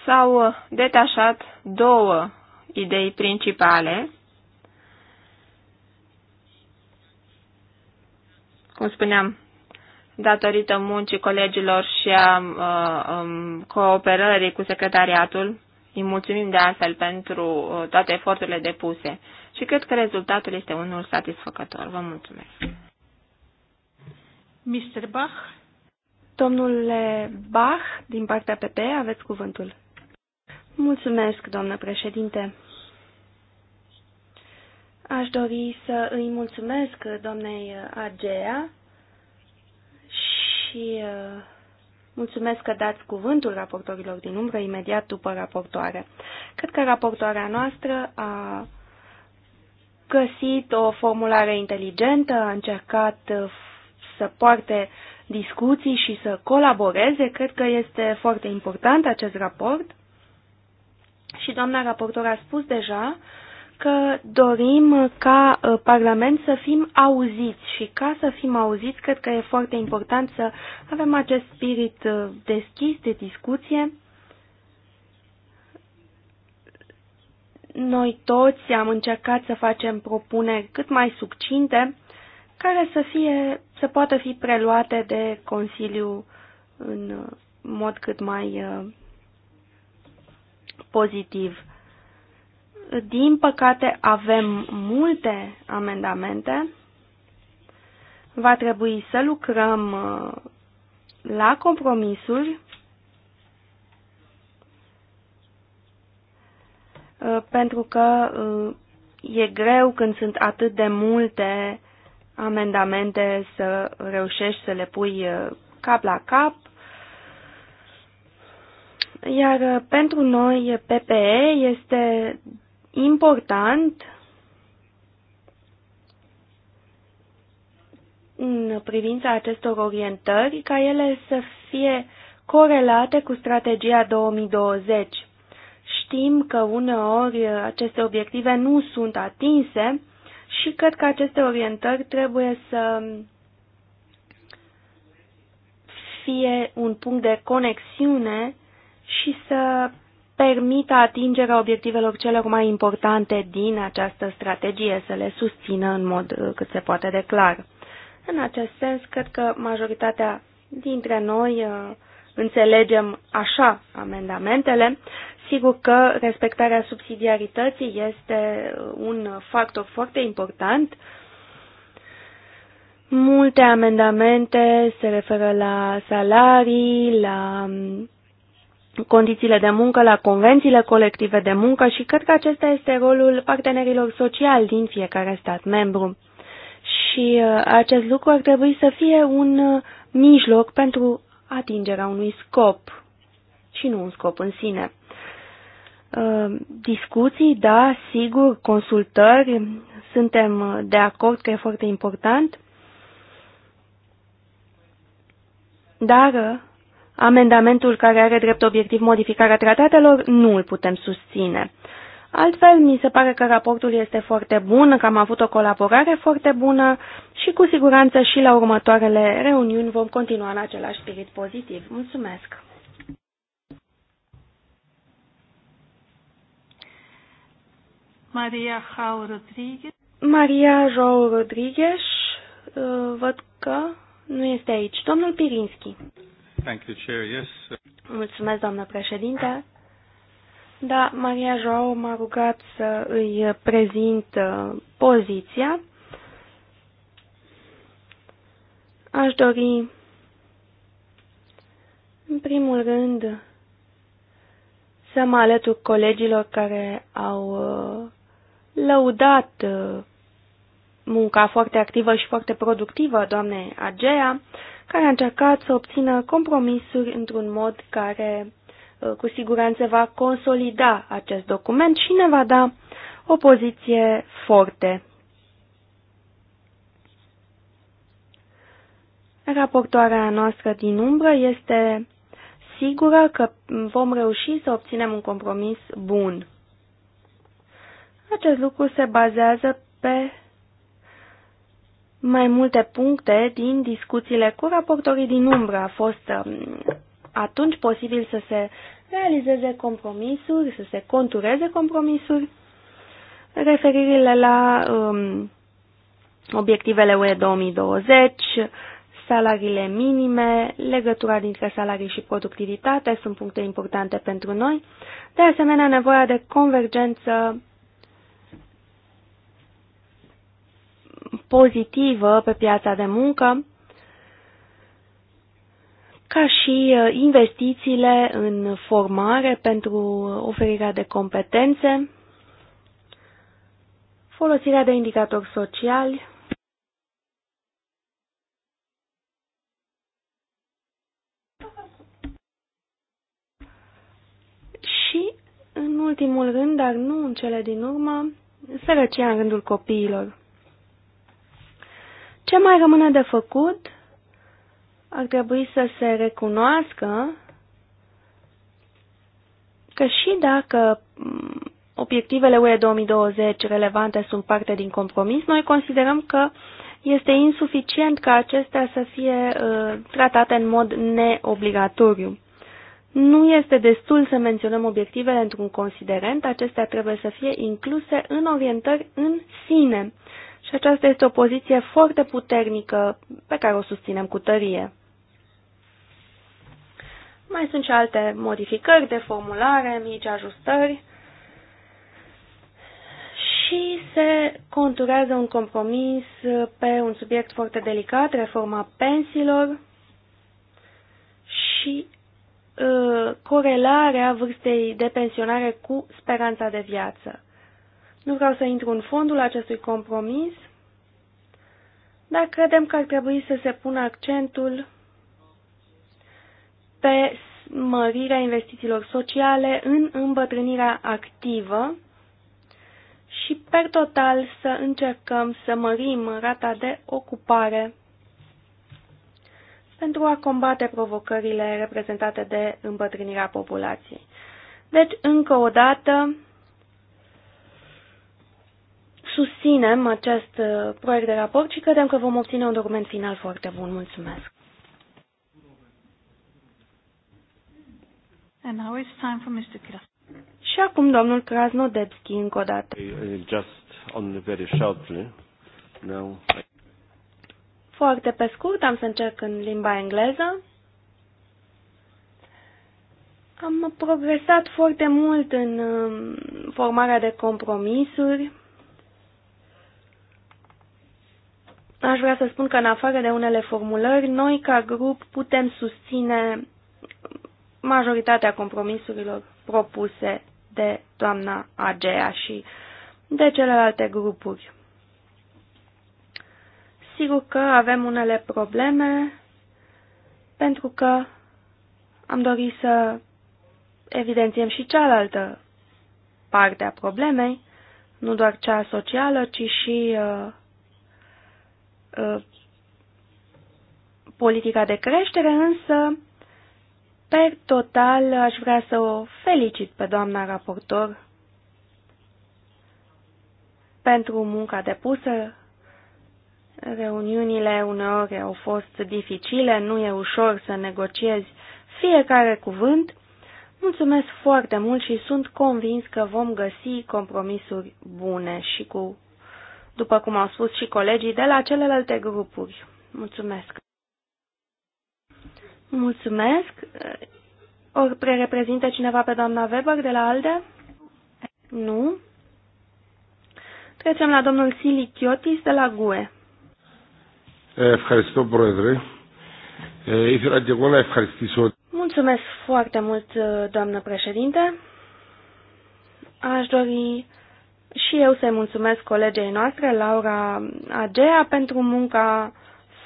Speaker 2: S-au detașat două idei principale. Cum spuneam, datorită muncii colegilor și a uh, um, cooperării cu secretariatul, îi mulțumim de altfel pentru uh, toate eforturile depuse și cred că rezultatul este unul satisfăcător. Vă
Speaker 3: mulțumesc.
Speaker 1: Mr. Bach?
Speaker 3: Domnule Bach, din partea PP, aveți cuvântul. Mulțumesc, doamnă președinte. Aș dori să îi mulțumesc doamnei Agea și uh, Mulțumesc că dați cuvântul raportorilor din umbră imediat după raportoare. Cred că raportoarea noastră a găsit o formulare inteligentă, a încercat uh, să poarte discuții și să colaboreze. Cred că este foarte important acest raport. Și doamna raportor a spus deja că dorim ca ă, Parlament să fim auziți și ca să fim auziți, cred că e foarte important să avem acest spirit ă, deschis de discuție. Noi toți am încercat să facem propuneri cât mai succinte, care să, fie, să poată fi preluate de Consiliu în ă, mod cât mai pozitiv. Din păcate avem multe amendamente. Va trebui să lucrăm uh, la compromisuri uh, pentru că uh, e greu când sunt atât de multe amendamente să reușești să le pui cap la cap. Iar pentru noi PPE este important în privința acestor orientări ca ele să fie corelate cu strategia 2020. Știm că uneori aceste obiective nu sunt atinse și cred că aceste orientări trebuie să fie un punct de conexiune și să permită atingerea obiectivelor celor mai importante din această strategie, să le susțină în mod uh, cât se poate de clar. În acest sens, cred că majoritatea dintre noi uh, înțelegem așa amendamentele. Sigur că respectarea subsidiarității este uh, un factor foarte important. Multe amendamente se referă la salarii, la um, condițiile de muncă, la convențiile colective de muncă și cred că acesta este rolul partenerilor sociali din fiecare stat membru. Și uh, acest lucru ar trebui să fie un uh, mijloc pentru atingerea unui scop și nu un scop în sine. Uh, discuții, da, sigur, consultări, suntem de acord că e foarte important, dar amendamentul care are drept obiectiv modificarea tratatelor, nu îl putem susține. Altfel, mi se pare că raportul este foarte bun, că am avut o colaborare foarte bună și cu siguranță și la următoarele reuniuni vom continua în același spirit pozitiv. Mulțumesc!
Speaker 1: Maria Jau Rodriguez.
Speaker 3: Maria Jau Rodriguez, uh, văd că nu este aici. Domnul Pirinski.
Speaker 1: Thank
Speaker 4: you, Chair. Yes. Uh,
Speaker 3: Mulțumesc, doamnă președinte. Da, Maria Joao m-a rugat să îi prezint uh, poziția. Aș dori, în primul rând, să mă alătur colegilor care au uh, lăudat munca foarte activă și foarte productivă, doamne Agea, care a încercat să obțină compromisuri într-un mod care uh, cu siguranță va consolida acest document și ne va da o poziție forte. Raportoarea noastră din umbră este sigură că vom reuși să obținem un compromis bun. Acest lucru se bazează pe mai multe puncte din discuțiile cu raportorii din umbră. A fost um, atunci posibil să se realizeze compromisuri, să se contureze compromisuri. Referirile la um, obiectivele UE 2020, salariile minime, legătura dintre salarii și productivitate sunt puncte importante pentru noi. De asemenea, nevoia de convergență pozitivă pe piața de muncă, ca și uh, investițiile în formare pentru oferirea de competențe, folosirea de indicatori sociali, și, în ultimul rând, dar nu în cele din urmă, sărăcia în rândul copiilor. Ce mai rămâne de făcut? Ar trebui să se recunoască că și dacă mm, obiectivele UE 2020 relevante sunt parte din compromis, noi considerăm că este insuficient ca acestea să fie uh, tratate în mod neobligatoriu. Nu este destul să menționăm obiectivele într-un considerent, acestea trebuie să fie incluse în orientări în sine. Și aceasta este o poziție foarte puternică pe care o susținem cu tărie. Mai sunt și alte modificări de formulare, mici ajustări și se conturează un compromis pe un subiect foarte delicat, reforma pensiilor și uh, corelarea vârstei de pensionare cu speranța de viață. Nu vreau să intru în fondul acestui compromis, dar credem că ar trebui să se pună accentul pe mărirea investițiilor sociale în îmbătrânirea activă și, per total, să încercăm să mărim rata de ocupare pentru a combate provocările reprezentate de îmbătrânirea populației. Deci, încă o dată, susținem acest uh, proiect de raport și credem că vom obține un document final foarte bun. Mulțumesc!
Speaker 1: And now it's time for Mr. Kras.
Speaker 3: Și acum domnul Krasnodebski încă o dată.
Speaker 4: Just on the very shortly. Now.
Speaker 3: Foarte pe scurt, am să încerc în limba engleză. Am progresat foarte mult în um, formarea de compromisuri. Aș vrea să spun că în afară de unele formulări, noi ca grup putem susține majoritatea compromisurilor propuse de doamna Agea și de celelalte grupuri. Sigur că avem unele probleme pentru că am dorit să evidențiem și cealaltă parte a problemei, nu doar cea socială, ci și uh, Uh, politica de creștere, însă, pe total, aș vrea să o felicit pe doamna raportor pentru munca depusă. Reuniunile uneori au fost dificile, nu e ușor să negociezi fiecare cuvânt. Mulțumesc foarte mult și sunt convins că vom găsi compromisuri bune și cu după cum au spus și colegii de la celelalte grupuri. Mulțumesc! Mulțumesc! O reprezintă cineva pe doamna Weber de la ALDE? Nu. Trecem la domnul Sili Chiotis de la GUE. Mulțumesc foarte mult, doamnă președinte. Aș dori și eu să-i mulțumesc colegei noastre, Laura Agea, pentru munca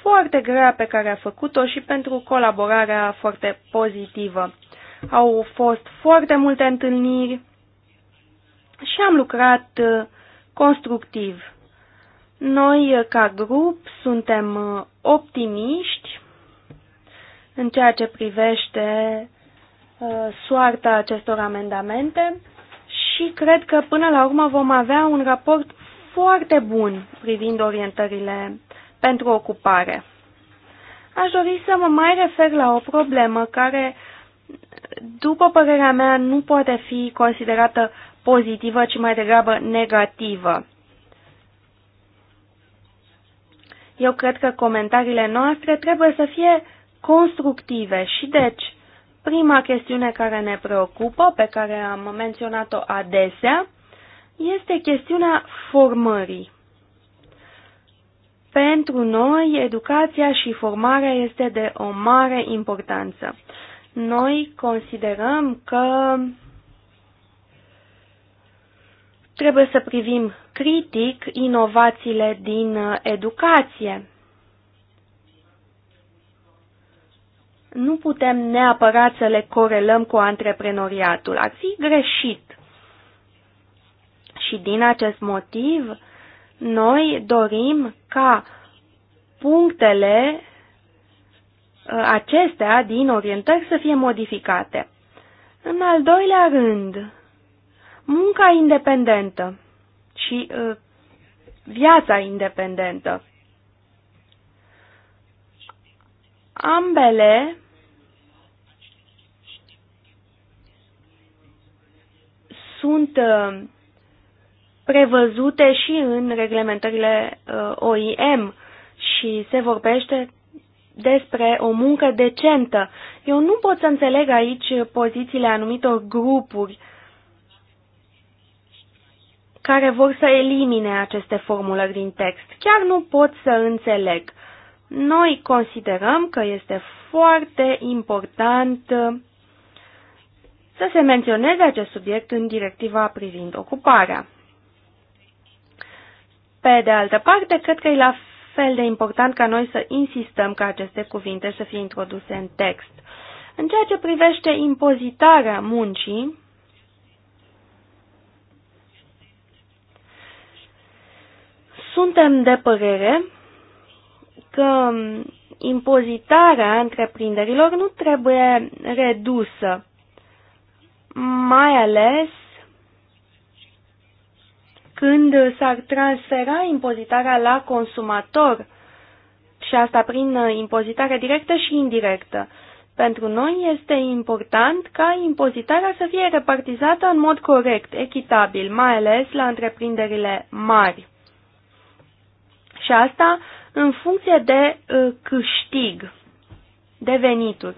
Speaker 3: foarte grea pe care a făcut-o și pentru colaborarea foarte pozitivă. Au fost foarte multe întâlniri și am lucrat uh, constructiv. Noi, uh, ca grup, suntem uh, optimiști în ceea ce privește soarta acestor amendamente și cred că până la urmă vom avea un raport foarte bun privind orientările pentru ocupare. Aș dori să mă mai refer la o problemă care, după părerea mea, nu poate fi considerată pozitivă, ci mai degrabă negativă. Eu cred că comentariile noastre trebuie să fie constructive și deci Prima chestiune care ne preocupă, pe care am menționat-o adesea, este chestiunea formării. Pentru noi, educația și formarea este de o mare importanță. Noi considerăm că trebuie să privim critic inovațiile din uh, educație nu putem neapărat să le corelăm cu antreprenoriatul. Ar fi greșit. Și din acest motiv, noi dorim ca punctele uh, acestea din orientări să fie modificate. În al doilea rând, munca independentă și uh, viața independentă. Ambele sunt uh, prevăzute și în reglementările uh, OIM și se vorbește despre o muncă decentă. Eu nu pot să înțeleg aici pozițiile anumitor grupuri care vor să elimine aceste formulări din text. Chiar nu pot să înțeleg. Noi considerăm că este foarte important uh, să se menționeze acest subiect în directiva privind ocuparea. Pe de altă parte, cred că e la fel de important ca noi să insistăm ca aceste cuvinte să fie introduse în text. În ceea ce privește impozitarea muncii, suntem de părere că um, impozitarea întreprinderilor nu trebuie redusă, mai ales când s-ar transfera impozitarea la consumator și asta prin uh, impozitare directă și indirectă. Pentru noi este important ca impozitarea să fie repartizată în mod corect, echitabil, mai ales la întreprinderile mari. Și asta în funcție de uh, câștig, de venituri.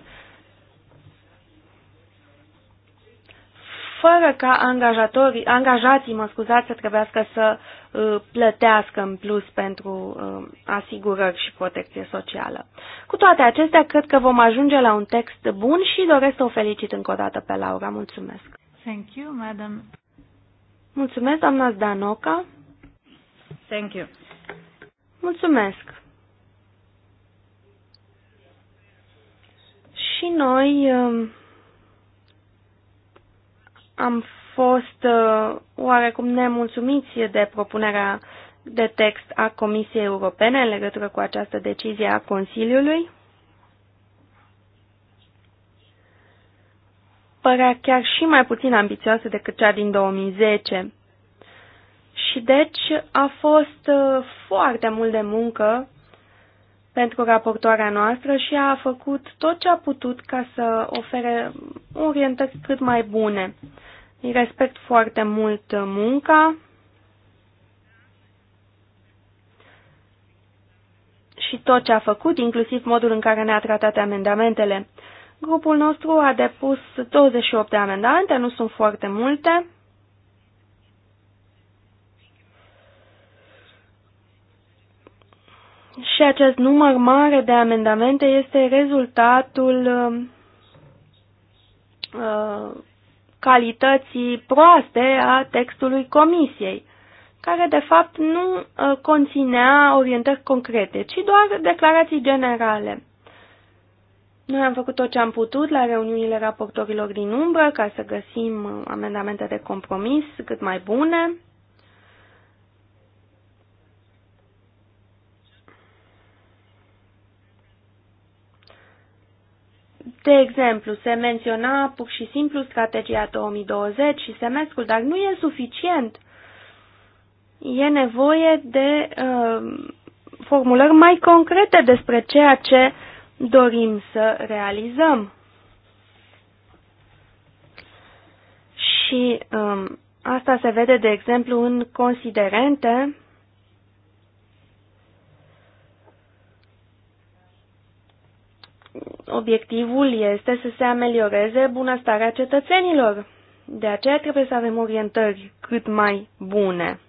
Speaker 3: fără ca angajatorii, angajații, mă scuzați, să trebuiască să uh, plătească în plus pentru uh, asigurări și protecție socială. Cu toate acestea, cred că vom ajunge la un text bun și doresc să o felicit încă o dată pe Laura. Mulțumesc!
Speaker 1: Thank you, madam.
Speaker 3: Mulțumesc, doamna Zdanoca. Thank you. Mulțumesc! Și noi um, am fost uh, oarecum nemulțumiți de propunerea de text a Comisiei Europene în legătură cu această decizie a Consiliului. Părea chiar și mai puțin ambițioasă decât cea din 2010. Și deci a fost uh, foarte mult de muncă pentru raportoarea noastră și a făcut tot ce a putut ca să ofere orientări cât mai bune. Îi respect foarte mult uh, munca și tot ce a făcut, inclusiv modul în care ne-a tratat amendamentele. Grupul nostru a depus 28 de amendamente, nu sunt foarte multe. Și acest număr mare de amendamente este rezultatul um, uh, calității proaste a textului comisiei, care de fapt nu uh, conținea orientări concrete, ci doar declarații generale. Noi am făcut tot ce am putut la reuniunile raportorilor din umbră ca să găsim uh, amendamente de compromis cât mai bune De exemplu, se menționa pur și simplu strategia 2020 și semestrul, dar nu e suficient. E nevoie de uh, formulări mai concrete despre ceea ce dorim să realizăm. Și um, asta se vede, de exemplu, în considerente Obiectivul este să se amelioreze bunăstarea cetățenilor. De aceea trebuie să avem orientări cât mai bune.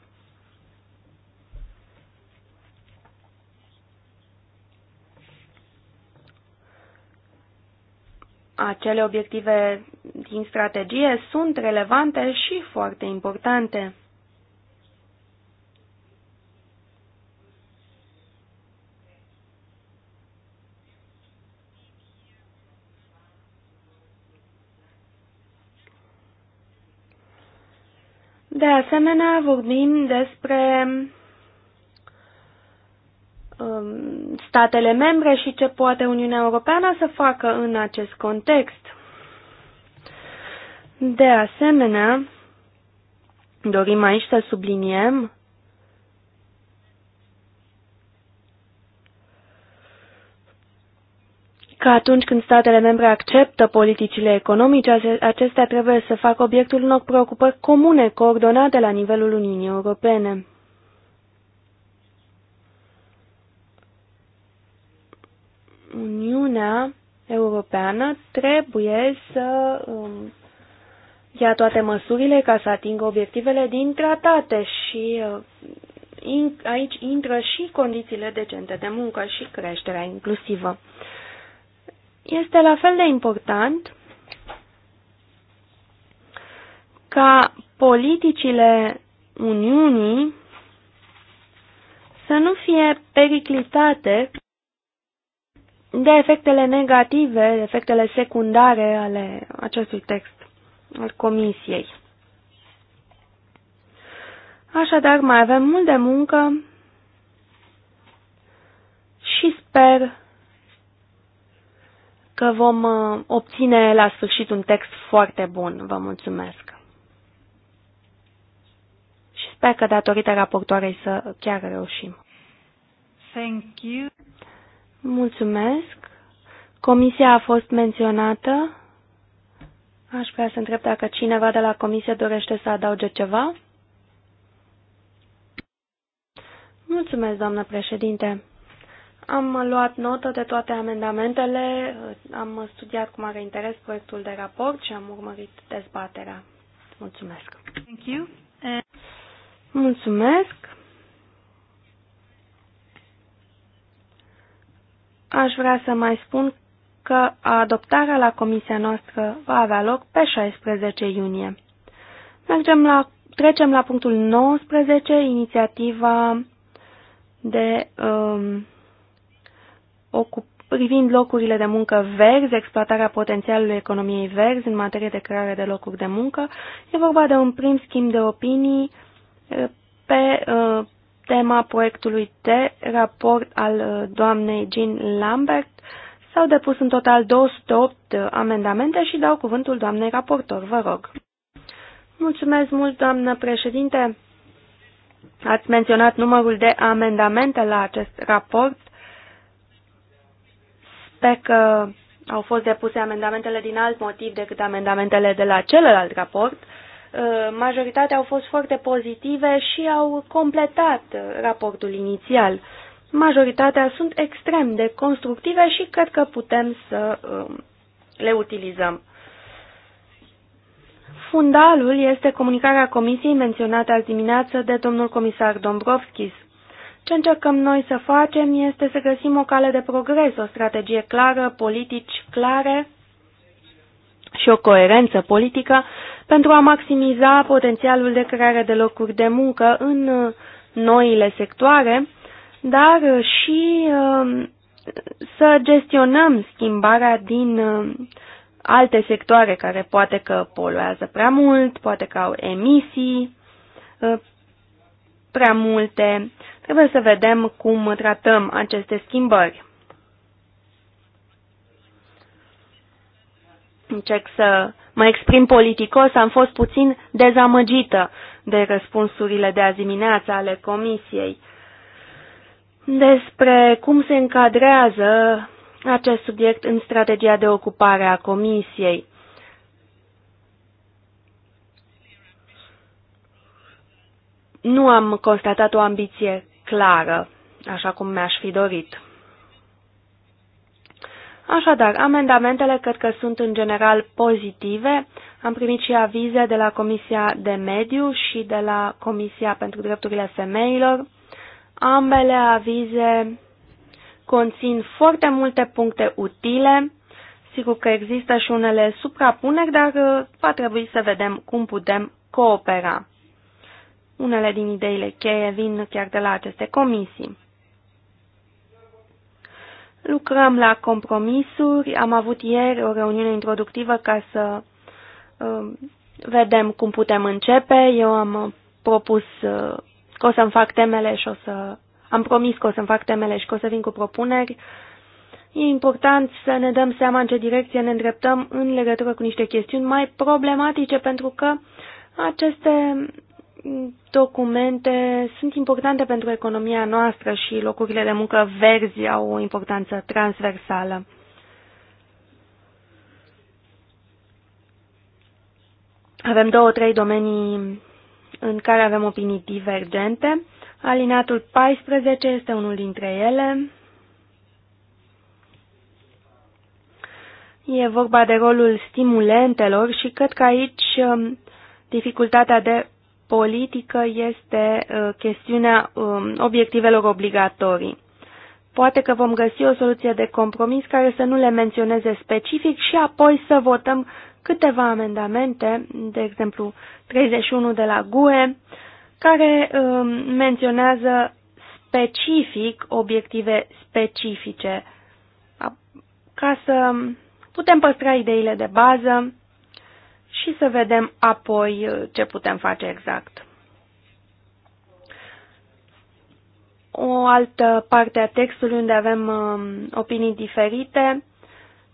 Speaker 3: Acele obiective din strategie sunt relevante și foarte importante. De asemenea, vorbim despre um, statele membre și ce poate Uniunea Europeană să facă în acest context. De asemenea, dorim aici să subliniem că atunci când statele membre acceptă politicile economice, acestea trebuie să facă obiectul unor preocupări comune, coordonate la nivelul Uniunii Europene. Uniunea Europeană trebuie să um, ia toate măsurile ca să atingă obiectivele din tratate și uh, in, aici intră și condițiile decente de muncă și creșterea inclusivă. Este la fel de important ca politicile Uniunii să nu fie periclitate de efectele negative, efectele secundare ale acestui text al Comisiei. Așadar, mai avem mult de muncă și sper că vom uh, obține la sfârșit un text foarte bun. Vă mulțumesc. Și sper că datorită raportoarei să chiar reușim.
Speaker 1: Thank you.
Speaker 3: Mulțumesc. Comisia a fost menționată. Aș vrea să întreb dacă cineva de la comisie dorește să adauge ceva. Mulțumesc, doamnă președinte. Am luat notă de toate amendamentele, am studiat cu mare interes proiectul de raport și am urmărit dezbaterea. Mulțumesc. Thank you. Mulțumesc. Aș vrea să mai spun că adoptarea la comisia noastră va avea loc pe 16 iunie. Mergem la, trecem la punctul 19, inițiativa de um, ocup privind locurile de muncă verzi, exploatarea potențialului economiei verzi în materie de creare de locuri de muncă. E vorba de un prim schimb de opinii pe tema proiectului de raport al doamnei Jean Lambert. S-au depus în total 208 amendamente și dau cuvântul doamnei raportor, vă rog. Mulțumesc mult, doamnă președinte. Ați menționat numărul de amendamente la acest raport pe că au fost depuse amendamentele din alt motiv decât amendamentele de la celălalt raport, uh, majoritatea au fost foarte pozitive și au completat raportul inițial. Majoritatea sunt extrem de constructive și cred că putem să um, le utilizăm. Fundalul este comunicarea comisiei menționată azi dimineață de domnul comisar Dombrovskis ce încercăm noi să facem este să găsim o cale de progres, o strategie clară, politici clare și o coerență politică pentru a maximiza potențialul de creare de locuri de muncă în uh, noile sectoare, dar și uh, să gestionăm schimbarea din uh, alte sectoare care poate că poluează prea mult, poate că au emisii prea multe Trebuie să vedem cum tratăm aceste schimbări. Încerc să mă exprim politicos, am fost puțin dezamăgită de răspunsurile de azi dimineață ale comisiei despre cum se încadrează acest subiect în strategia de ocupare a comisiei. Nu am constatat o ambiție clară, așa cum mi-aș fi dorit. Așadar, amendamentele cred că sunt în general pozitive. Am primit și avize de la Comisia de Mediu și de la Comisia pentru Drepturile Femeilor. Ambele avize conțin foarte multe puncte utile. Sigur că există și unele suprapuneri, dar uh, va trebui să vedem cum putem coopera. Unele din ideile cheie vin chiar de la aceste comisii. Lucrăm la compromisuri. Am avut ieri o reuniune introductivă ca să uh, vedem cum putem începe. Eu am propus uh, că o să-mi fac temele și o să... Am promis că o să-mi fac temele și că o să vin cu propuneri. E important să ne dăm seama în ce direcție ne îndreptăm în legătură cu niște chestiuni mai problematice, pentru că aceste documente sunt importante pentru economia noastră și locurile de muncă verzi au o importanță transversală. Avem două, trei domenii în care avem opinii divergente. Alinatul 14 este unul dintre ele. E vorba de rolul stimulentelor și cred că aici um, dificultatea de politică este ă, chestiunea ă, obiectivelor obligatorii. Poate că vom găsi o soluție de compromis care să nu le menționeze specific și apoi să votăm câteva amendamente, de exemplu 31 de la GUE, care ă, menționează specific obiective specifice ca să putem păstra ideile de bază și să vedem apoi uh, ce putem face exact. O altă parte a textului unde avem um, opinii diferite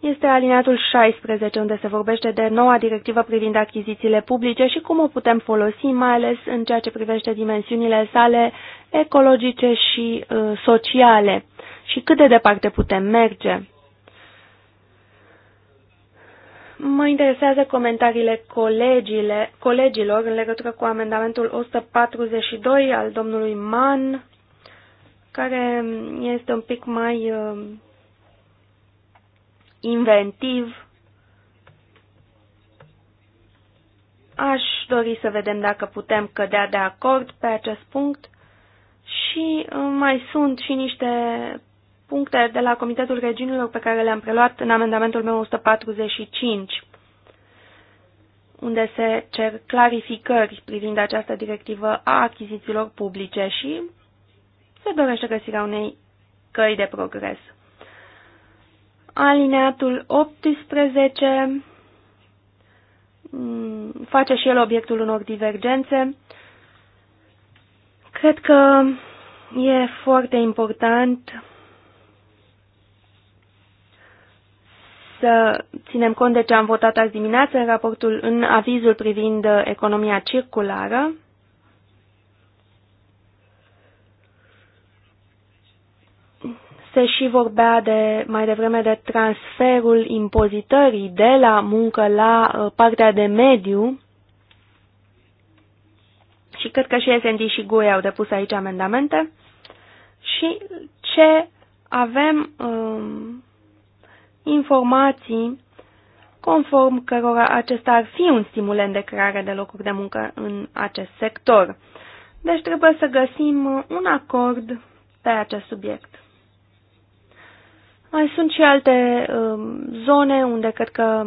Speaker 3: este alineatul 16, unde se vorbește de noua directivă privind achizițiile publice și cum o putem folosi, mai ales în ceea ce privește dimensiunile sale ecologice și uh, sociale și cât de departe putem merge. Mă interesează comentariile colegile, colegilor în legătură cu amendamentul 142 al domnului Mann, care este un pic mai uh, inventiv. Aș dori să vedem dacă putem cădea de acord pe acest punct și uh, mai sunt și niște puncte de la Comitetul Regiunilor pe care le-am preluat în amendamentul meu 145, unde se cer clarificări privind această directivă a achizițiilor publice și se dorește găsirea unei căi de progres. Alineatul 18 mm, face și el obiectul unor divergențe. Cred că e foarte important să ținem cont de ce am votat azi dimineață în raportul, în avizul privind economia circulară. Se și vorbea de, mai devreme de transferul impozitării de la muncă la uh, partea de mediu și cred că și SND și GUE au depus aici amendamente. Și ce avem um, informații conform cărora acesta ar fi un stimulent de creare de locuri de muncă în acest sector. Deci trebuie să găsim un acord pe acest subiect. Mai sunt și alte um, zone unde cred că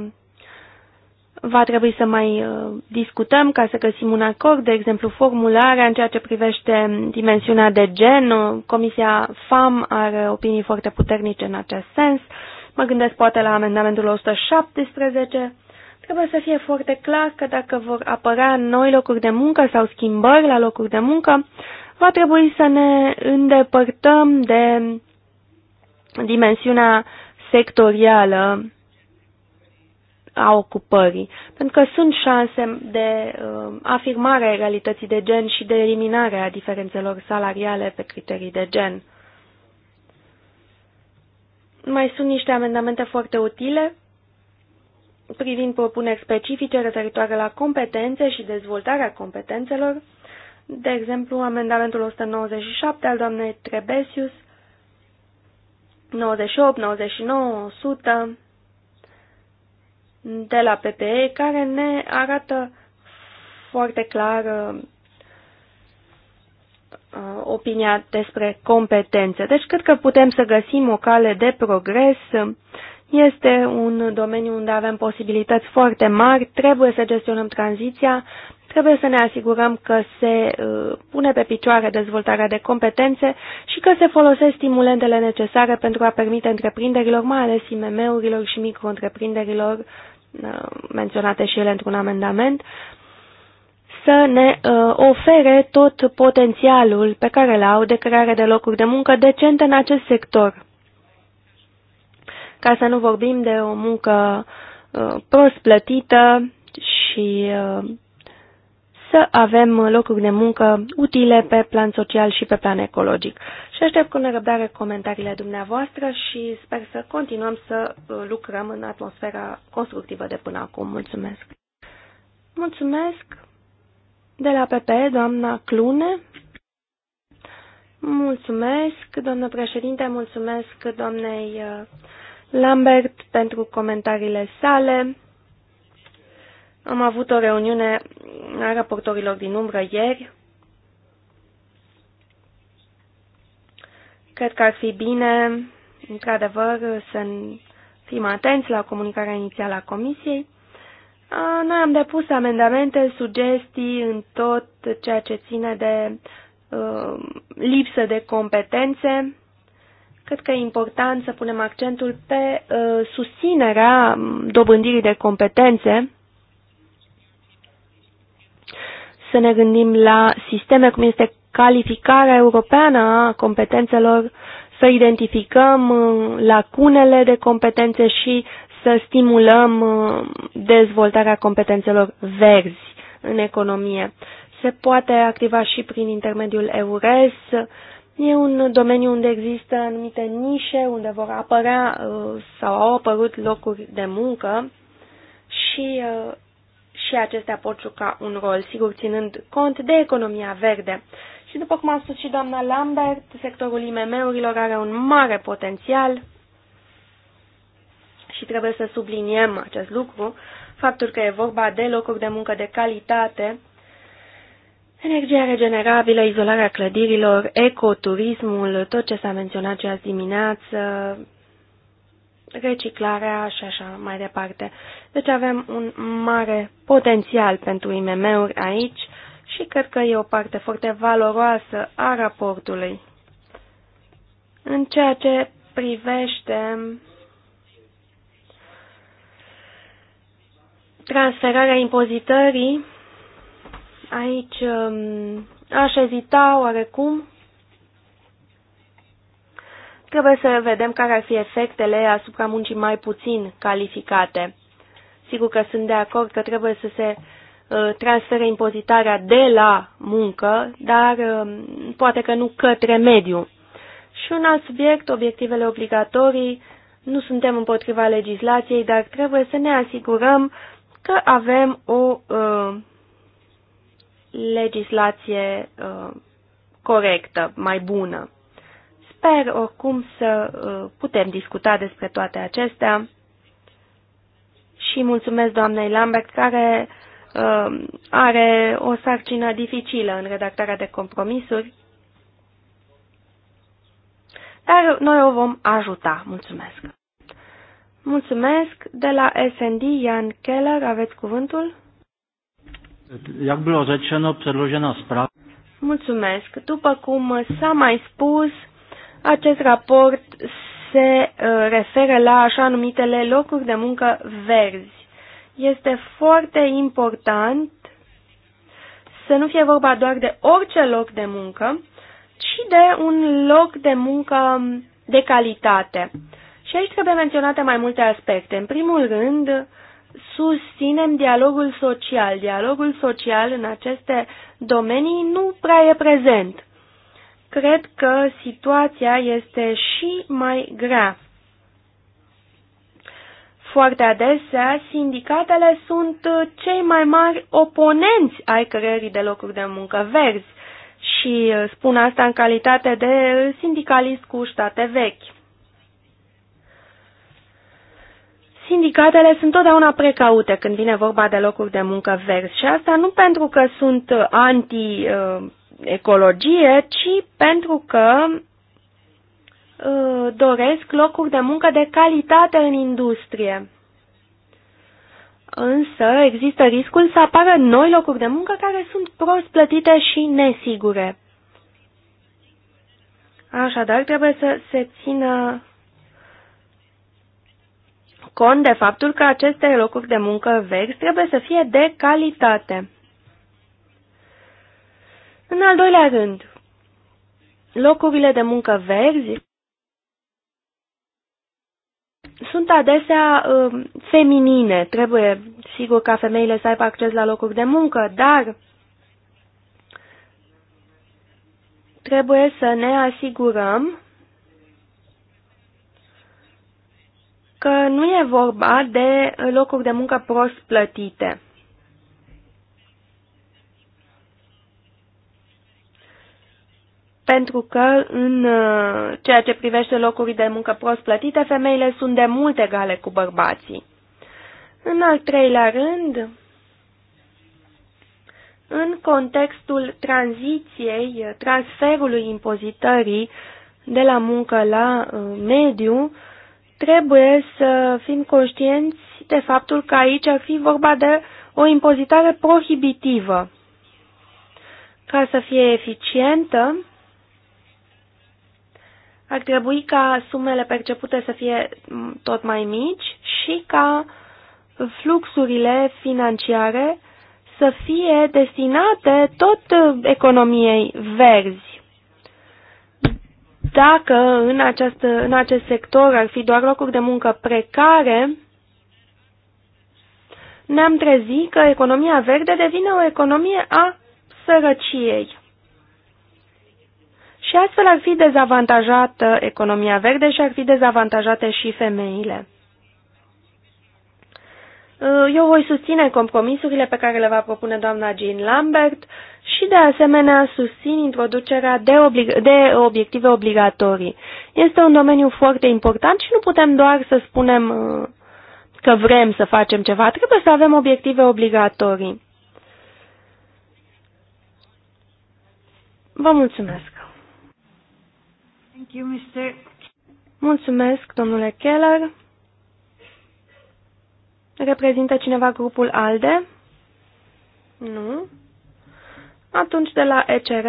Speaker 3: va trebui să mai uh, discutăm ca să găsim un acord, de exemplu formularea în ceea ce privește dimensiunea de gen. Comisia FAM are opinii foarte puternice în acest sens. Uh, Mă gândesc poate la amendamentul 117. Trebuie să fie foarte clar că dacă vor apărea noi locuri de muncă sau schimbări la locuri de muncă, va trebui să ne îndepărtăm de dimensiunea sectorială a ocupării, pentru că sunt șanse de uh, afirmare a egalității de gen și de eliminare a diferențelor salariale pe criterii de gen. Mai sunt niște amendamente foarte utile privind propuneri specifice referitoare la competențe și dezvoltarea competențelor, de exemplu amendamentul 197 al doamnei Trebesius, 98, 99, 100 de la PPE, care ne arată foarte clar Uh, opinia despre competențe. Deci cred că putem să găsim o cale de progres. Este un domeniu unde avem posibilități foarte mari, trebuie să gestionăm tranziția, trebuie să ne asigurăm că se uh, pune pe picioare dezvoltarea de competențe și că se folosesc stimulentele necesare pentru a permite întreprinderilor, mai ales IMM-urilor și micro-întreprinderilor, uh, menționate și ele într-un amendament, să ne uh, ofere tot potențialul pe care îl au de creare de locuri de muncă decente în acest sector. Ca să nu vorbim de o muncă uh, prost plătită și uh, să avem locuri de muncă utile pe plan social și pe plan ecologic. Și aștept cu nerăbdare comentariile dumneavoastră și sper să continuăm să uh, lucrăm în atmosfera constructivă de până acum. Mulțumesc! Mulțumesc! De la PP, doamna Clune. Mulțumesc, doamnă președinte, mulțumesc doamnei uh, Lambert pentru comentariile sale. Am avut o reuniune a raportorilor din umbră ieri. Cred că ar fi bine, într-adevăr, să fim atenți la comunicarea inițială a Comisiei. Noi am depus amendamente, sugestii în tot ceea ce ține de lipsă de competențe. Cred că e important să punem accentul pe susținerea dobândirii de competențe, să ne gândim la sisteme cum este calificarea europeană a competențelor, să identificăm lacunele de competențe și să stimulăm uh, dezvoltarea competențelor verzi în economie. Se poate activa și prin intermediul EURES. E un domeniu unde există anumite nișe, unde vor apărea uh, sau au apărut locuri de muncă și, uh, și acestea pot juca un rol, sigur ținând cont de economia verde. Și după cum a spus și doamna Lambert, sectorul IMM-urilor are un mare potențial și trebuie să subliniem acest lucru, faptul că e vorba de locuri de muncă de calitate, energia regenerabilă, izolarea clădirilor, ecoturismul, tot ce s-a menționat și azi dimineață, reciclarea și așa mai departe. Deci avem un mare potențial pentru IMM-uri aici și cred că e o parte foarte valoroasă a raportului. În ceea ce privește transferarea impozitării, aici um, aș ezita oarecum. Trebuie să vedem care ar fi efectele asupra muncii mai puțin calificate. Sigur că sunt de acord că trebuie să se uh, transfere impozitarea de la muncă, dar um, poate că nu către mediu. Și un alt subiect, obiectivele obligatorii, nu suntem împotriva legislației, dar trebuie să ne asigurăm că avem o uh, legislație uh, corectă, mai bună. Sper oricum să uh, putem discuta despre toate acestea și mulțumesc doamnei Lambert care uh, are o sarcină dificilă în redactarea de compromisuri, dar noi o vom ajuta. Mulțumesc! Mulțumesc. De la SND, Jan Keller, aveți cuvântul? Mulțumesc. După cum s-a mai spus, acest raport se uh, referă la așa numitele locuri de muncă verzi. Este foarte important să nu fie vorba doar de orice loc de muncă, ci de un loc de muncă de calitate. Și aici trebuie menționate mai multe aspecte. În primul rând, susținem dialogul social. Dialogul social în aceste domenii nu prea e prezent. Cred că situația este și mai grea. Foarte adesea, sindicatele sunt cei mai mari oponenți ai creării de locuri de muncă verzi și spun asta în calitate de sindicalist cu state vechi. Sindicatele sunt totdeauna precaute când vine vorba de locuri de muncă verzi și asta nu pentru că sunt uh, anti-ecologie, uh, ci pentru că uh, doresc locuri de muncă de calitate în industrie. Însă există riscul să apară noi locuri de muncă care sunt prost plătite și nesigure. Așadar, trebuie să se țină cont de faptul că aceste locuri de muncă vechi trebuie să fie de calitate. În al doilea rând, locurile de muncă verzi sunt adesea uh, feminine. Trebuie, sigur, ca femeile să aibă acces la locuri de muncă, dar trebuie să ne asigurăm că nu e vorba de locuri de muncă prost plătite. Pentru că în uh, ceea ce privește locuri de muncă prost plătite, femeile sunt de mult egale cu bărbații. În al treilea rând, în contextul tranziției, transferului impozitării de la muncă la uh, mediu, trebuie să fim conștienți de faptul că aici ar fi vorba de o impozitare prohibitivă. Ca să fie eficientă, ar trebui ca sumele percepute să fie tot mai mici și ca fluxurile financiare să fie destinate tot economiei verzi dacă în, această, în acest sector ar fi doar locuri de muncă precare, ne-am trezit că economia verde devine o economie a sărăciei. Și astfel ar fi dezavantajată economia verde și ar fi dezavantajate și femeile. Eu voi susține compromisurile pe care le va propune doamna Jean Lambert și de asemenea susțin introducerea de, oblig de obiective obligatorii. Este un domeniu foarte important și nu putem doar să spunem uh, că vrem să facem ceva, trebuie să avem obiective obligatorii. Vă mulțumesc.
Speaker 1: Thank you, Mr.
Speaker 3: Mulțumesc, domnule Keller. Reprezintă cineva grupul ALDE? Nu. Atunci de la ECR,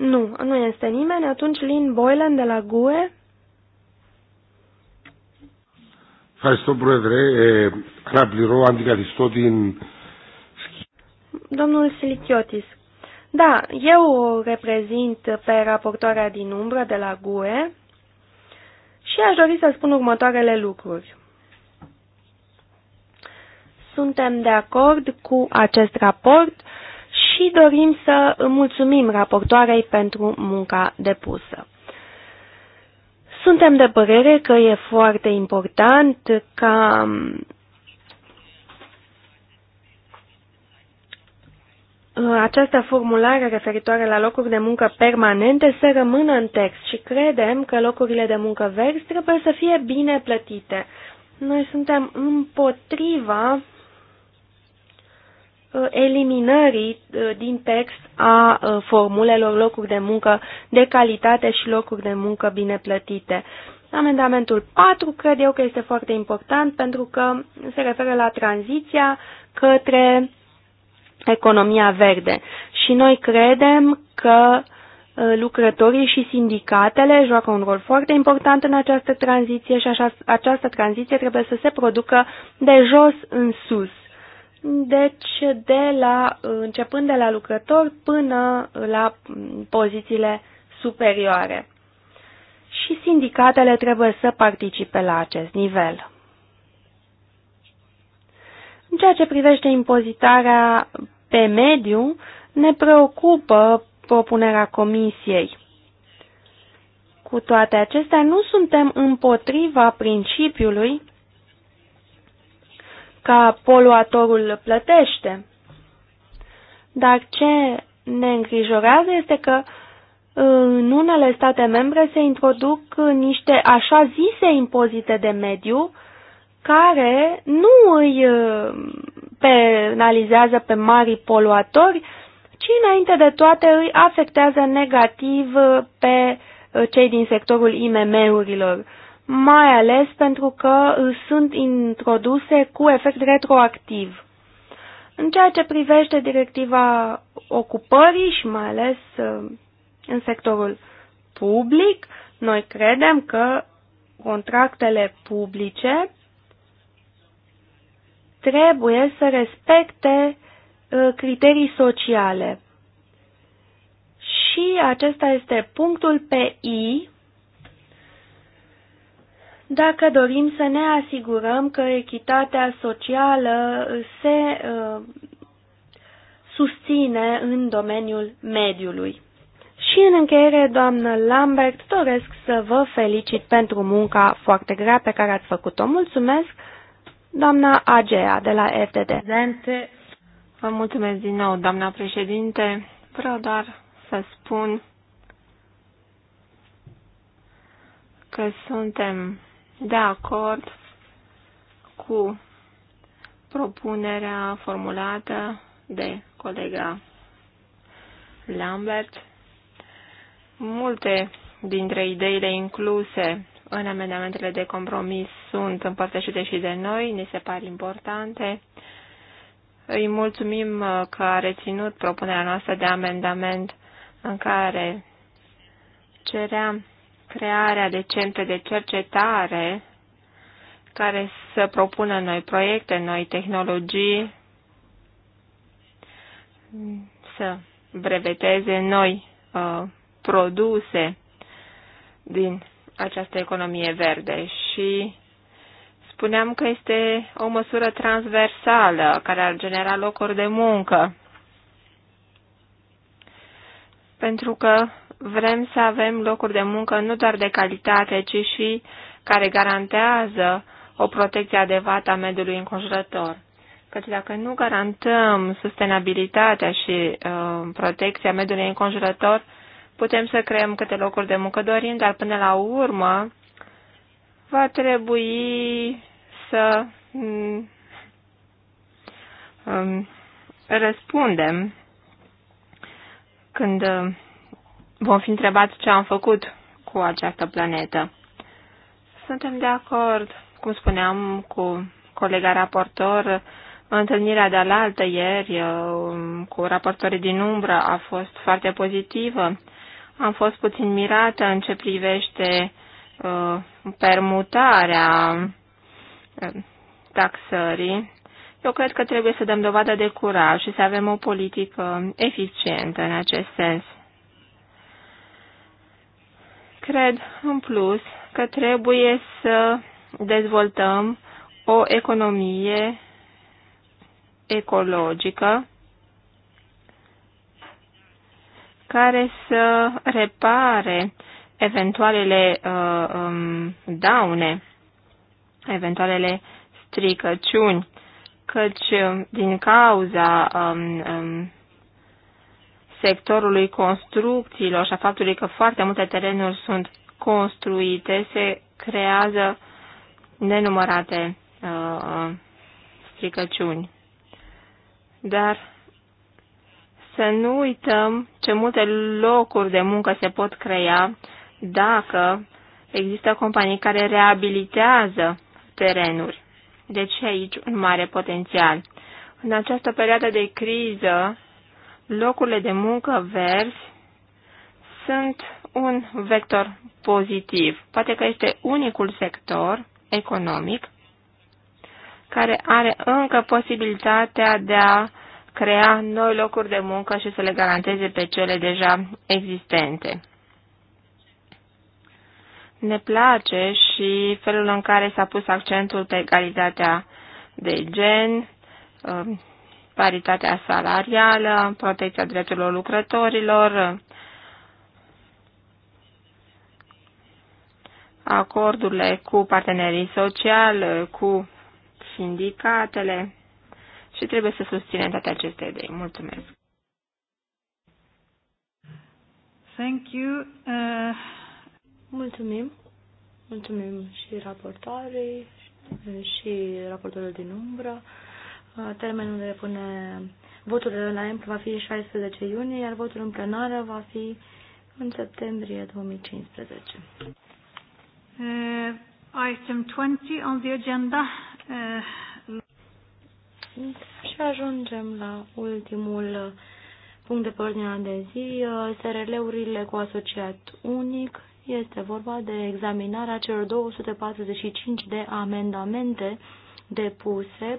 Speaker 3: nu, nu este nimeni, atunci lin Boylan de la GUE.
Speaker 4: Ευχαριστώ, Πρόεδρε. αναπληρώ, αντικαθιστώ την...
Speaker 3: Domnul Silichiotis. Da, eu o reprezint pe raportoarea din umbră de la GUE și aș dori să spun următoarele
Speaker 1: lucruri
Speaker 3: suntem de acord cu acest raport și dorim să mulțumim raportoarei pentru munca depusă. Suntem de părere că e foarte important ca această formulare referitoare la locuri de muncă permanente să rămână în text și credem că locurile de muncă verzi trebuie să fie bine plătite. Noi suntem împotriva Uh, eliminării uh, din text a uh, formulelor locuri de muncă de calitate și locuri de muncă bine plătite. Amendamentul 4 cred eu că este foarte important pentru că se referă la tranziția către economia verde. Și noi credem că lucrătorii și sindicatele joacă un rol foarte important în această tranziție și așa, această tranziție trebuie să se producă de jos în sus deci, de la, începând de la lucrători până la pozițiile superioare. Și sindicatele trebuie să participe la acest nivel. În ceea ce privește impozitarea pe mediu, ne preocupă propunerea comisiei. Cu toate acestea, nu suntem împotriva principiului ca poluatorul plătește. Dar ce ne îngrijorează este că în unele state membre se introduc niște așa zise impozite de mediu care nu îi uh, penalizează pe mari poluatori, ci înainte de toate îi afectează negativ uh, pe uh, cei din sectorul IMM-urilor mai ales pentru că uh, sunt introduse cu efect retroactiv. În ceea ce privește directiva ocupării și mai ales uh, în sectorul public, noi credem că contractele publice trebuie să respecte uh, criterii sociale. Și acesta este punctul pe I dacă dorim să ne asigurăm că echitatea socială se uh, susține în domeniul mediului. Și în încheiere, doamnă Lambert, doresc să vă felicit pentru munca foarte grea pe care ați făcut-o. Mulțumesc, doamna Agea de la FDD.
Speaker 2: Vă mulțumesc din nou, doamna președinte. Vreau doar să spun că suntem de acord cu propunerea formulată de colega Lambert. Multe dintre ideile incluse în amendamentele de compromis sunt împărtășite și de noi, ni se par importante. Îi mulțumim uh, că a reținut propunerea noastră de amendament în care ceream crearea de centre de cercetare care să propună noi proiecte, noi tehnologii, să breveteze noi uh, produse din această economie verde și spuneam că este o măsură transversală care ar genera locuri de muncă. Pentru că Vrem să avem locuri de muncă nu doar de calitate, ci și care garantează o protecție adevărată a mediului înconjurător. Căci dacă nu garantăm sustenabilitatea și uh, protecția mediului înconjurător, putem să creăm câte locuri de muncă dorim, dar până la urmă va trebui să mm, um, răspundem când uh, vom fi întrebați ce am făcut cu această planetă. Suntem de acord, cum spuneam cu colega raportor, întâlnirea de alaltă ieri uh, cu raportorii din umbră a fost foarte pozitivă. Am fost puțin mirată în ce privește uh, permutarea uh, taxării. Eu cred că trebuie să dăm dovadă de curaj și să avem o politică eficientă în acest sens. Cred, în plus, că trebuie să dezvoltăm o economie ecologică care să repare eventualele uh, um, daune, eventualele stricăciuni, căci um, din cauza um, um, sectorului construcțiilor și a faptului că foarte multe terenuri sunt construite, se creează nenumărate uh, stricăciuni. Dar să nu uităm ce multe locuri de muncă se pot crea dacă există companii care reabilitează terenuri. Deci aici un mare potențial. În această perioadă de criză locurile de muncă verzi sunt un vector pozitiv. Poate că este unicul sector economic care are încă posibilitatea de a crea noi locuri de muncă și să le garanteze pe cele deja existente. Ne place și felul în care s-a pus accentul pe egalitatea de gen, um, paritatea salarială, protecția drepturilor lucrătorilor, acordurile cu partenerii sociali, cu sindicatele și trebuie să susținem toate aceste
Speaker 1: idei. Mulțumesc! Thank you.
Speaker 5: Uh... Mulțumim. Mulțumim și raportorii și raportorul din umbră. Uh, termenul de pune votul la EMP va fi 16 iunie, iar votul în plenară va fi în septembrie 2015. Uh, item 20 on the agenda. Uh... Și ajungem la ultimul punct de pe ordinea de zi, uh, SRL-urile cu asociat unic. Este vorba de examinarea celor 245 de amendamente depuse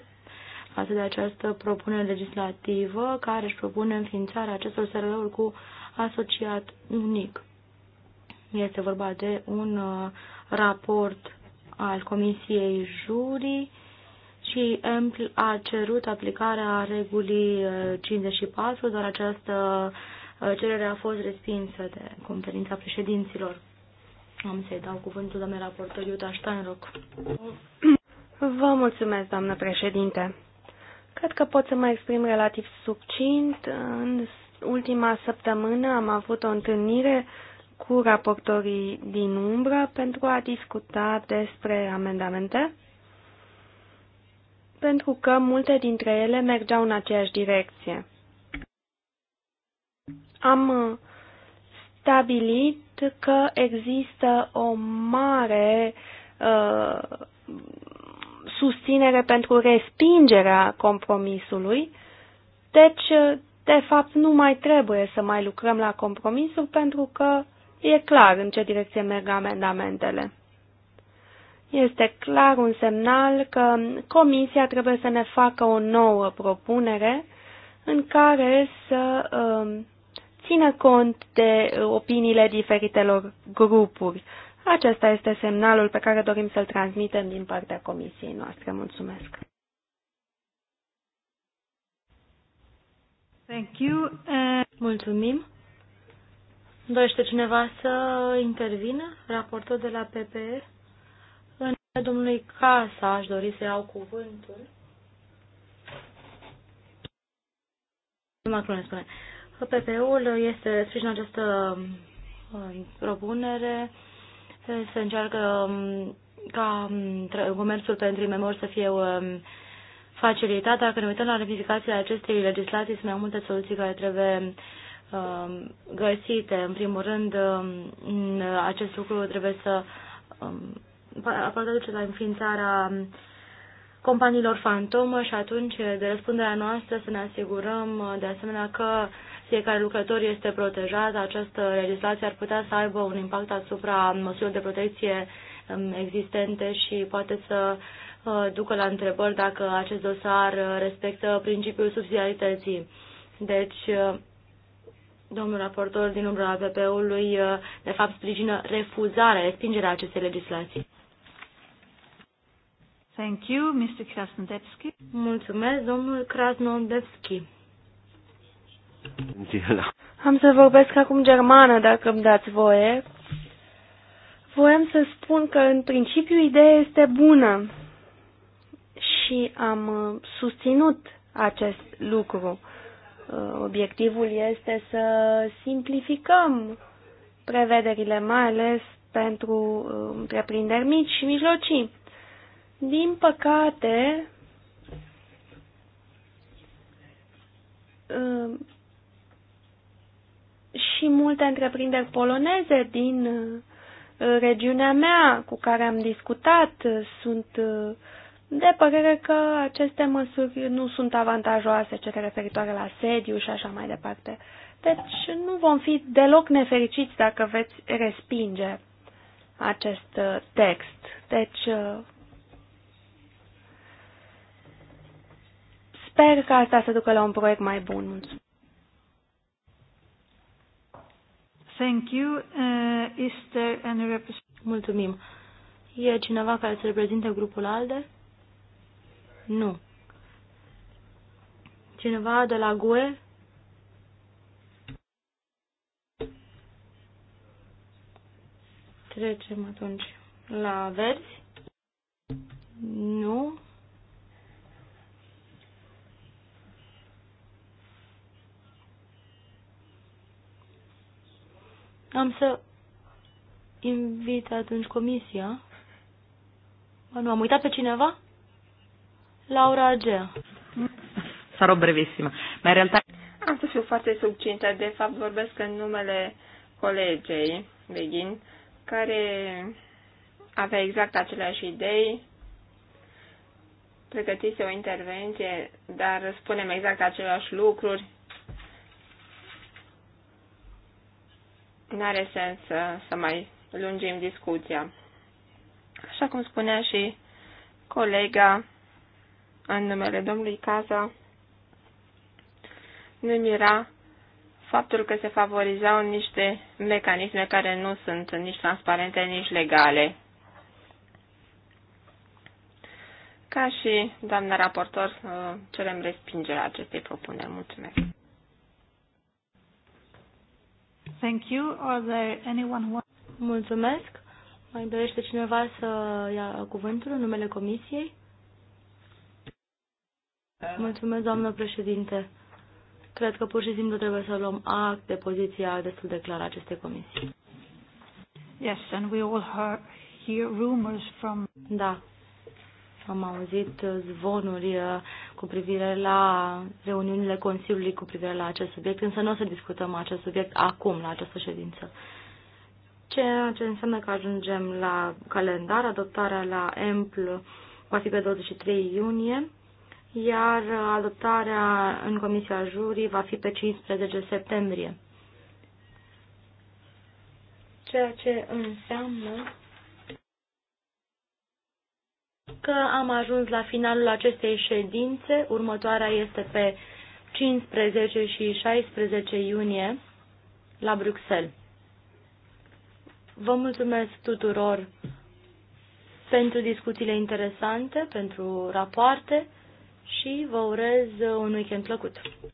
Speaker 5: față de această propunere legislativă care își propune înființarea acestor SRL-uri cu asociat unic. Este vorba de un uh, raport al Comisiei Jurii și EMPL a cerut aplicarea regulii 54, uh, dar această uh, cerere a fost respinsă de conferința președinților. Am să-i dau cuvântul doamnei raportor Iuta Steinrock. Vă mulțumesc, doamnă președinte. Cred că pot să mă exprim relativ
Speaker 3: succint. În ultima săptămână am avut o întâlnire cu raportorii din umbră pentru a discuta despre amendamente, pentru că multe dintre ele mergeau în aceeași direcție. Am uh, stabilit că există o mare uh, susținere pentru respingerea compromisului, deci, de fapt, nu mai trebuie să mai lucrăm la compromisul pentru că e clar în ce direcție merg amendamentele. Este clar un semnal că Comisia trebuie să ne facă o nouă propunere în care să um, țină cont de uh, opiniile diferitelor grupuri acesta este semnalul pe care dorim să-l transmitem din partea comisiei noastre. Mulțumesc!
Speaker 5: Thank you. Mulțumim! Dorește cineva să intervină? Raportul de la PPE? În domnului Casa aș dori să iau cuvântul. Macron spune. PPE-ul este sprijină această uh, propunere se încearcă um, ca um, comerțul pentru imemori să fie um, facilitat. Dacă ne uităm la ratificația acestei legislații, sunt mai multe soluții care trebuie găsite. În primul rând, acest lucru trebuie să poate duce la înființarea companiilor fantomă și atunci de răspunderea noastră să ne asigurăm uh, de asemenea că fiecare lucrător este protejat, această legislație ar putea să aibă un impact asupra măsurilor de protecție um, existente și poate să uh, ducă la întrebări dacă acest dosar respectă principiul subsidiarității. Deci, uh, domnul raportor din umbra APP-ului, uh, de fapt, sprijină refuzarea, respingerea acestei legislații.
Speaker 1: Thank you, Mr. Krasnodebski. Mulțumesc, domnul Krasnodebski. Am să vorbesc acum germană, dacă îmi dați
Speaker 3: voie. Voiam să spun că, în principiu, ideea este bună și am uh, susținut acest lucru. Uh, obiectivul este să simplificăm prevederile, mai ales pentru uh, întreprinderi mici și mijlocii. Din păcate, și multe întreprinderi poloneze din uh, regiunea mea cu care am discutat uh, sunt uh, de părere că aceste măsuri nu sunt avantajoase, cele referitoare la sediu și așa mai departe. Deci nu vom fi deloc nefericiți dacă veți respinge acest text. Deci sper că asta să ducă la un proiect mai
Speaker 5: bun. Mulțumesc. Thank you. Uh, is there any Mulțumim. E cineva care să reprezinte grupul ALDE? Nu. Cineva de la GUE? Trecem atunci la verzi. Nu. Am să invit atunci comisia. Bă, nu, am uitat pe cineva? Laura Agea.
Speaker 1: Să brevissima, ma in realitate.
Speaker 2: Am să fiu foarte subcintă, de fapt vorbesc în numele colegei Beghin, care avea exact aceleași idei, pregătise o intervenție, dar spunem exact aceleași lucruri, nu are sens să, să mai lungim discuția. Așa cum spunea și colega în numele domnului Caza, ne mira faptul că se favorizau niște mecanisme care nu sunt nici transparente, nici legale. Ca și doamna raportor, uh, cerem respingerea acestei propuneri. Mulțumesc!
Speaker 5: Thank you. Are there anyone who... Mulțumesc. Mai dorește cineva să ia cuvântul în numele comisiei? Mulțumesc, doamnă președinte. Cred că pur și simplu trebuie să luăm act de poziția destul de clară acestei comisii. Yes, and we all heard, hear rumors from... Da, am auzit zvonuri uh, cu privire la reuniunile Consiliului cu privire la acest subiect, însă nu o să discutăm acest subiect acum, la această ședință. Ceea ce înseamnă că ajungem la calendar, adoptarea la EMPL va fi pe 23 iunie, iar adoptarea în Comisia Jurii va fi pe 15 septembrie. Ceea ce înseamnă că am ajuns la finalul acestei ședințe. Următoarea este pe 15 și 16 iunie la Bruxelles. Vă mulțumesc tuturor pentru discuțiile interesante, pentru rapoarte și vă urez un weekend plăcut.